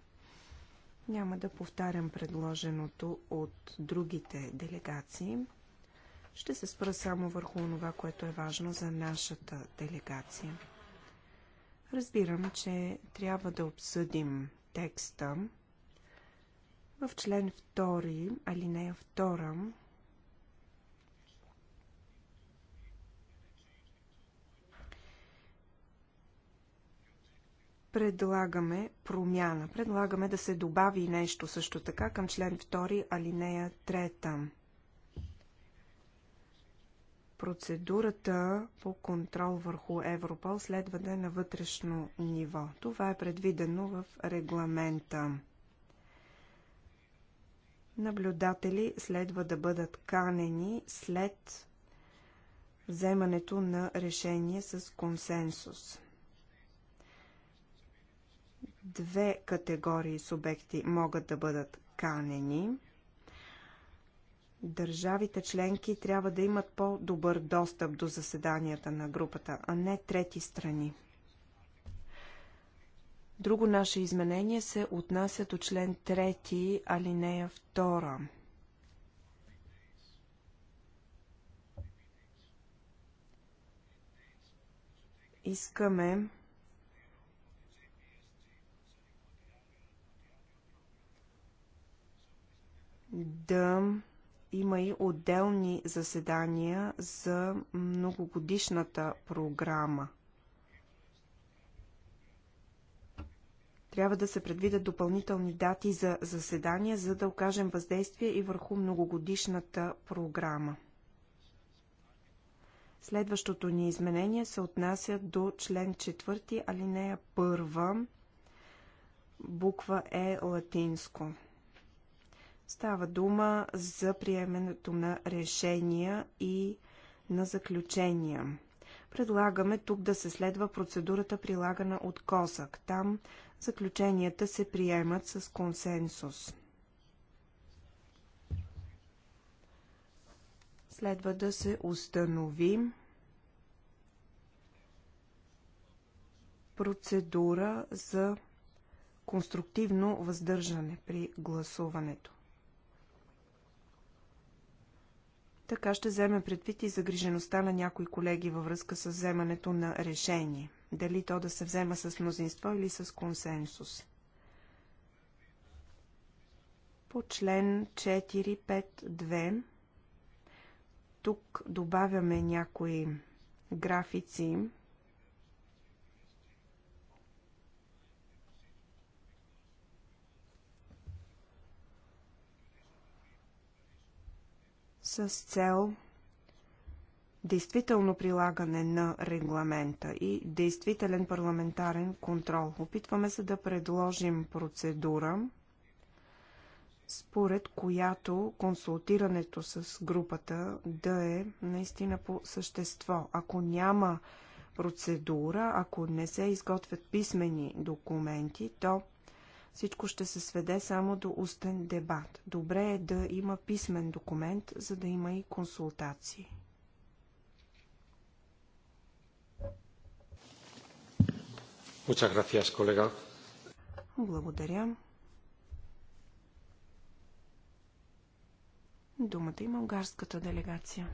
Няма да повтарям предложеното от другите делегации. Ще се спра само върху това, което е важно за нашата делегация. Разбирам, че трябва да обсъдим текста. В член 2, алинея 2 предлагаме промяна. Предлагаме да се добави нещо също така към член 2, алинея 3. Процедурата по контрол върху Европол следва да е на вътрешно ниво. Това е предвидено в регламента. Наблюдатели следва да бъдат канени след вземането на решение с консенсус. Две категории субекти могат да бъдат канени. Държавите членки трябва да имат по-добър достъп до заседанията на групата, а не трети страни. Друго наше изменение се отнася до член 3, алинея 2. Искаме да има и отделни заседания за многогодишната програма. Трябва да се предвидят допълнителни дати за заседания, за да окажем въздействие и върху многогодишната програма. Следващото ни изменение се отнася до член 4, алинея 1, буква Е латинско. Става дума за приемането на решения и на заключения. Предлагаме тук да се следва процедурата прилагана от КОСАК. Там заключенията се приемат с консенсус. Следва да се установи. процедура за конструктивно въздържане при гласуването. Така ще вземе предвид и загрижеността на някои колеги във връзка с вземането на решение. Дали то да се взема с мнозинство или с консенсус. По член 452 тук добавяме някои графици, с цел действително прилагане на регламента и действителен парламентарен контрол. Опитваме се да предложим процедура, според която консултирането с групата да е наистина по същество. Ако няма процедура, ако не се изготвят писмени документи, то всичко ще се сведе само до устен дебат. Добре е да има писмен документ, за да има и консултации. Благодаря. Благодаря. Думата има унгарската делегация.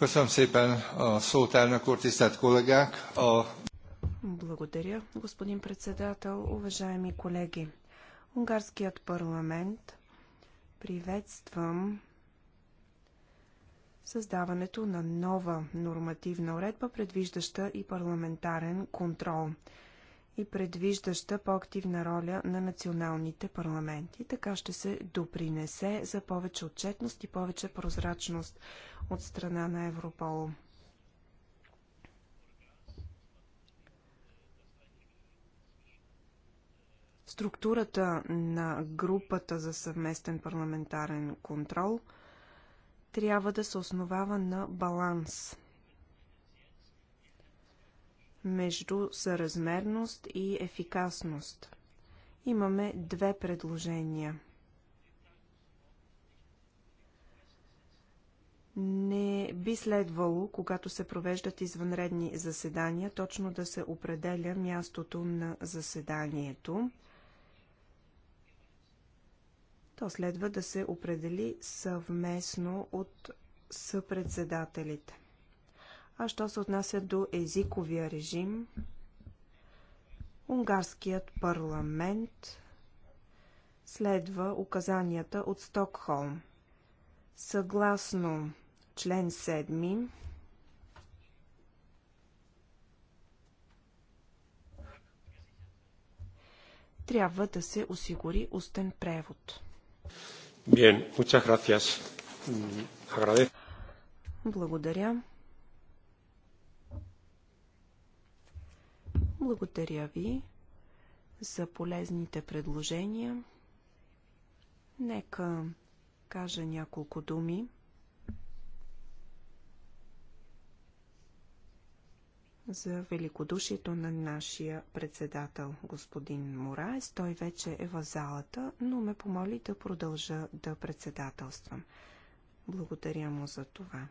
Köszönöm szépen a szót, elnök úr, tisztelt kollégák! A благодаря, господин председател, уважаеми колеги. Унгарският парламент приветствам създаването на нова нормативна уредба, предвиждаща и парламентарен контрол и предвиждаща по-активна роля на националните парламенти. Така ще се допринесе за повече отчетност и повече прозрачност от страна на Европол. структурата на групата за съвместен парламентарен контрол трябва да се основава на баланс между съразмерност и ефикасност. Имаме две предложения. Не би следвало, когато се провеждат извънредни заседания, точно да се определя мястото на заседанието то следва да се определи съвместно от съпредседателите. А що се отнася до езиковия режим, унгарският парламент следва указанията от Стокхолм. Съгласно член 7, трябва да се осигури устен превод. Bien, muchas gracias. Agradezco. Благодаря. Благодаря ви за полезните предложения. Нека кажа няколко думи за великодушието на нашия председател, господин Мораес. Той вече е в залата, но ме помоли да продължа да председателствам. Благодаря му за това.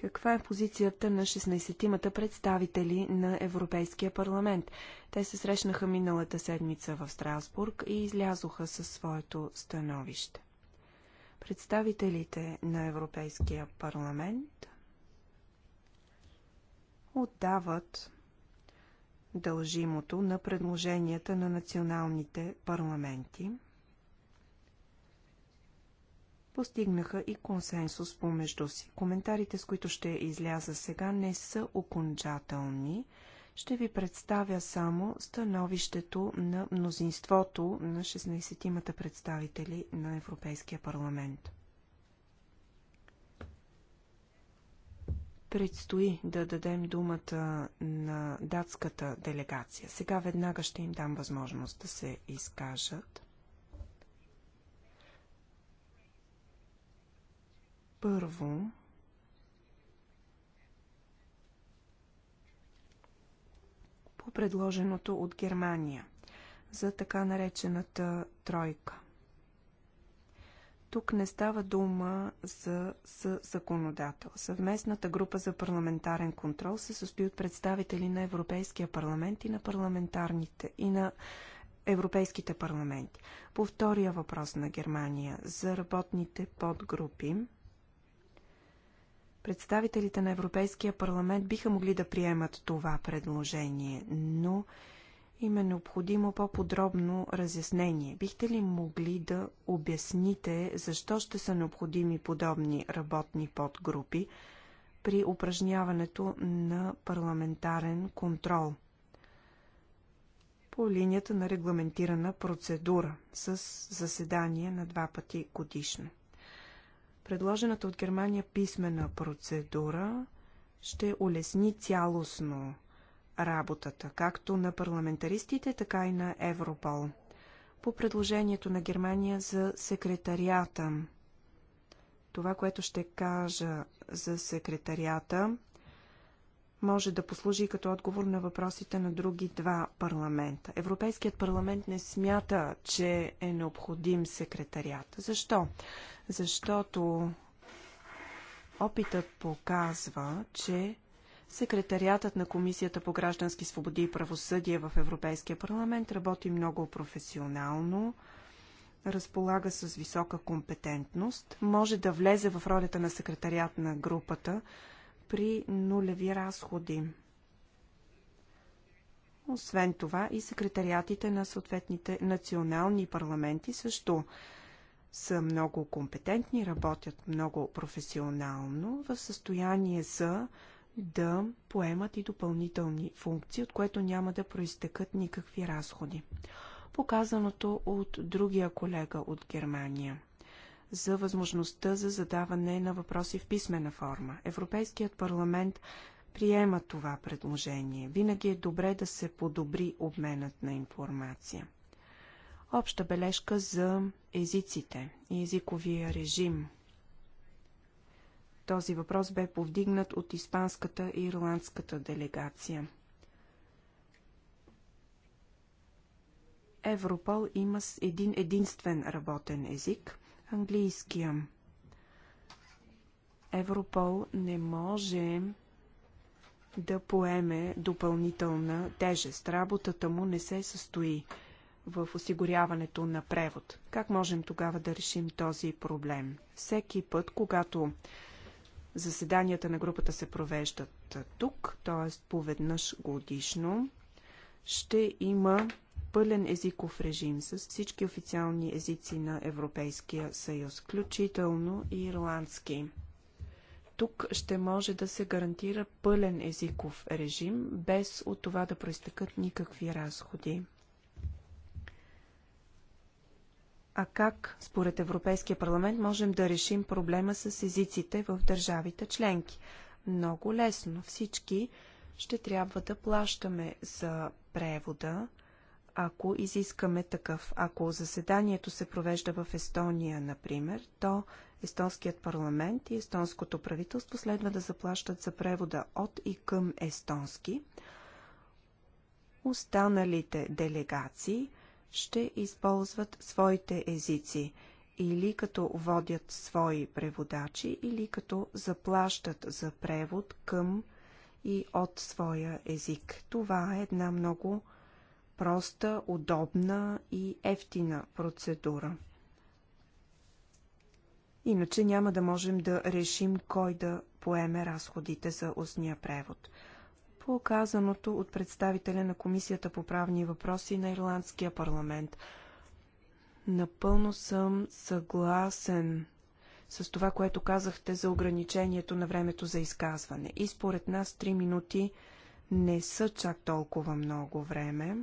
Каква е позицията на 16-тимата представители на Европейския парламент? Те се срещнаха миналата седмица в Страсбург и излязоха със своето становище. Представителите на Европейския парламент отдават дължимото на предложенията на националните парламенти – постигнаха и консенсус помежду си. Коментарите, с които ще изляза сега, не са окончателни. Ще ви представя само становището на мнозинството на 16-тимата представители на Европейския парламент. Предстои да дадем думата на датската делегация. Сега веднага ще им дам възможност да се изкажат. Първо, по предложеното от Германия за така наречената тройка. Тук не става дума за, за законодател. Съвместната група за парламентарен контрол се състои от представители на Европейския парламент и на парламентарните и на европейските парламенти. По втория въпрос на Германия за работните подгрупи – Представителите на Европейския парламент биха могли да приемат това предложение, но им е необходимо по-подробно разяснение. Бихте ли могли да обясните защо ще са необходими подобни работни подгрупи при упражняването на парламентарен контрол? по линията на регламентирана процедура с заседание на два пъти годишно. Предложената от Германия писмена процедура ще улесни цялостно работата, както на парламентаристите, така и на Европол. По предложението на Германия за секретарията. Това, което ще кажа за секретарията, може да послужи като отговор на въпросите на други два парламента. Европейският парламент не смята, че е необходим секретарият. Защо? Защото опитът показва, че секретариатът на Комисията по граждански свободи и правосъдие в Европейския парламент работи много професионално, разполага с висока компетентност, може да влезе в ролята на секретариат на групата, при нулеви разходи. Освен това и секретариатите на съответните национални парламенти също са много компетентни, работят много професионално, в състояние са да поемат и допълнителни функции, от което няма да проистекат никакви разходи. Показаното от другия колега от Германия за възможността за задаване на въпроси в писмена форма. Европейският парламент приема това предложение. Винаги е добре да се подобри обменът на информация. Обща бележка за езиците и езиковия режим. Този въпрос бе повдигнат от испанската и ирландската делегация. Европол има един единствен работен език – английския. Европол не може да поеме допълнителна тежест. Работата му не се състои в осигуряването на превод. Как можем тогава да решим този проблем? Всеки път, когато заседанията на групата се провеждат тук, т.е. поведнъж годишно, ще има пълен езиков режим с всички официални езици на Европейския съюз, включително и ирландски. Тук ще може да се гарантира пълен езиков режим, без от това да проистъкат никакви разходи. А как, според Европейския парламент, можем да решим проблема с езиците в държавите членки? Много лесно. Всички ще трябва да плащаме за превода, ако изискаме такъв. Ако заседанието се провежда в Естония, например, то естонският парламент и естонското правителство следва да заплащат за превода от и към естонски. Останалите делегации ще използват своите езици или като водят свои преводачи, или като заплащат за превод към и от своя език. Това е една много проста, удобна и ефтина процедура. Иначе няма да можем да решим кой да поеме разходите за устния превод. По казаното от представителя на Комисията по правни въпроси на Ирландския парламент. Напълно съм съгласен с това, което казахте за ограничението на времето за изказване. И според нас 3 минути не са чак толкова много време.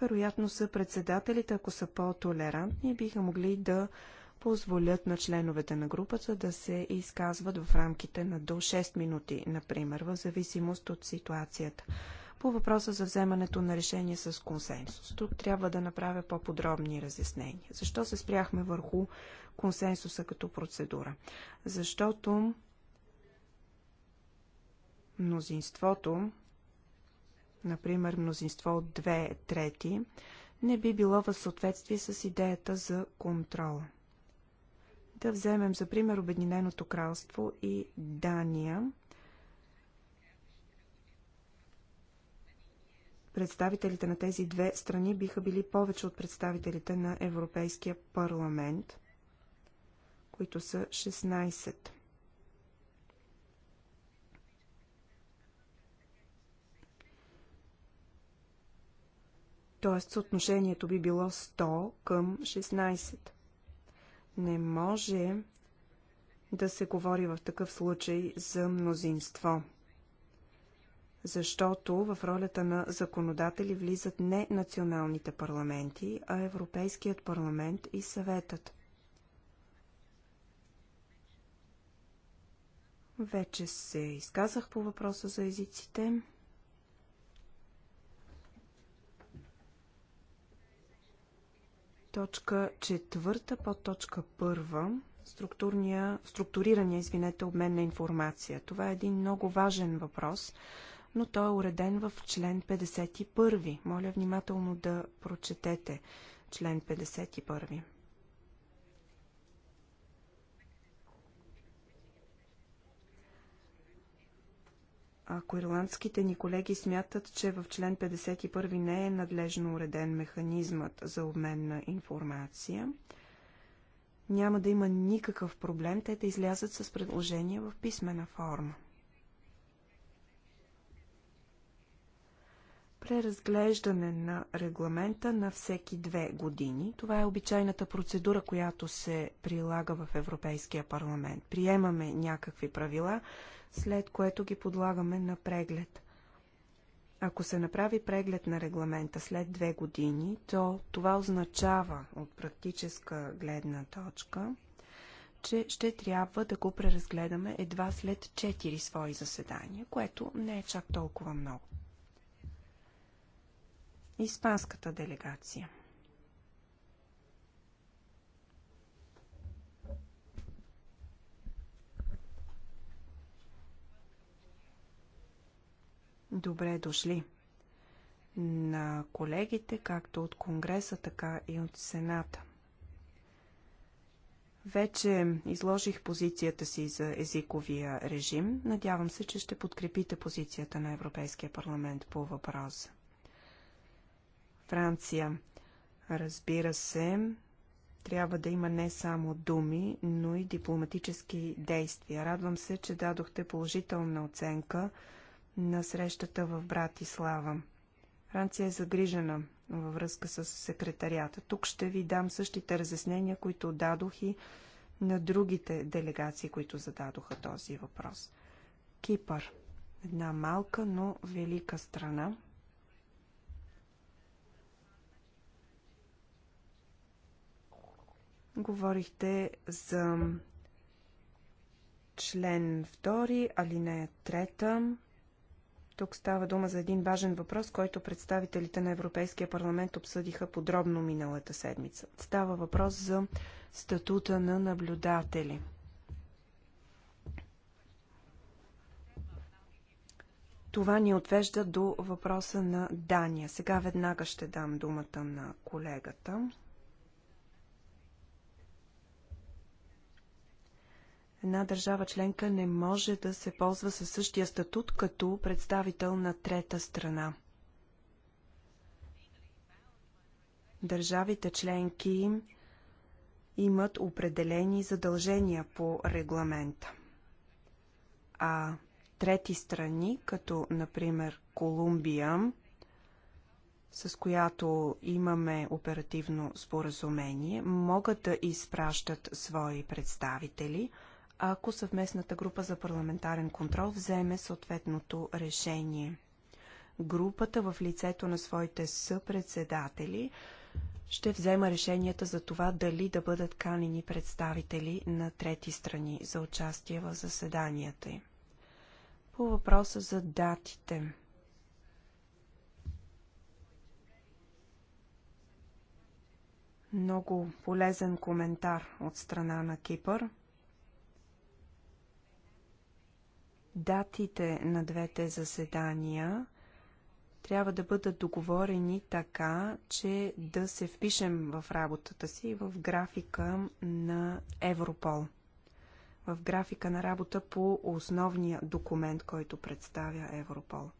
Вероятно са председателите, ако са по-толерантни, биха могли да позволят на членовете на групата да се изказват в рамките на до 6 минути, например, в зависимост от ситуацията. По въпроса за вземането на решение с консенсус, тук трябва да направя по-подробни разяснения. Защо се спряхме върху консенсуса като процедура. Защото мнозинството, например мнозинство от две трети, не би било в съответствие с идеята за контрол. Да вземем за пример Обединеното кралство и Дания. Представителите на тези две страни биха били повече от представителите на Европейския парламент – които са 16. Тоест съотношението би било 100 към 16. Не може да се говори в такъв случай за мнозинство защото в ролята на законодатели влизат не националните парламенти, а Европейският парламент и съветът. Вече се изказах по въпроса за езиците. Точка четвърта под точка първа. Структурирания, извинете, обмен на информация. Това е един много важен въпрос, но той е уреден в член 51. Моля внимателно да прочетете член 51. Ако ирландските ни колеги смятат, че в член 51 не е надлежно уреден механизмът за обмен на информация, няма да има никакъв проблем те да излязат с предложения в писмена форма. преразглеждане на регламента на всеки две години. Това е обичайната процедура, която се прилага в Европейския парламент. Приемаме някакви правила, след което ги подлагаме на преглед. Ако се направи преглед на регламента след две години, то това означава от практическа гледна точка, че ще трябва да го преразгледаме едва след 4 свои заседания, което не е чак толкова много. Испанската делегация. Добре дошли на колегите, както от Конгреса, така и от Сената. Вече изложих позицията си за езиковия режим. Надявам се, че ще подкрепите позицията на Европейския парламент по въпроса. Франция. Разбира се, трябва да има не само думи, но и дипломатически действия. Радвам се, че дадохте положителна оценка на срещата в Братислава. Франция е загрижена във връзка с секретарията. Тук ще ви дам същите разяснения, които дадох и на другите делегации, които зададоха този въпрос. Кипър. Една малка, но велика страна. Говорихте за член 2, алинея тук става дума за един важен въпрос, който представителите на Европейския парламент обсъдиха подробно миналата седмица. Става въпрос за статута на наблюдатели. Това ни отвежда до въпроса на Дания. Сега веднага ще дам думата на колегата. една държава членка не може да се ползва със същия статут като представител на трета страна. Държавите членки имат определени задължения по регламента. А трети страни, като например Колумбия, с която имаме оперативно споразумение, могат да изпращат свои представители – ако съвместната група за парламентарен контрол вземе съответното решение. Групата в лицето на своите съпредседатели ще взема решенията за това дали да бъдат канени представители на трети страни за участие в заседанията им. По въпроса за датите. Много полезен коментар от страна на Кипър – Датите на двете заседания трябва да бъдат договорени така, че да се впишем в работата си в графика на Европол. В графика на работа по основния документ, който представя Европол.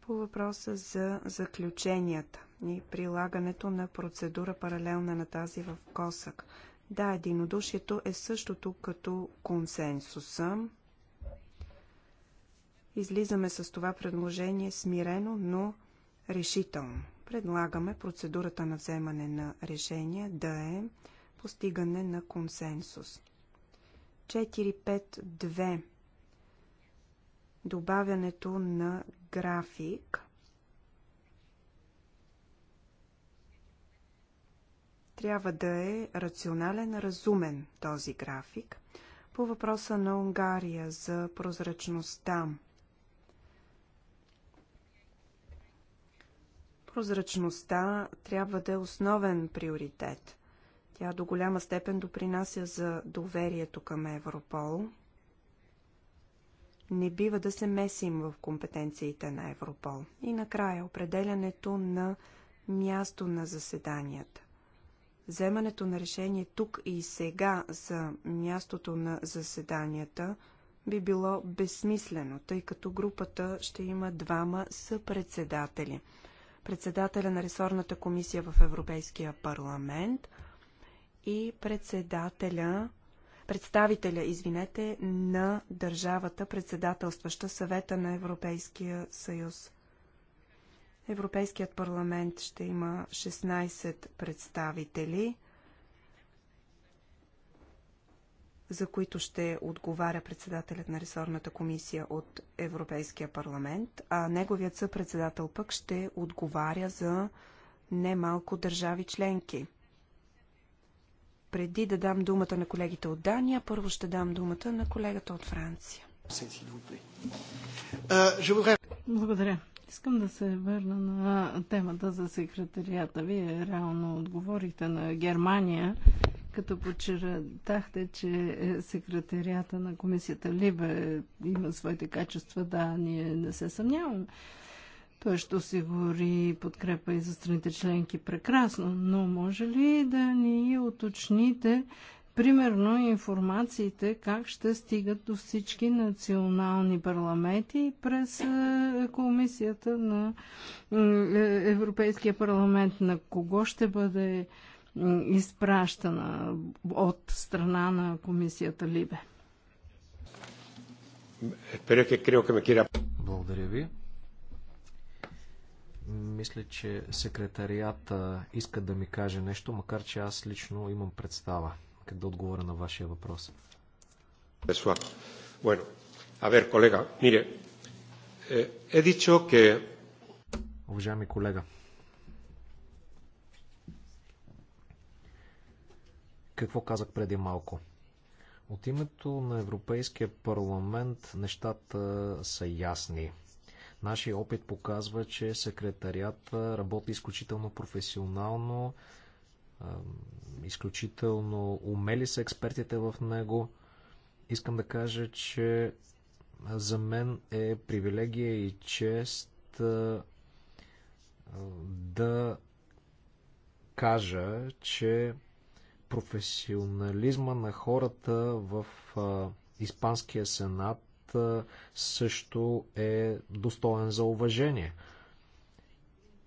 По въпроса за заключенията и прилагането на процедура паралелна на тази в КОСАК – да, единодушието е същото като консенсуса. Излизаме с това предложение смирено, но решително. Предлагаме процедурата на вземане на решения да е постигане на консенсус. 4-5-2 Добавянето на график Трябва да е рационален, разумен този график. По въпроса на Унгария за прозрачността. Прозрачността трябва да е основен приоритет. Тя до голяма степен допринася за доверието към Европол. Не бива да се месим в компетенциите на Европол. И накрая определянето на място на заседанията. Вземането на решение тук и сега за мястото на заседанията би било безсмислено, тъй като групата ще има двама съпредседатели. Председателя на ресорната комисия в Европейския парламент и председателя представителя, извинете, на държавата, председателстваща съвета на Европейския съюз. Европейският парламент ще има 16 представители, за които ще отговаря председателят на ресорната комисия от Европейския парламент, а неговият съпредседател пък ще отговаря за немалко държави членки. Преди да дам думата на колегите от Дания, първо ще дам думата на колегата от Франция. Е, Благодаря. Искам да се върна на темата за секретарията. Вие реално отговорихте на Германия, като подчертахте, че секретарията на комисията Либе има своите качества. Да, ние не се съмняваме. Той ще осигури подкрепа и за страните членки прекрасно, но може ли да ни уточните Примерно информациите как ще стигат до всички национални парламенти през е, комисията на е, е, Европейския парламент, на кого ще бъде изпращана от страна на комисията Либе. Благодаря ви. Мисля, че секретарията иска да ми каже нещо, макар че аз лично имам представа как да отговоря на вашия въпрос. Bueno, a ver, колега, mire, he dicho que... Уважаеми колега, какво казах преди малко? От името на Европейския парламент нещата са ясни. Нашия опит показва, че секретарят работи изключително професионално, Изключително умели са експертите в него. Искам да кажа, че за мен е привилегия и чест да кажа, че професионализма на хората в Испанския сенат също е достоен за уважение.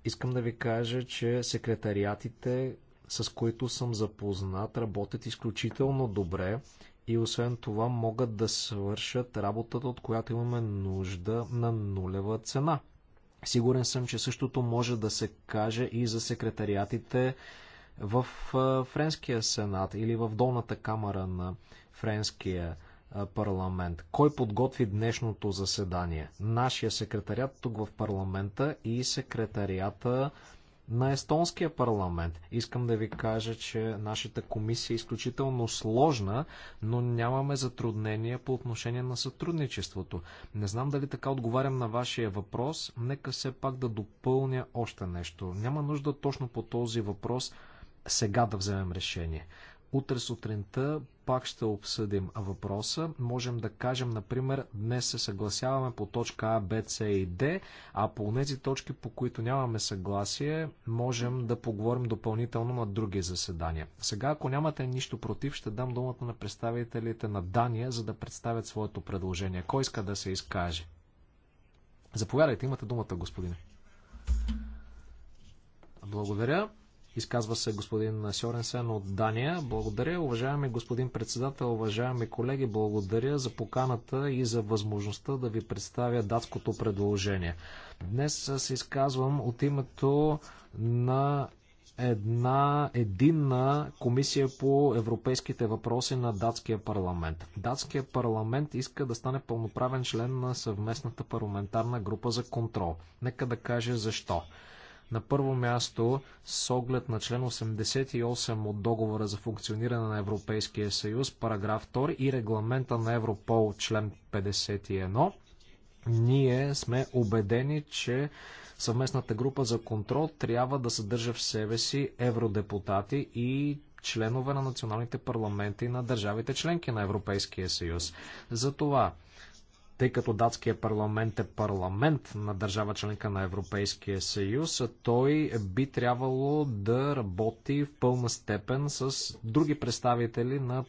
Искам да ви кажа, че секретариатите, с които съм запознат, работят изключително добре и освен това могат да свършат работата, от която имаме нужда на нулева цена. Сигурен съм, че същото може да се каже и за секретариатите в Френския сенат или в долната камера на Френския парламент. Кой подготви днешното заседание? Нашия секретариат тук в парламента и секретарията на естонския парламент. Искам да ви кажа, че нашата комисия е изключително сложна, но нямаме затруднения по отношение на сътрудничеството. Не знам дали така отговарям на вашия въпрос. Нека все пак да допълня още нещо. Няма нужда точно по този въпрос сега да вземем решение. Утре сутринта пак ще обсъдим въпроса. Можем да кажем, например, днес се съгласяваме по точка А, Б, С и Д, а по тези точки, по които нямаме съгласие, можем да поговорим допълнително на други заседания. Сега, ако нямате нищо против, ще дам думата на представителите на Дания, за да представят своето предложение. Кой иска да се изкаже? Заповядайте, имате думата, господине. Благодаря. Изказва се господин Сьоренсен от Дания. Благодаря, уважаеми господин председател, уважаеми колеги, благодаря за поканата и за възможността да ви представя датското предложение. Днес се изказвам от името на една единна комисия по европейските въпроси на датския парламент. Датския парламент иска да стане пълноправен член на съвместната парламентарна група за контрол. Нека да кажа защо. На първо място, с оглед на член 88 от договора за функциониране на Европейския съюз, параграф 2 и регламента на Европол, член 51, ние сме убедени, че съвместната група за контрол трябва да съдържа в себе си евродепутати и членове на националните парламенти на държавите членки на Европейския съюз. Затова тъй като датския парламент е парламент на държава членка на Европейския съюз, той би трябвало да работи в пълна степен с други представители на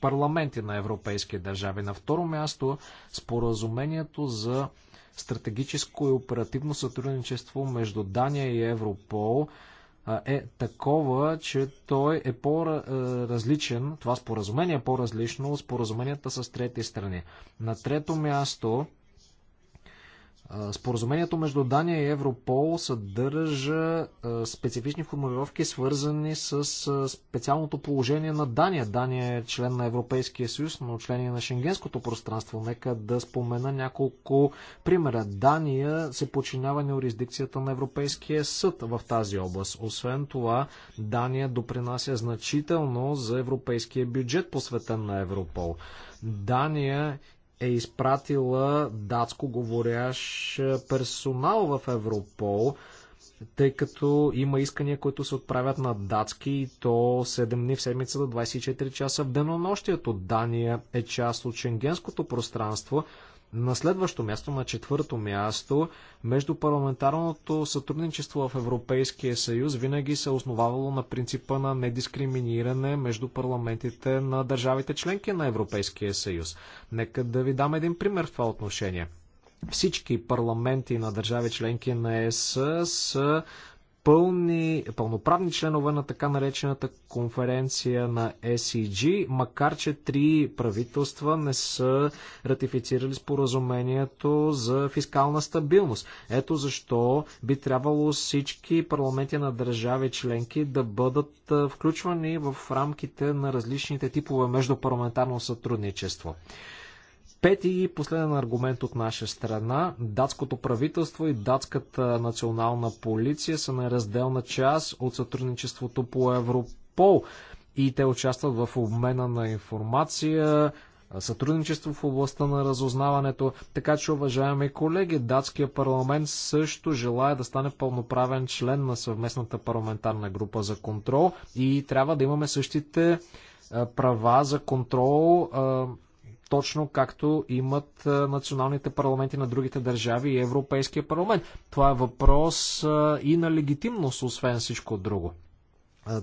парламенти на европейски държави. На второ място, споразумението за стратегическо и оперативно сътрудничество между Дания и Европол – е такова, че той е по-различен, това споразумение е по-различно от споразуменията с трети страни. На трето място, Споразумението между Дания и Европол съдържа специфични формулировки, свързани с специалното положение на Дания. Дания е член на Европейския съюз, но член на Шенгенското пространство. Нека да спомена няколко примера. Дания се подчинява на юрисдикцията на Европейския съд в тази област. Освен това, Дания допринася значително за европейския бюджет, посветен на Европол. Дания е изпратила датско говорящ е, персонал в Европол, тъй като има искания, които се отправят на датски и то 7 дни в седмицата, 24 часа в денонощието. Дания е част от шенгенското пространство, на следващо място, на четвърто място, между парламентарното сътрудничество в Европейския съюз винаги се е основавало на принципа на недискриминиране между парламентите на държавите членки на Европейския съюз. Нека да ви дам един пример в това отношение. Всички парламенти на държави членки на ЕС са пълни, пълноправни членове на така наречената конференция на SEG, макар че три правителства не са ратифицирали споразумението за фискална стабилност. Ето защо би трябвало всички парламенти на държави членки да бъдат включвани в рамките на различните типове междупарламентарно сътрудничество. Пети и последен аргумент от наша страна. Датското правителство и датската национална полиция са на разделна част от сътрудничеството по Европол и те участват в обмена на информация, сътрудничество в областта на разузнаването. Така че, уважаеми колеги, датския парламент също желая да стане пълноправен член на съвместната парламентарна група за контрол и трябва да имаме същите права за контрол точно както имат националните парламенти на другите държави и Европейския парламент. Това е въпрос и на легитимност, освен всичко друго.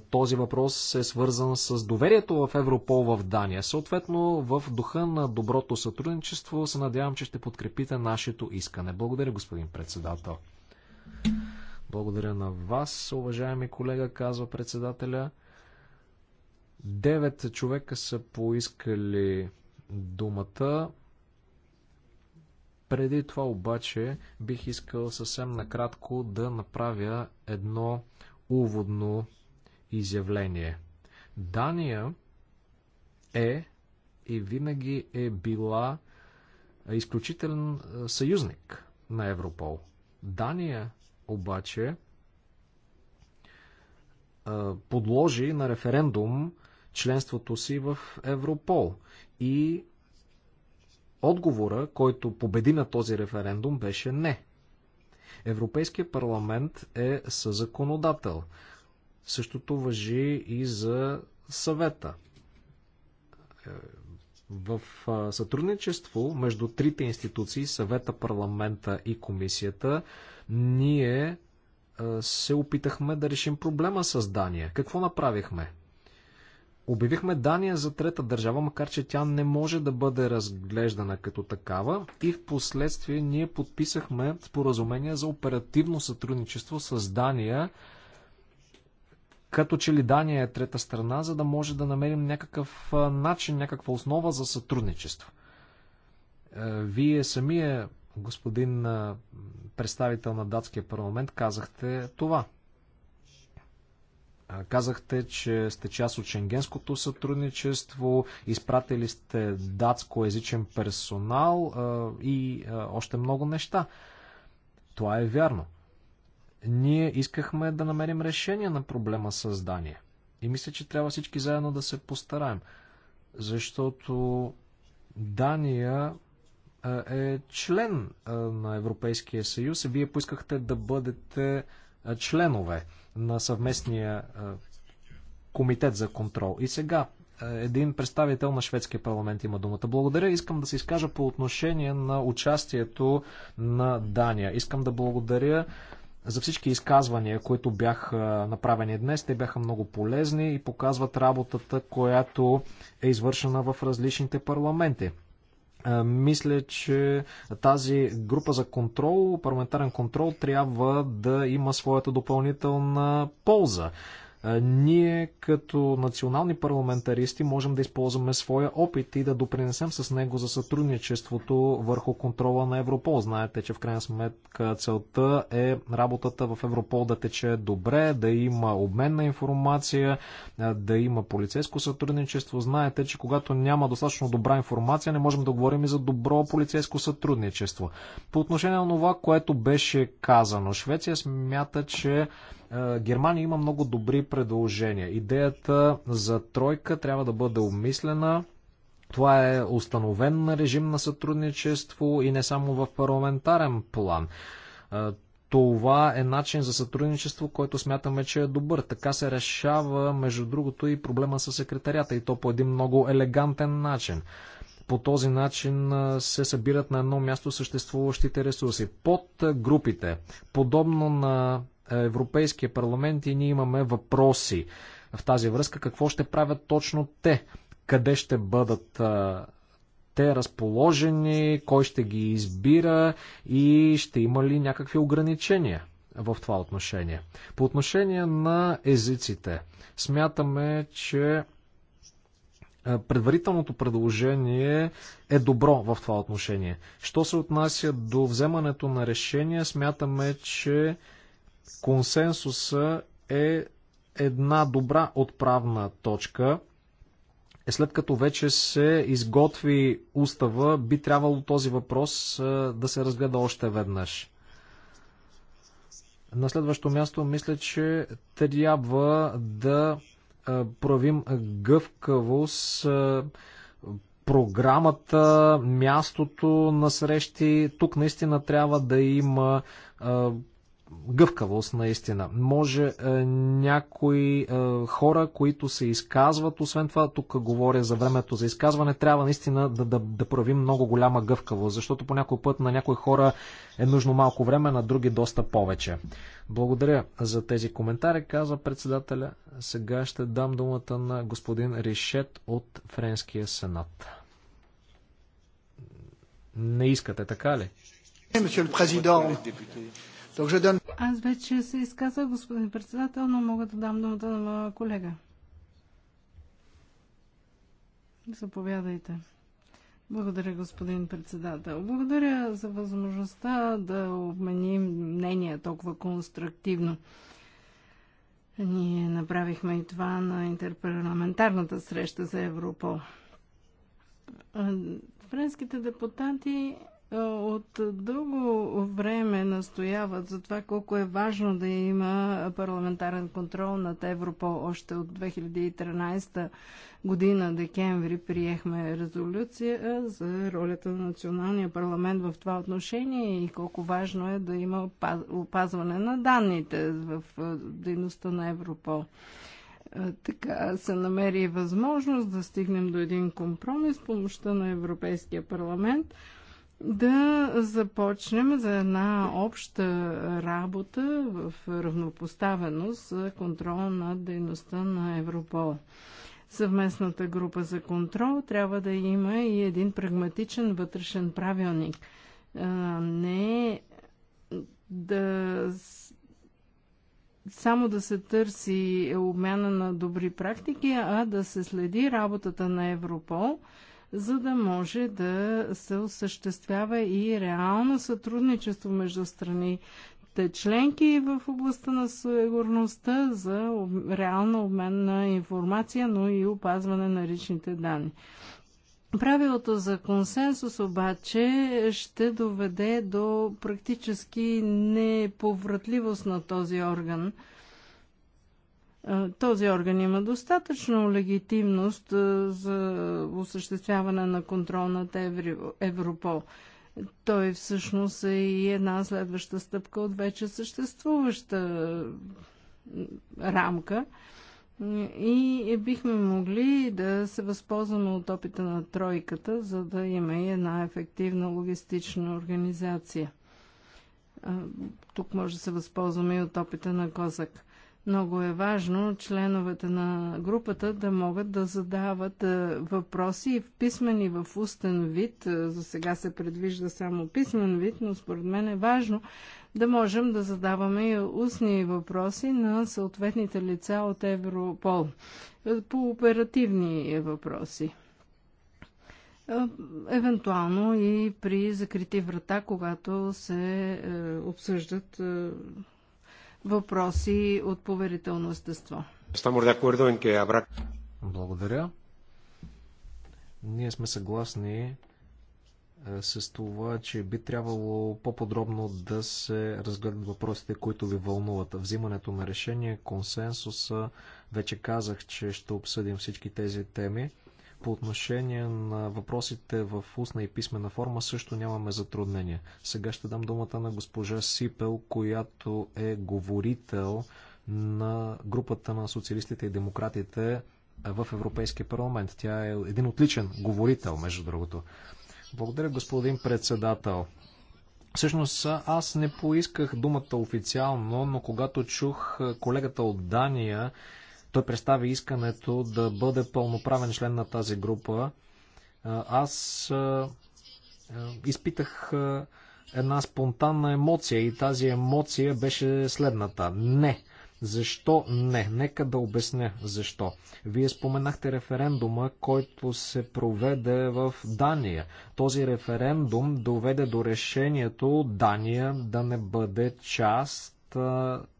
Този въпрос е свързан с доверието в Европол в Дания. Съответно, в духа на доброто сътрудничество се надявам, че ще подкрепите нашето искане. Благодаря, господин председател. Благодаря на вас, уважаеми колега, казва председателя. Девет човека са поискали думата. Преди това обаче бих искал съвсем накратко да направя едно уводно изявление. Дания е и винаги е била изключителен е, съюзник на Европол. Дания обаче е, подложи на референдум членството си в Европол. И отговора, който победи на този референдум, беше не. Европейския парламент е съзаконодател. Същото въжи и за съвета. Е, в сътрудничество между трите институции, съвета, парламента и комисията, ние се опитахме да решим проблема с Дания. Какво направихме? Обявихме Дания за трета държава, макар че тя не може да бъде разглеждана като такава и в последствие ние подписахме споразумение за оперативно сътрудничество с Дания, като че ли Дания е трета страна, за да може да намерим някакъв начин, някаква основа за сътрудничество. Е, вие самия, господин представител на датския парламент, казахте това – Казахте, че сте част от шенгенското сътрудничество, изпратили сте датско-езичен персонал и още много неща. Това е вярно. Ние искахме да намерим решение на проблема с Дания. И мисля, че трябва всички заедно да се постараем. Защото Дания е член на Европейския съюз и вие поискахте да бъдете членове на съвместния комитет за контрол. И сега един представител на шведския парламент има думата. Благодаря. Искам да се изкажа по отношение на участието на Дания. Искам да благодаря за всички изказвания, които бяха направени днес. Те бяха много полезни и показват работата, която е извършена в различните парламенти мисля, че тази група за контрол, парламентарен контрол, трябва да има своята допълнителна полза ние като национални парламентаристи можем да използваме своя опит и да допринесем с него за сътрудничеството върху контрола на Европол. Знаете, че в крайна сметка целта е работата в Европол да тече добре, да има обмен на информация, да има полицейско сътрудничество. Знаете, че когато няма достатъчно добра информация, не можем да говорим и за добро полицейско сътрудничество. По отношение на това, което беше казано, Швеция смята, че е, Германия има много добри предложения. Идеята за тройка трябва да бъде обмислена. Това е установен режим на сътрудничество и не само в парламентарен план. Е, това е начин за сътрудничество, който смятаме, че е добър. Така се решава, между другото, и проблема с секретарята и то по един много елегантен начин. По този начин е, се събират на едно място съществуващите ресурси. Под групите, подобно на е, Европейския парламент и ние имаме въпроси в тази връзка. Какво ще правят точно те? Къде ще бъдат е, те разположени? Кой ще ги избира? И ще има ли някакви ограничения? в това отношение. По отношение на езиците, смятаме, че е, предварителното предложение е добро в това отношение. Що се отнася до вземането на решения, смятаме, че Консенсуса е една добра отправна точка. Е, след като вече се изготви устава, би трябвало този въпрос да се разгледа още веднъж. На следващо място, мисля, че трябва да проявим гъвкавост програмата, мястото на срещи. Тук наистина трябва да има гъвкавост наистина. Може е, някои е, хора, които се изказват, освен това, тук говоря за времето за изказване, трябва наистина да, да, да проявим много голяма гъвкавост, защото по някой път на някои хора е нужно малко време, на други доста повече. Благодаря за тези коментари, каза председателя. Сега ще дам думата на господин Ришет от Френския сенат. Не искате, така ли? Аз вече се изказах, господин председател, но мога да дам думата на моя колега. Заповядайте. Благодаря, господин председател. Благодаря за възможността да обменим мнение толкова конструктивно. Ние направихме и това на интерпарламентарната среща за Европол. Френските депутати от дълго време настояват за това колко е важно да има парламентарен контрол над Европол. Още от 2013 година, декември, приехме резолюция за ролята на националния парламент в това отношение и колко важно е да има опазване на данните в дейността на Европол така се намери възможност да стигнем до един компромис с помощта на Европейския парламент – да започнем за една обща работа в равнопоставеност за контрол на дейността на Европол. Съвместната група за контрол трябва да има и един прагматичен вътрешен правилник. Не да само да се търси обмяна на добри практики, а да се следи работата на Европол – за да може да се осъществява и реално сътрудничество между страни членки в областта на сигурността за реална обмен на информация, но и опазване на личните данни. Правилото за консенсус обаче ще доведе до практически неповратливост на този орган – е, този орган има достатъчно легитимност е, за осъществяване на контрол над Европол. Той всъщност е и една следваща стъпка от вече съществуваща е, рамка. И бихме могли да се възползваме от опита на тройката, за да има и една ефективна логистична организация. Тук може да се възползваме и от опита на Козак. Много е важно членовете на групата да могат да задават е, въпроси в писмен и в устен вид. Е, за сега се предвижда само писмен вид, но според мен е важно да можем да задаваме и устни въпроси на съответните лица от Европол е, по оперативни въпроси. Евентуално и при закрити врата, когато се обсъждат въпроси от поверително естество. Благодаря. Ние сме съгласни е, с това, че би трябвало по-подробно да се разгледат въпросите, които ви вълнуват. Взимането на решение, консенсуса, вече казах, че ще обсъдим всички тези теми. По отношение на въпросите в устна и писмена форма също нямаме затруднения. Сега ще дам думата на госпожа Сипел, която е говорител на групата на социалистите и демократите в Европейския парламент. Тя е един отличен говорител, между другото. Благодаря, господин председател. Всъщност аз не поисках думата официално, но когато чух колегата от Дания, той представи искането да бъде пълноправен член на тази група. Аз изпитах една спонтанна емоция и тази емоция беше следната. Не. Защо не? Нека да обясня защо. Вие споменахте референдума, който се проведе в Дания. Този референдум доведе до решението Дания да не бъде част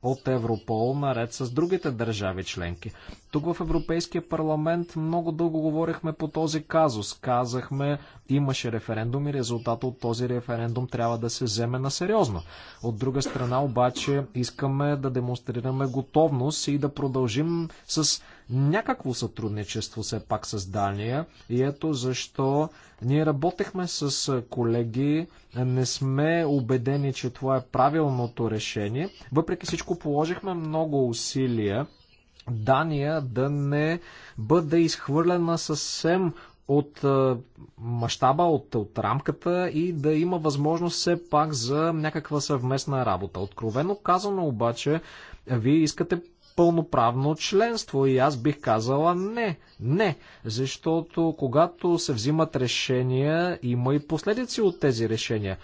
от Европол наред с другите държави членки. Тук в Европейския парламент много дълго говорихме по този казус. Казахме, имаше референдум и резултата от този референдум трябва да се вземе на сериозно. От друга страна обаче искаме да демонстрираме готовност и да продължим с някакво сътрудничество все пак с Дания и ето защо ние работехме с колеги, не сме убедени, че това е правилното решение. Въпреки всичко положихме много усилия Дания да не бъде изхвърлена съвсем от мащаба, от, от рамката и да има възможност все пак за някаква съвместна работа. Откровено казано обаче, вие искате пълноправно членство и аз бих казала не. Не, защото когато се взимат решения, има и последици от тези решения.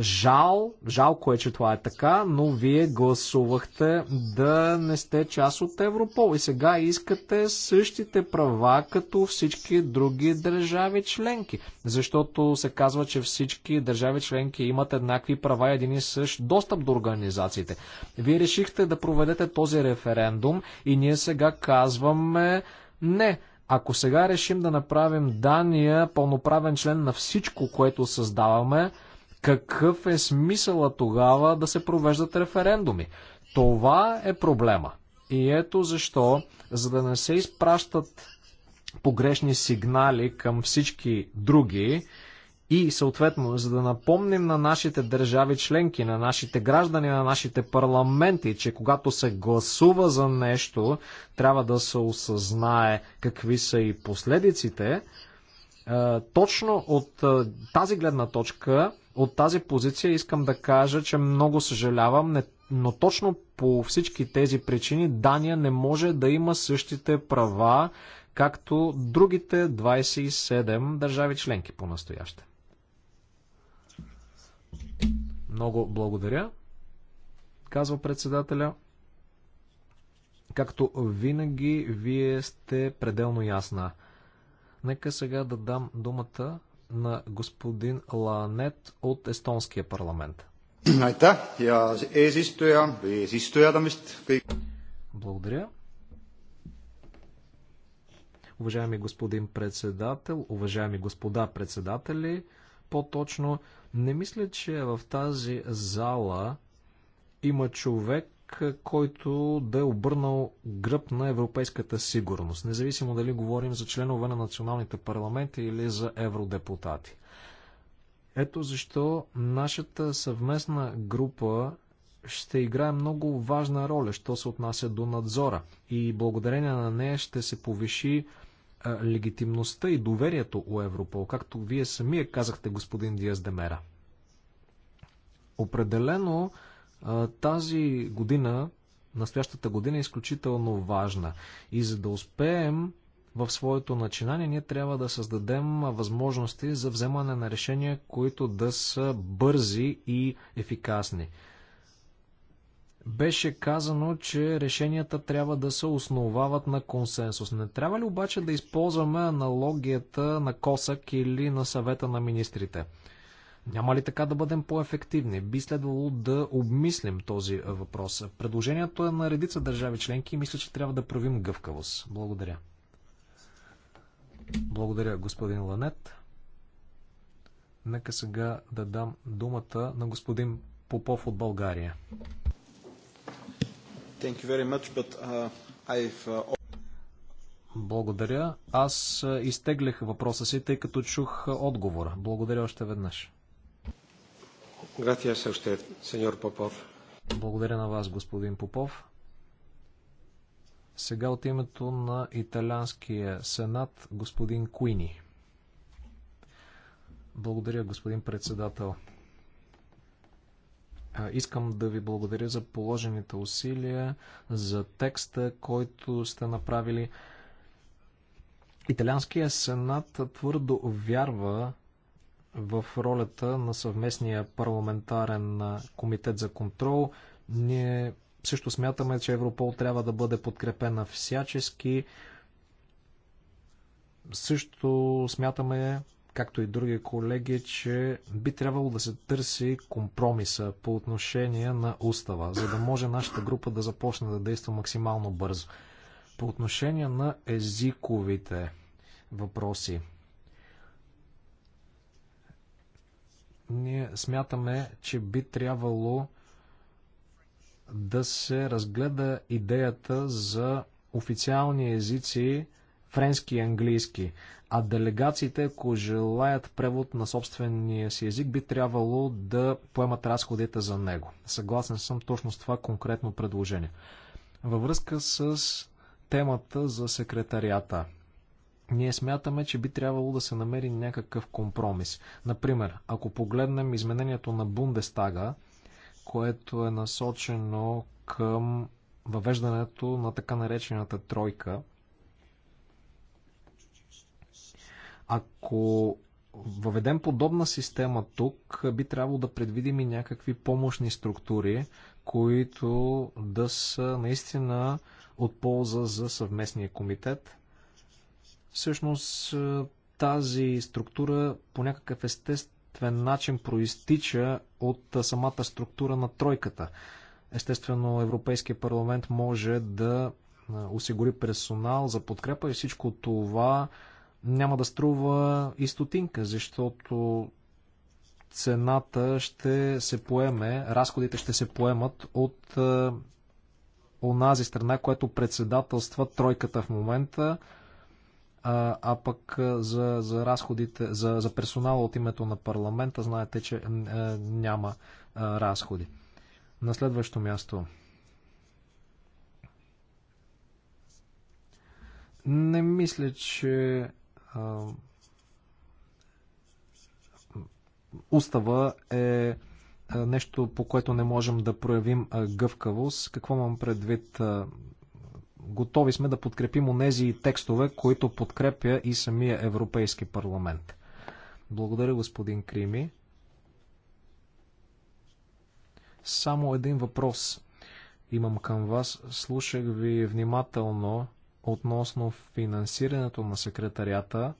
Жал, жалко е, че това е така, но вие гласувахте да не сте част от Европол и сега искате същите права като всички други държави членки, защото се казва, че всички държави членки имат еднакви права и един и същ достъп до организациите. Вие решихте да проведете този референдум и ние сега казваме не. Ако сега решим да направим Дания пълноправен член на всичко, което създаваме, какъв е смисъла тогава да се провеждат референдуми? Това е проблема. И ето защо, за да не се изпращат погрешни сигнали към всички други и съответно, за да напомним на нашите държави членки, на нашите граждани, на нашите парламенти, че когато се гласува за нещо, трябва да се осъзнае какви са и последиците, е, точно от е, тази гледна точка от тази позиция искам да кажа, че много съжалявам, но точно по всички тези причини Дания не може да има същите права, както другите 27 държави членки по настояще. Много благодаря, казва председателя. Както винаги, вие сте пределно ясна. Нека сега да дам думата на господин Ланет от Естонския парламент. Благодаря. Уважаеми господин председател, уважаеми господа председатели, по-точно не мисля, че в тази зала има човек, който да е обърнал гръб на европейската сигурност, независимо дали говорим за членове на националните парламенти или за евродепутати. Ето защо нашата съвместна група ще играе много важна роля, що се отнася до надзора. И благодарение на нея ще се повиши легитимността и доверието у Европол, както вие самия казахте, господин Диас Демера. Определено тази година, настоящата година е изключително важна и за да успеем в своето начинание, ние трябва да създадем възможности за вземане на решения, които да са бързи и ефикасни. Беше казано, че решенията трябва да се основават на консенсус. Не трябва ли обаче да използваме аналогията на Косък или на съвета на министрите? Няма ли така да бъдем по-ефективни? Би следвало да обмислим този въпрос. Предложението е на редица държави членки и мисля, че трябва да правим гъвкавост. Благодаря. Благодаря, господин Ланет. Нека сега да дам думата на господин Попов от България. Much, but, uh, uh Благодаря. Аз изтеглях въпроса си, тъй като чух отговора. Благодаря още веднъж. Gracias a usted, señor Попов. Благодаря на вас, господин Попов. Сега от името на Италианския сенат, господин Куини. Благодаря, господин председател. Искам да ви благодаря за положените усилия, за текста, който сте направили. Италианския сенат твърдо вярва в ролята на съвместния парламентарен комитет за контрол. Ние също смятаме, че Европол трябва да бъде подкрепена всячески. Също смятаме, както и други колеги, че би трябвало да се търси компромиса по отношение на устава, за да може нашата група да започне да действа максимално бързо. По отношение на езиковите въпроси, Ние смятаме, че би трябвало да се разгледа идеята за официални езици френски и английски, а делегациите, ако желаят превод на собствения си език, би трябвало да поемат разходите за него. Съгласен съм точно с това конкретно предложение. Във връзка с темата за секретарията. Ние смятаме, че би трябвало да се намери някакъв компромис. Например, ако погледнем изменението на Бундестага, което е насочено към въвеждането на така наречената тройка, ако въведем подобна система тук, би трябвало да предвидим и някакви помощни структури, които да са наистина от полза за съвместния комитет. Всъщност тази структура по някакъв естествен начин проистича от самата структура на тройката. Естествено, Европейския парламент може да осигури персонал за подкрепа и всичко това няма да струва и стотинка, защото цената ще се поеме, разходите ще се поемат от онази страна, която председателства тройката в момента, а, а пък за, за разходите, за, за персонала от името на парламента, знаете, че е, няма е, разходи. На следващо място. Не мисля, че е, устава е нещо, по което не можем да проявим гъвкавост. Какво имам предвид? готови сме да подкрепим онези текстове, които подкрепя и самия Европейски парламент. Благодаря, господин Крими. Само един въпрос имам към вас. Слушах ви внимателно относно финансирането на секретарията.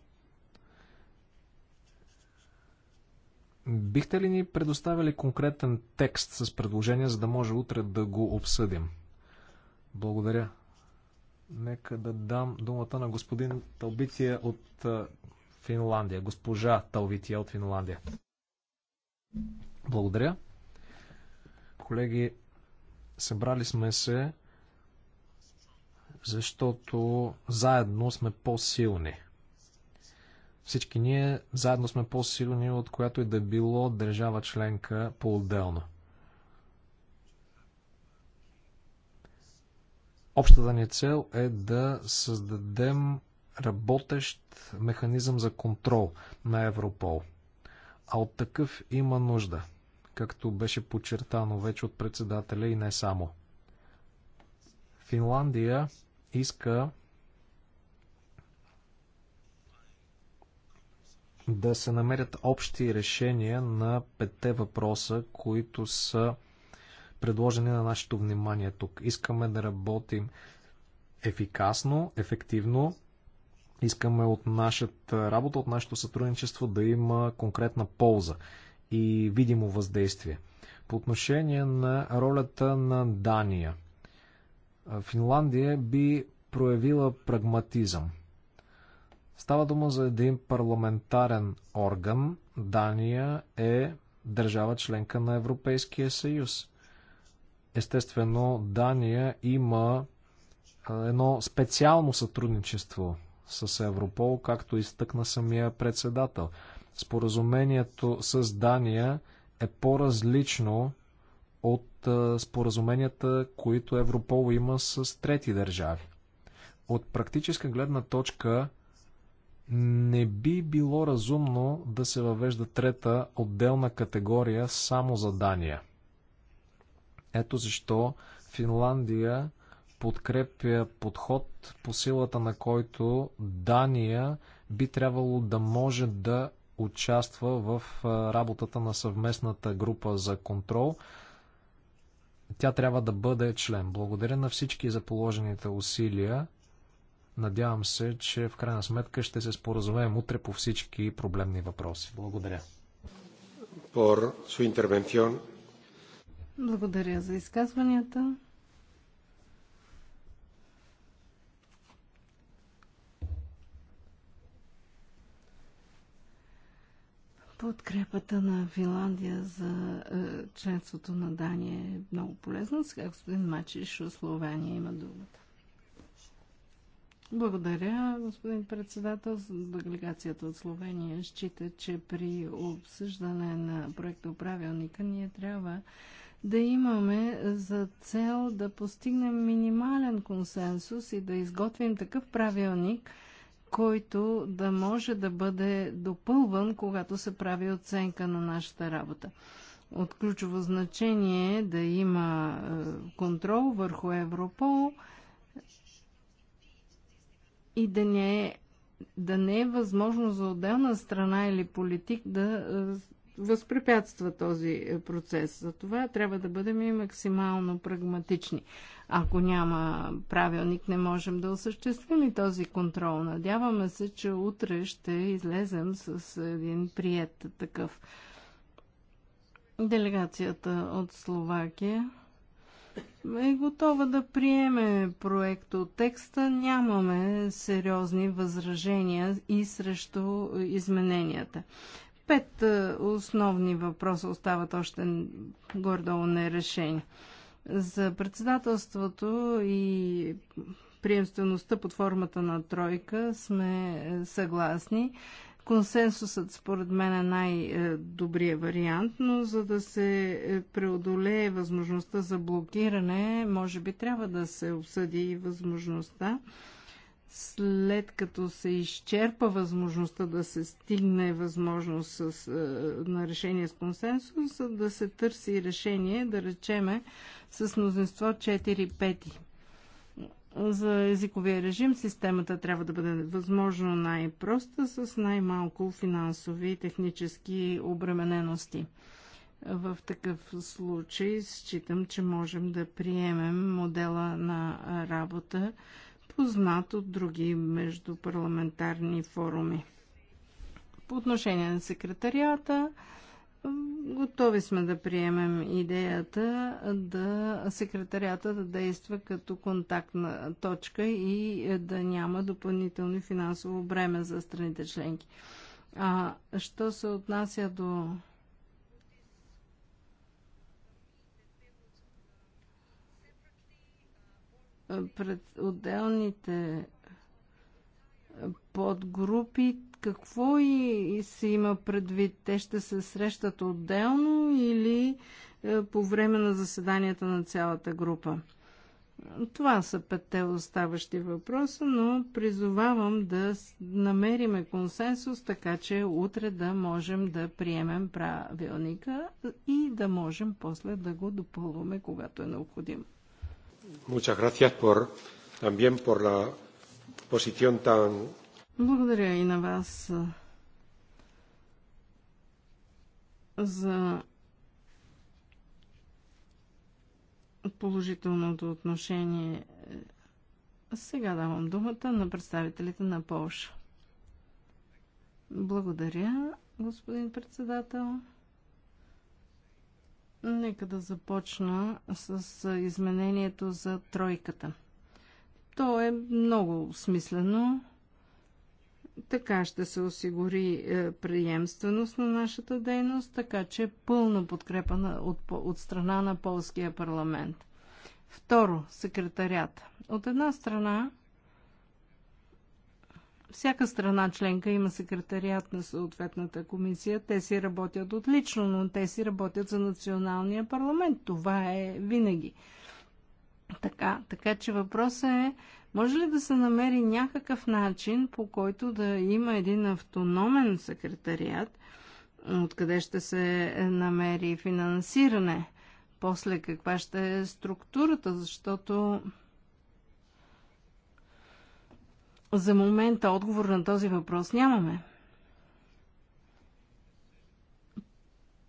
Бихте ли ни предоставили конкретен текст с предложение, за да може утре да го обсъдим? Благодаря, Нека да дам думата на господин Талбития от Финландия. Госпожа Талбития от Финландия. Благодаря. Колеги, събрали сме се, защото заедно сме по-силни. Всички ние заедно сме по-силни от която и да било държава членка по-отделно. Общата ни цел е да създадем работещ механизъм за контрол на Европол. А от такъв има нужда, както беше подчертано вече от председателя и не само. Финландия иска да се намерят общи решения на пете въпроса, които са предложени на нашето внимание тук. Искаме да работим ефикасно, ефективно. Искаме от нашата работа, от нашето сътрудничество да има конкретна полза и видимо въздействие. По отношение на ролята на Дания, Финландия би проявила прагматизъм. Става дума за един парламентарен орган. Дания е държава членка на Европейския съюз. Естествено, Дания има едно специално сътрудничество с Европол, както изтъкна самия председател. Споразумението с Дания е по-различно от споразуменията, които Европол има с трети държави. От практическа гледна точка не би било разумно да се въвежда трета отделна категория само за Дания – ето защо Финландия подкрепя подход, по силата на който Дания би трябвало да може да участва в работата на съвместната група за контрол. Тя трябва да бъде член. Благодаря на всички за положените усилия. Надявам се, че в крайна сметка ще се споразумеем утре по всички проблемни въпроси. Благодаря. Por su intervención. Благодаря за изказванията. Подкрепата на Финландия за е, членството на Дания е много полезна. Сега господин Мачиш от Словения има думата. Благодаря, господин председател. Делегацията от Словения счита, че при обсъждане на проекта правилника ние трябва да имаме за цел да постигнем минимален консенсус и да изготвим такъв правилник, който да може да бъде допълван, когато се прави оценка на нашата работа. От ключово значение е да има е, контрол върху Европол и да не е да не е възможно за отделна страна или политик да е, възпрепятства този е, процес. Затова трябва да бъдем и максимално прагматични. Ако няма правилник, не можем да осъществим и този контрол. Надяваме се, че утре ще излезем с един прият такъв. Делегацията от Словакия е готова да приеме проект от текста. Нямаме сериозни възражения и срещу измененията. Пет е, основни въпроса остават още гордо нерешени. За председателството и приемствеността под формата на тройка сме е, съгласни. Консенсусът според мен е най-добрият вариант, но за да се е, преодолее възможността за блокиране, може би трябва да се обсъди и възможността след като се изчерпа възможността да се стигне възможност с, е, на решение с консенсус, да се търси решение, да речеме, с мнозинство 4 пети. За езиковия режим системата трябва да бъде възможно най-проста, с най-малко финансови и технически обременености. В такъв случай считам, че можем да приемем модела на работа познат от други междупарламентарни форуми. По отношение на секретарията, готови сме да приемем идеята да секретарията да действа като контактна точка и да няма допълнително финансово бреме за страните членки. А що се отнася до пред отделните подгрупи, какво и се има предвид? Те ще се срещат отделно или е, по време на заседанията на цялата група? Това са петте оставащи въпроса, но призовавам да намериме консенсус, така че утре да можем да приемем правилника и да можем после да го допълваме, когато е необходимо. Muchas gracias por, también por la posición tan... Благодаря и на вас за положителното отношение. Сега давам думата на представителите на Польша. Благодаря, господин председател. Нека да започна с изменението за тройката. То е много смислено. Така ще се осигури е, приемственост на нашата дейност, така че пълна подкрепа от, от страна на полския парламент. Второ, секретарят. От една страна всяка страна членка има секретариат на съответната комисия. Те си работят отлично, но те си работят за националния парламент. Това е винаги. Така, така че въпросът е, може ли да се намери някакъв начин, по който да има един автономен секретариат, откъде ще се намери финансиране? После каква ще е структурата, защото За момента отговор на този въпрос нямаме.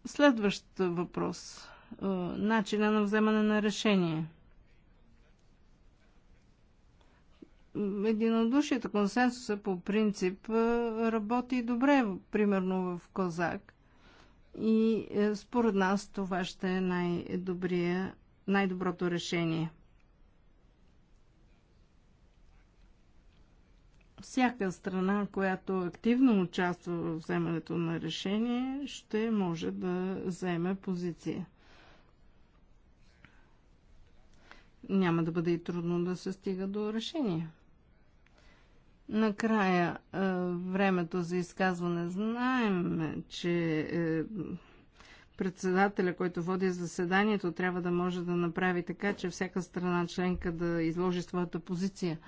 Следващ въпрос. Е, начина на вземане на решение. Единодушието, консенсуса по принцип е, работи добре, примерно в Козак. И е, според нас това ще е най-доброто най решение. всяка страна, която активно участва в вземането на решение, ще може да заеме позиция. Няма да бъде и трудно да се стига до решение. Накрая, е, времето за изказване. Знаем, че е, председателя, който води заседанието, трябва да може да направи така, че всяка страна членка да изложи своята позиция –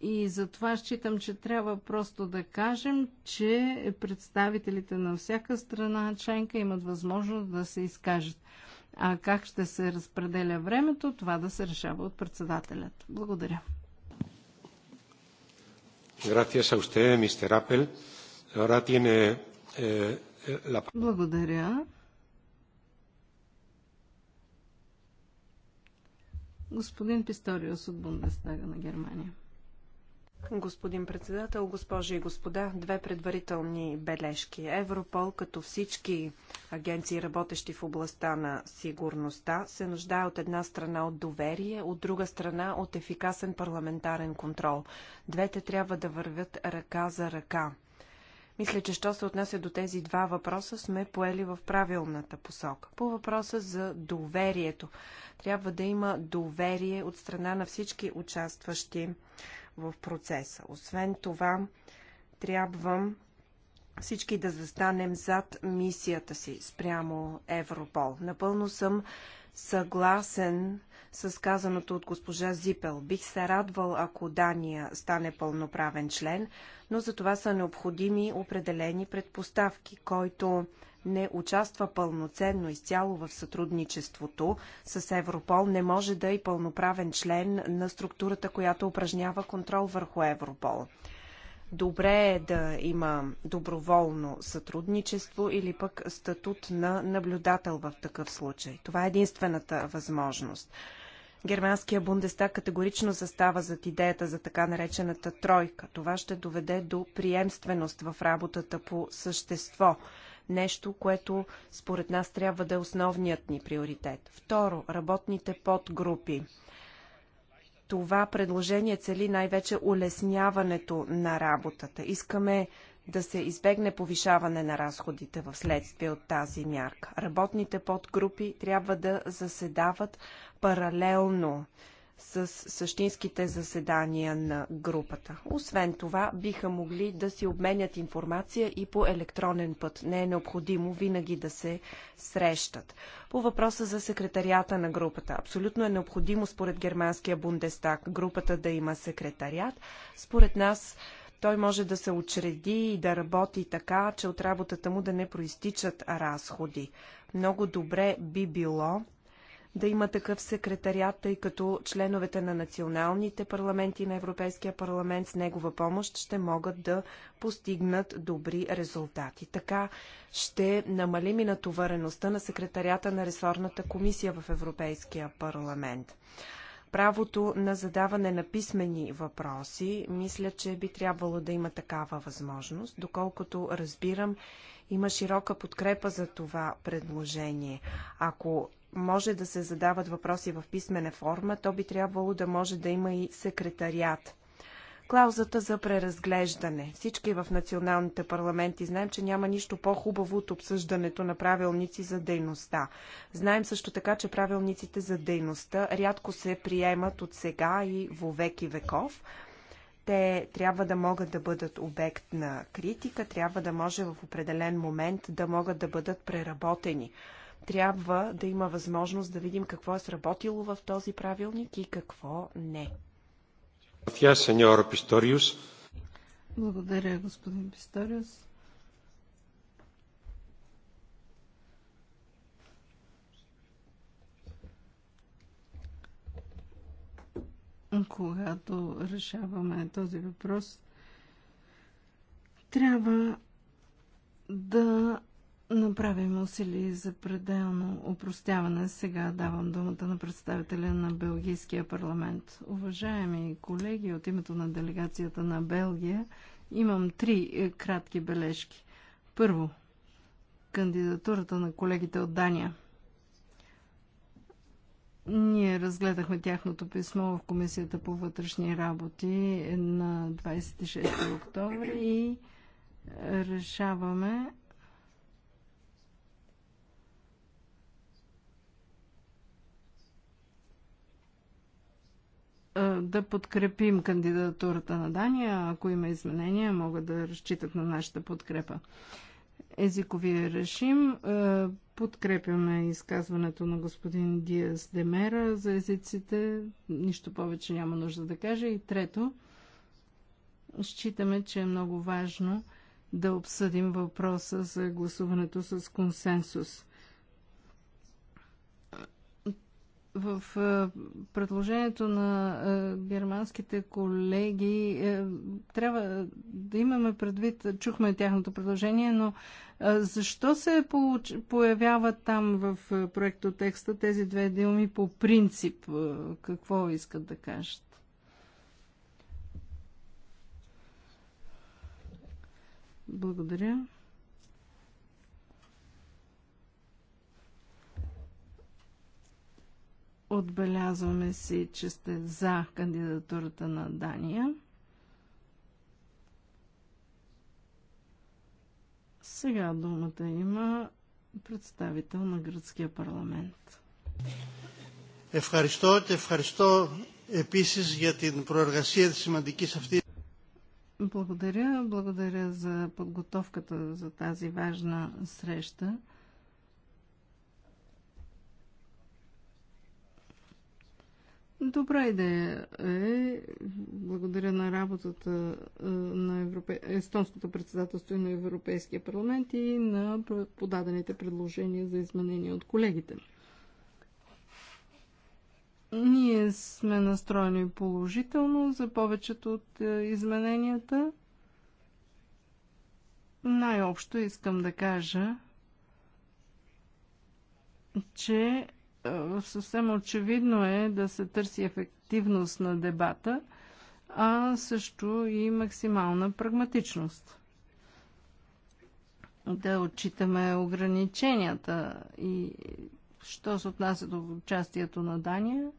и затова считам, че трябва просто да кажем, че представителите на всяка страна членка имат възможност да се изкажат. А как ще се разпределя времето, това да се решава от председателят. Благодаря. Gracias a usted, Mr. Apple. Ahora tiene eh, eh la... Благодаря. Господин Писториус от Бундестага на Германия. Господин председател, госпожи и господа, две предварителни бележки. Европол, като всички агенции, работещи в областта на сигурността, се нуждае от една страна от доверие, от друга страна от ефикасен парламентарен контрол. Двете трябва да вървят ръка за ръка. Мисля, че що се отнася до тези два въпроса, сме поели в правилната посока. По въпроса за доверието. Трябва да има доверие от страна на всички участващи в процеса. Освен това, трябва всички да застанем зад мисията си спрямо Европол. Напълно съм съгласен с казаното от госпожа Зипел. Бих се радвал, ако Дания стане пълноправен член, но за това са необходими определени предпоставки, който не участва пълноценно изцяло в сътрудничеството с Европол, не може да е и пълноправен член на структурата, която упражнява контрол върху Европол. Добре е да има доброволно сътрудничество или пък статут на наблюдател в такъв случай. Това е единствената възможност. Германския Бундестаг категорично застава зад идеята за така наречената тройка. Това ще доведе до приемственост в работата по същество нещо, което според нас трябва да е основният ни приоритет. Второ, работните подгрупи. Това предложение цели най-вече улесняването на работата. Искаме да се избегне повишаване на разходите в следствие от тази мярка. Работните подгрупи трябва да заседават паралелно с същинските заседания на групата. Освен това, биха могли да си обменят информация и по електронен път. Не е необходимо винаги да се срещат. По въпроса за секретарията на групата. Абсолютно е необходимо според германския Бундестаг групата да има секретарият. Според нас той може да се учреди и да работи така, че от работата му да не проистичат разходи. Много добре би било да има такъв секретариат, тъй като членовете на националните парламенти на Европейския парламент с негова помощ ще могат да постигнат добри резултати. Така ще намалим и натовареността на секретарията на ресорната комисия в Европейския парламент правото на задаване на писмени въпроси, мисля, че би трябвало да има такава възможност. Доколкото разбирам, има широка подкрепа за това предложение. Ако може да се задават въпроси в писмена форма, то би трябвало да може да има и секретариат. Клаузата за преразглеждане. Всички в националните парламенти знаем, че няма нищо по-хубаво от обсъждането на правилници за дейността. Знаем също така, че правилниците за дейността рядко се приемат от сега и веки веков те трябва да могат да бъдат обект на критика, трябва да може в определен момент да могат да бъдат преработени трябва да има възможност да видим какво е сработило в този правилник и какво не. Благодаря, господин Писториус. Когато решаваме този въпрос, трябва да направим усилие за пределно упростяване. Сега давам думата на представителя на Белгийския парламент. Уважаеми колеги, от името на делегацията на Белгия имам три е, кратки бележки. Първо, кандидатурата на колегите от Дания. Ние разгледахме тяхното писмо в Комисията по вътрешни работи на 26 октомври и е, решаваме Е, да подкрепим кандидатурата на Дания. Ако има изменения, могат да разчитат на нашата подкрепа. Езиковия решим. Е, подкрепяме изказването на господин Диас Демера за езиците. Нищо повече няма нужда да кажа. И трето, считаме, че е много важно да обсъдим въпроса за гласуването с консенсус – в е, предложението на е, германските колеги е, трябва да имаме предвид, чухме тяхното предложение, но защо се появяват там в проекто текста тези две думи по принцип? Какво искат да кажат? Благодаря. Отбелязваме си, че сте за кандидатурата на Дания. Сега думата има представител на гръцкия парламент. Ευχαριστώ, ευχαριστώ επίσης για την προεργασία της σημαντικής αυτή. Благодаря, благодаря за подготовката за тази важна среща. Добра идея е, благодаря на работата е, на Европе... Естонското председателство и на Европейския парламент и на подадените предложения за изменения от колегите. Ние сме настроени положително за повечето от е, измененията. Най-общо искам да кажа, че е, съвсем очевидно е да се търси ефективност на дебата, а също и максимална прагматичност. Да отчитаме ограниченията и що се отнася до участието на Дания,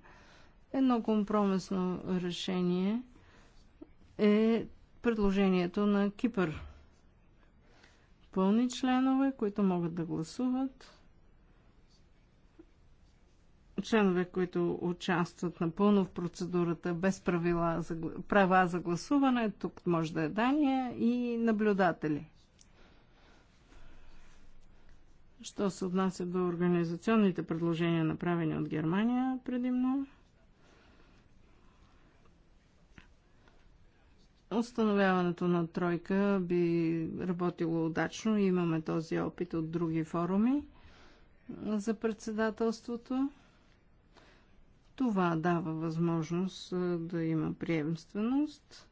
едно компромисно решение е предложението на Кипър. Пълни членове, които могат да гласуват членове, които участват напълно в процедурата без правила за, права за гласуване, тук може да е Дания, и наблюдатели. Що се отнася до организационните предложения, направени от Германия предимно, установяването на тройка би работило удачно. Имаме този опит от други форуми за председателството. Това дава възможност да има приемственост.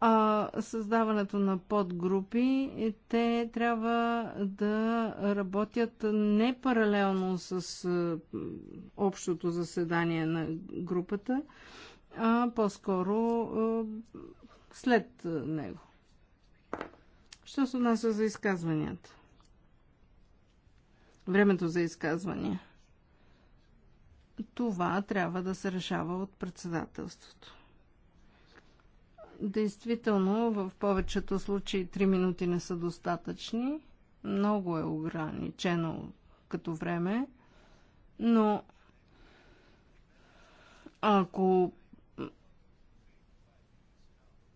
А създаването на подгрупи, е, те трябва да работят не паралелно с общото заседание на групата, а по-скоро след него. Що се отнася за изказванията? Времето за изказвания това трябва да се решава от председателството. Действително, в повечето случаи 3 минути не са достатъчни. Много е ограничено като време, но ако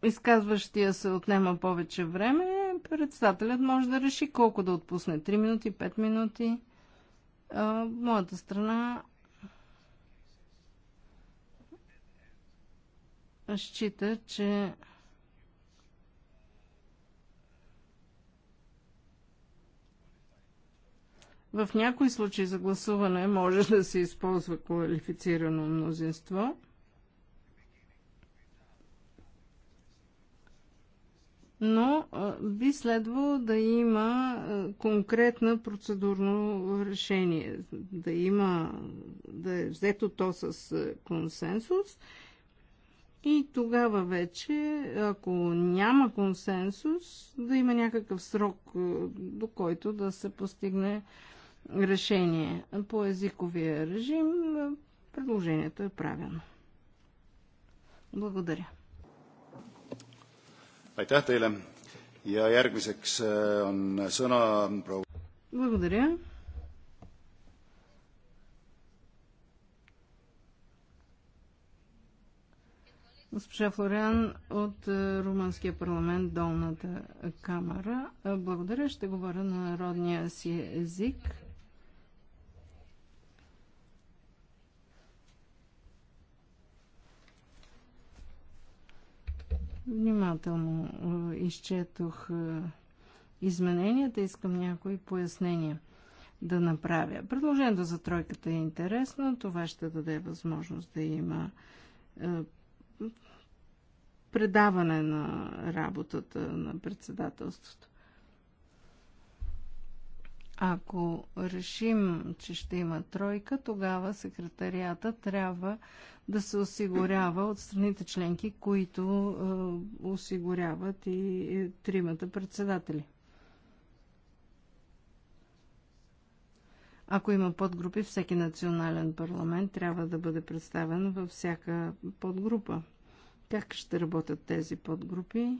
изказващия се отнема повече време, председателят може да реши колко да отпусне 3 минути, 5 минути. моята страна счита, че в някои случаи за гласуване може да се използва квалифицирано мнозинство. Но би следвало да има конкретна процедурно решение, да има, да е взето то с консенсус и тогава вече, ако няма консенсус, да има някакъв срок, е, до който да се постигне решение по езиковия режим, е, предложението е правилно. Благодаря. Aitäh teile Я järgmiseks он е, сона Благодаря. Госпожа Флориан от е, Румънския парламент, Долната камера. Е, благодаря, ще говоря на народния си език. Внимателно е, изчетох измененията, искам някои пояснения да направя. Предложението за тройката е интересно, това ще даде възможност да има предаване на работата на председателството. Ако решим, че ще има тройка, тогава секретарията трябва да се осигурява от страните членки, които е, осигуряват и тримата председатели. Ако има подгрупи, всеки национален парламент трябва да бъде представен във всяка подгрупа. Как ще работят тези подгрупи?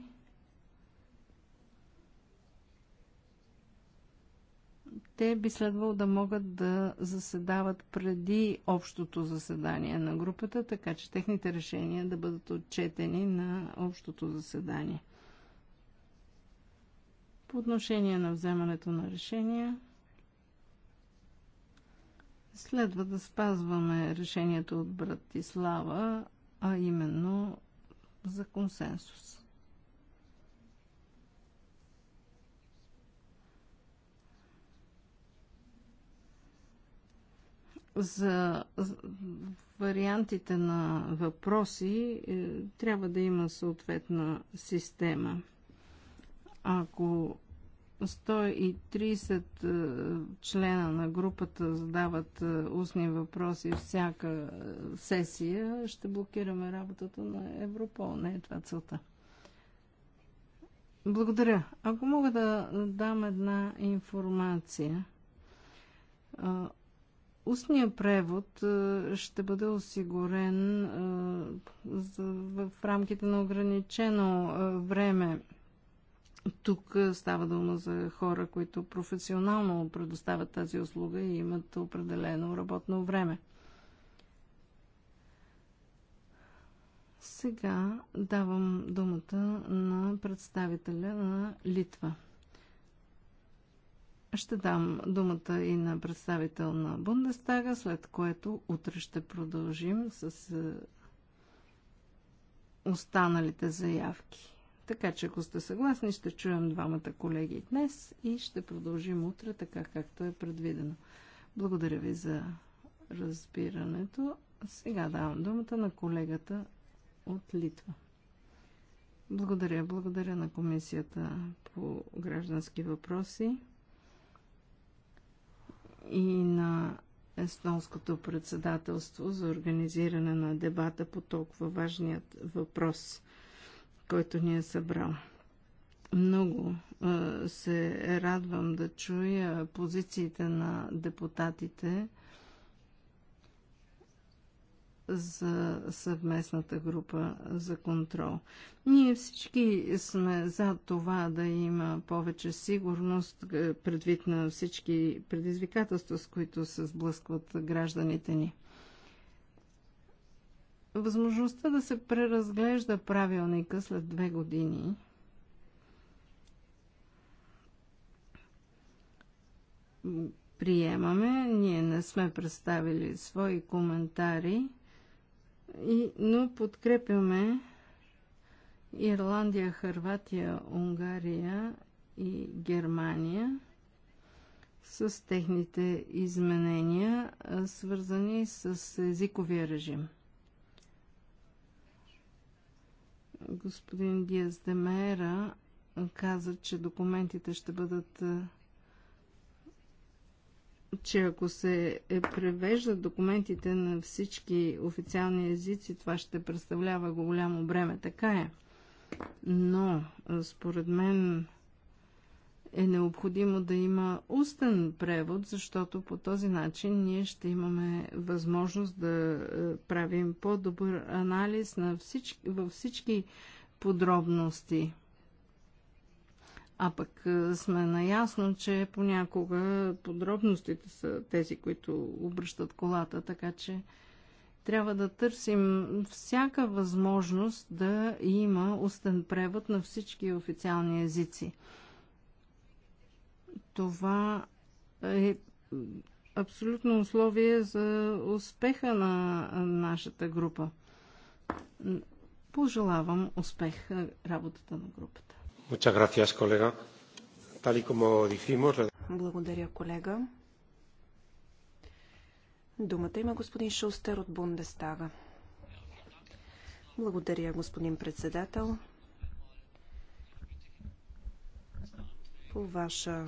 Те би следвало да могат да заседават преди общото заседание на групата, така че техните решения да бъдат отчетени на общото заседание. По отношение на вземането на решения, следва да спазваме решението от Братислава, а именно за консенсус. За вариантите на въпроси е, трябва да има съответна система. Ако 130 е, члена на групата задават е, устни въпроси всяка е, сесия, ще блокираме работата на Европол. Не е това целта. Благодаря. Ако мога да дам една информация. Устният превод ще бъде осигурен в рамките на ограничено време тук става дума за хора, които професионално предоставят тази услуга и имат определено работно време. Сега давам думата на представителя на Литва. Ще дам думата и на представител на Бундестага, след което утре ще продължим с останалите заявки. Така че, ако сте съгласни, ще чуем двамата колеги днес и ще продължим утре, така както е предвидено. Благодаря ви за разбирането. Сега давам думата на колегата от Литва. Благодаря. Благодаря на Комисията по граждански въпроси и на Естонското председателство за организиране на дебата по толкова важният въпрос който ни е събрал. Много се радвам да чуя позициите на депутатите за съвместната група за контрол. Ние всички сме за това да има повече сигурност е, предвид на всички предизвикателства, с които се сблъскват гражданите ни възможността да се преразглежда правилника след две години приемаме. Ние не сме представили свои коментари, и, но подкрепяме Ирландия, Харватия, Унгария и Германия с техните изменения, свързани с езиковия режим. Господин Диас Демера каза, че документите ще бъдат е, че ако се е, превеждат документите на всички официални езици, това ще представлява голямо бреме. Така е. Но, е, според мен, е необходимо да има устен превод, защото по този начин ние ще имаме възможност да е, правим по-добър анализ на всички, във всички подробности. А пък е, сме наясно, че понякога подробностите са тези, които обръщат колата, така че трябва да търсим всяка възможност да има устен превод на всички официални езици това е абсолютно условие за успеха на нашата група. Пожелавам успех на работата на групата. Благодаря, колега. Думата има господин Шустер от Бундестага. Благодаря, господин председател. По ваша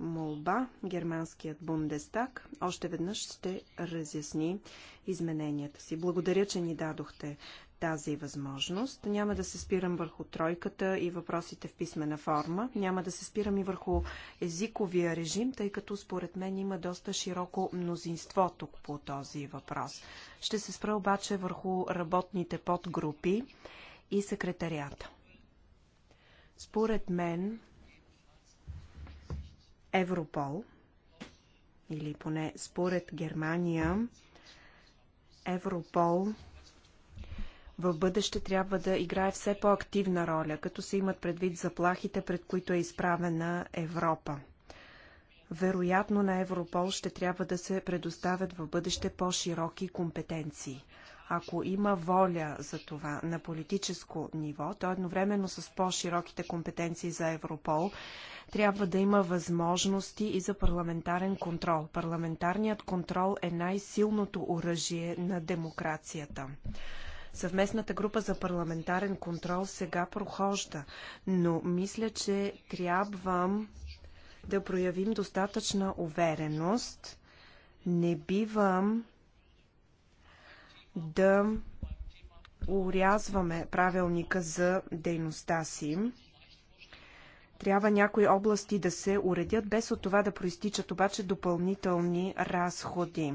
молба германският Бундестаг още веднъж ще разясни измененията си. Благодаря, че ни дадохте тази възможност. Няма да се спирам върху тройката и въпросите в писмена форма. Няма да се спирам и върху езиковия режим, тъй като според мен има доста широко мнозинство тук по този въпрос. Ще се спра обаче върху работните подгрупи и секретарията. Според мен Европол, или поне според Германия, Европол в бъдеще трябва да играе все по-активна роля, като се имат предвид заплахите, пред които е изправена Европа. Вероятно на Европол ще трябва да се предоставят в бъдеще по-широки компетенции – ако има воля за това на политическо ниво, то едновременно с по-широките компетенции за Европол, трябва да има възможности и за парламентарен контрол. Парламентарният контрол е най-силното оръжие на демокрацията. Съвместната група за парламентарен контрол сега прохожда, но мисля, че трябва да проявим достатъчна увереност. Не бивам да урязваме правилника за дейността си. Трябва някои области да се уредят, без от това да проистичат обаче допълнителни разходи.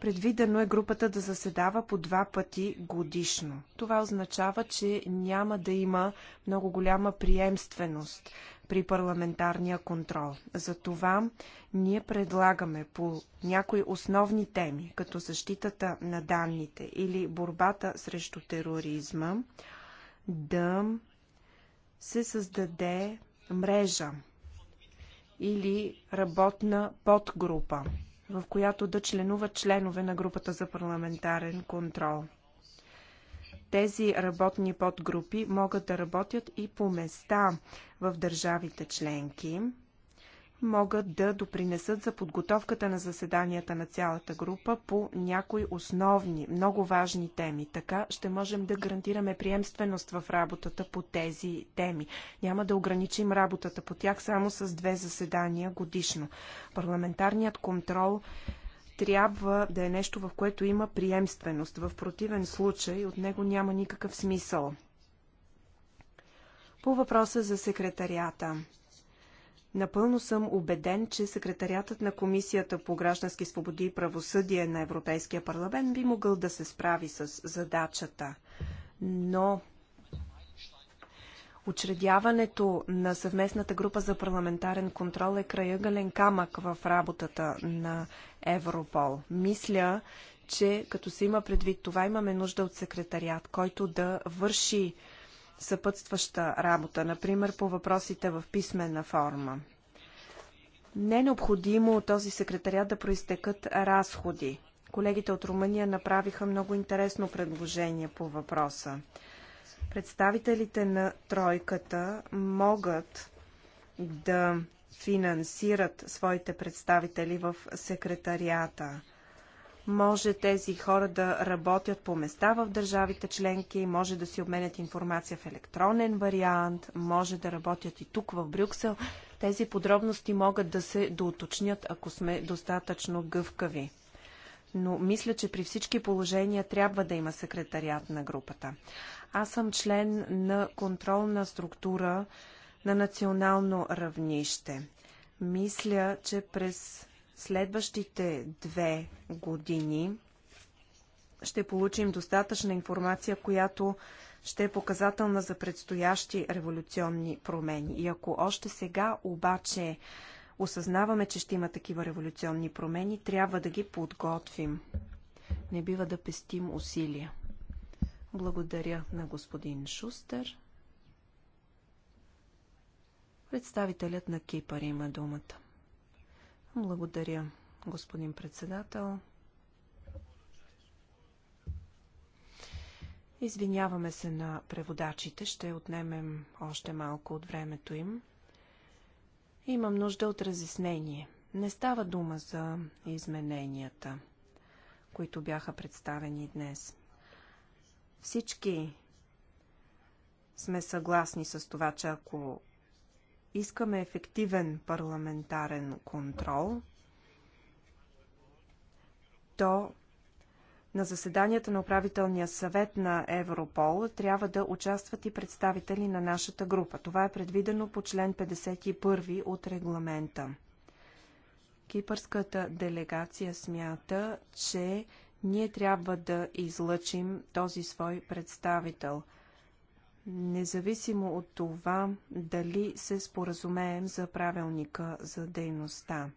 Предвидено е групата да заседава по два пъти годишно. Това означава, че няма да има много голяма приемственост при парламентарния контрол. Затова ние предлагаме по някои основни теми, като защитата на данните или борбата срещу тероризма, да се създаде мрежа или работна подгрупа в която да членуват членове на групата за парламентарен контрол. Тези работни подгрупи могат да работят и по места в държавите членки могат да допринесат за подготовката на заседанията на цялата група по някои основни, много важни теми. Така ще можем да гарантираме приемственост в работата по тези теми. Няма да ограничим работата по тях само с две заседания годишно. Парламентарният контрол трябва да е нещо, в което има приемственост. В противен случай от него няма никакъв смисъл. По въпроса за секретарията. Напълно съм убеден, че секретариатът на Комисията по граждански свободи и правосъдие на Европейския парламент би могъл да се справи с задачата. Но Учредяването на съвместната група за парламентарен контрол е краягален камък в работата на Европол. Мисля, че като се има предвид това, имаме нужда от секретариат, който да върши съпътстваща работа, например по въпросите в писмена форма. Не е необходимо от този секретарят да проистекат разходи. Колегите от Румъния направиха много интересно предложение по въпроса. Представителите на тройката могат да финансират своите представители в секретарията. Може тези хора да работят по места в държавите членки, може да си обменят информация в електронен вариант, може да работят и тук в Брюксел. Тези подробности могат да се доуточнят, ако сме достатъчно гъвкави но мисля, че при всички положения трябва да има секретариат на групата. Аз съм член на контролна структура на национално равнище. Мисля, че през следващите две години ще получим достатъчна информация, която ще е показателна за предстоящи революционни промени. И ако още сега обаче осъзнаваме, че ще има такива революционни промени, трябва да ги подготвим. Не бива да пестим усилия. Благодаря на господин Шустер. Представителят на Кипър има думата. Благодаря, господин председател. Извиняваме се на преводачите, ще отнемем още малко от времето им. Имам нужда от разяснение. Не става дума за измененията, които бяха представени днес. Всички сме съгласни с това, че ако Искаме ефективен парламентарен контрол. То на заседанията на управителния съвет на Европол трябва да участват и представители на нашата група. Това е предвидено по член 51 от регламента. Кипърската делегация смята, че ние трябва да излъчим този свой представител – независимо от това дали се споразумеем за правилника за дейността.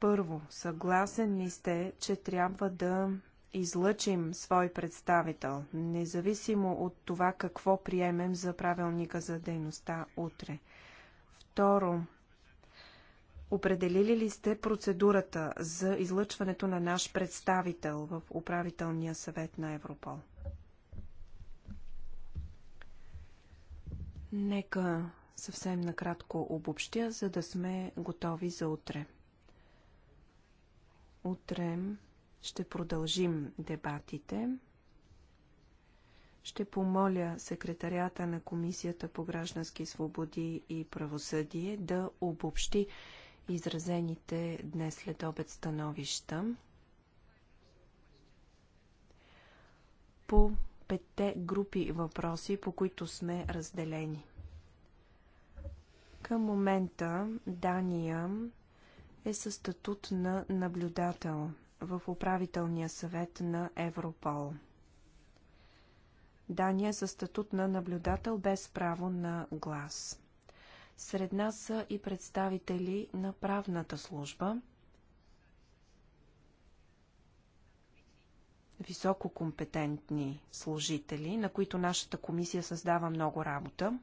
Първо, съгласен ли сте, че трябва да излъчим свой представител, независимо от това какво приемем за правилника за дейността утре? Второ, Определили ли сте процедурата за излъчването на наш представител в управителния съвет на Европол? Нека съвсем накратко обобщя, за да сме готови за утре. Утре ще продължим дебатите. Ще помоля секретарята на Комисията по граждански свободи и правосъдие да обобщи изразените днес след обед становища по петте групи въпроси, по които сме разделени. Към момента Дания е със статут на наблюдател в управителния съвет на Европол. Дания е със статут на наблюдател без право на глас. Сред нас са и представители на правната служба – висококомпетентни служители, на които нашата комисия създава много работа.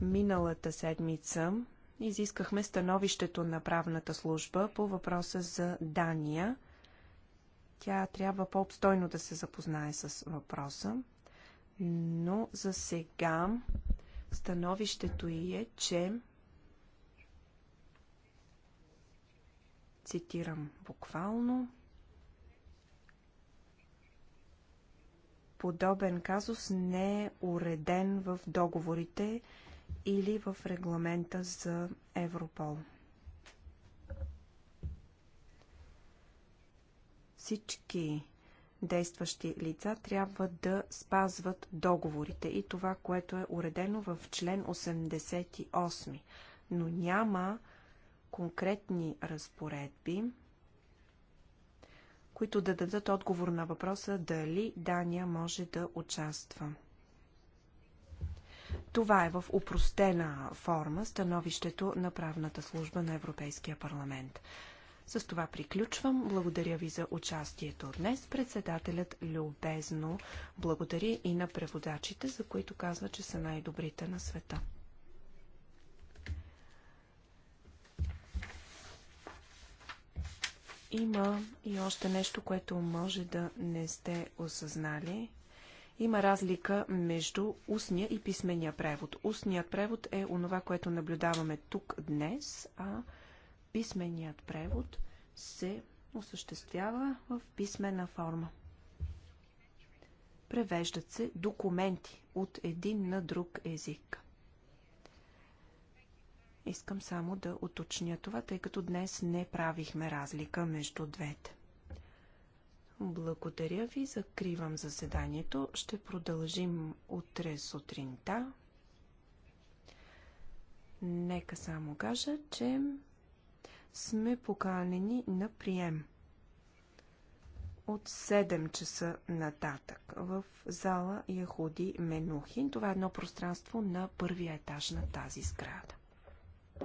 Миналата седмица изискахме становището на правната служба по въпроса за Дания. Тя трябва по-обстойно да се запознае с въпроса, но за сега становището и е, че цитирам буквално – подобен казус не е уреден в договорите или в регламента за Европол. Всички действащи лица трябва да спазват договорите и това, което е уредено в член 88, но няма конкретни разпоредби, които да дадат отговор на въпроса дали Дания може да участва. Това е в упростена форма становището на правната служба на Европейския парламент. С това приключвам. Благодаря ви за участието днес. Председателят любезно благодари и на преводачите, за които казва, че са най-добрите на света. Има и още нещо, което може да не сте осъзнали. Има разлика между устния и писмения превод. Устният превод е онова, което наблюдаваме тук днес, а писменият превод се осъществява в писмена форма. Превеждат се документи от един на друг език. Искам само да уточня това, тъй като днес не правихме разлика между двете. Благодаря ви, закривам заседанието. Ще продължим утре сутринта. Нека само кажа, че сме поканени на прием от 7 часа нататък в зала Яхуди Менухин. Това е едно пространство на първия етаж на тази сграда.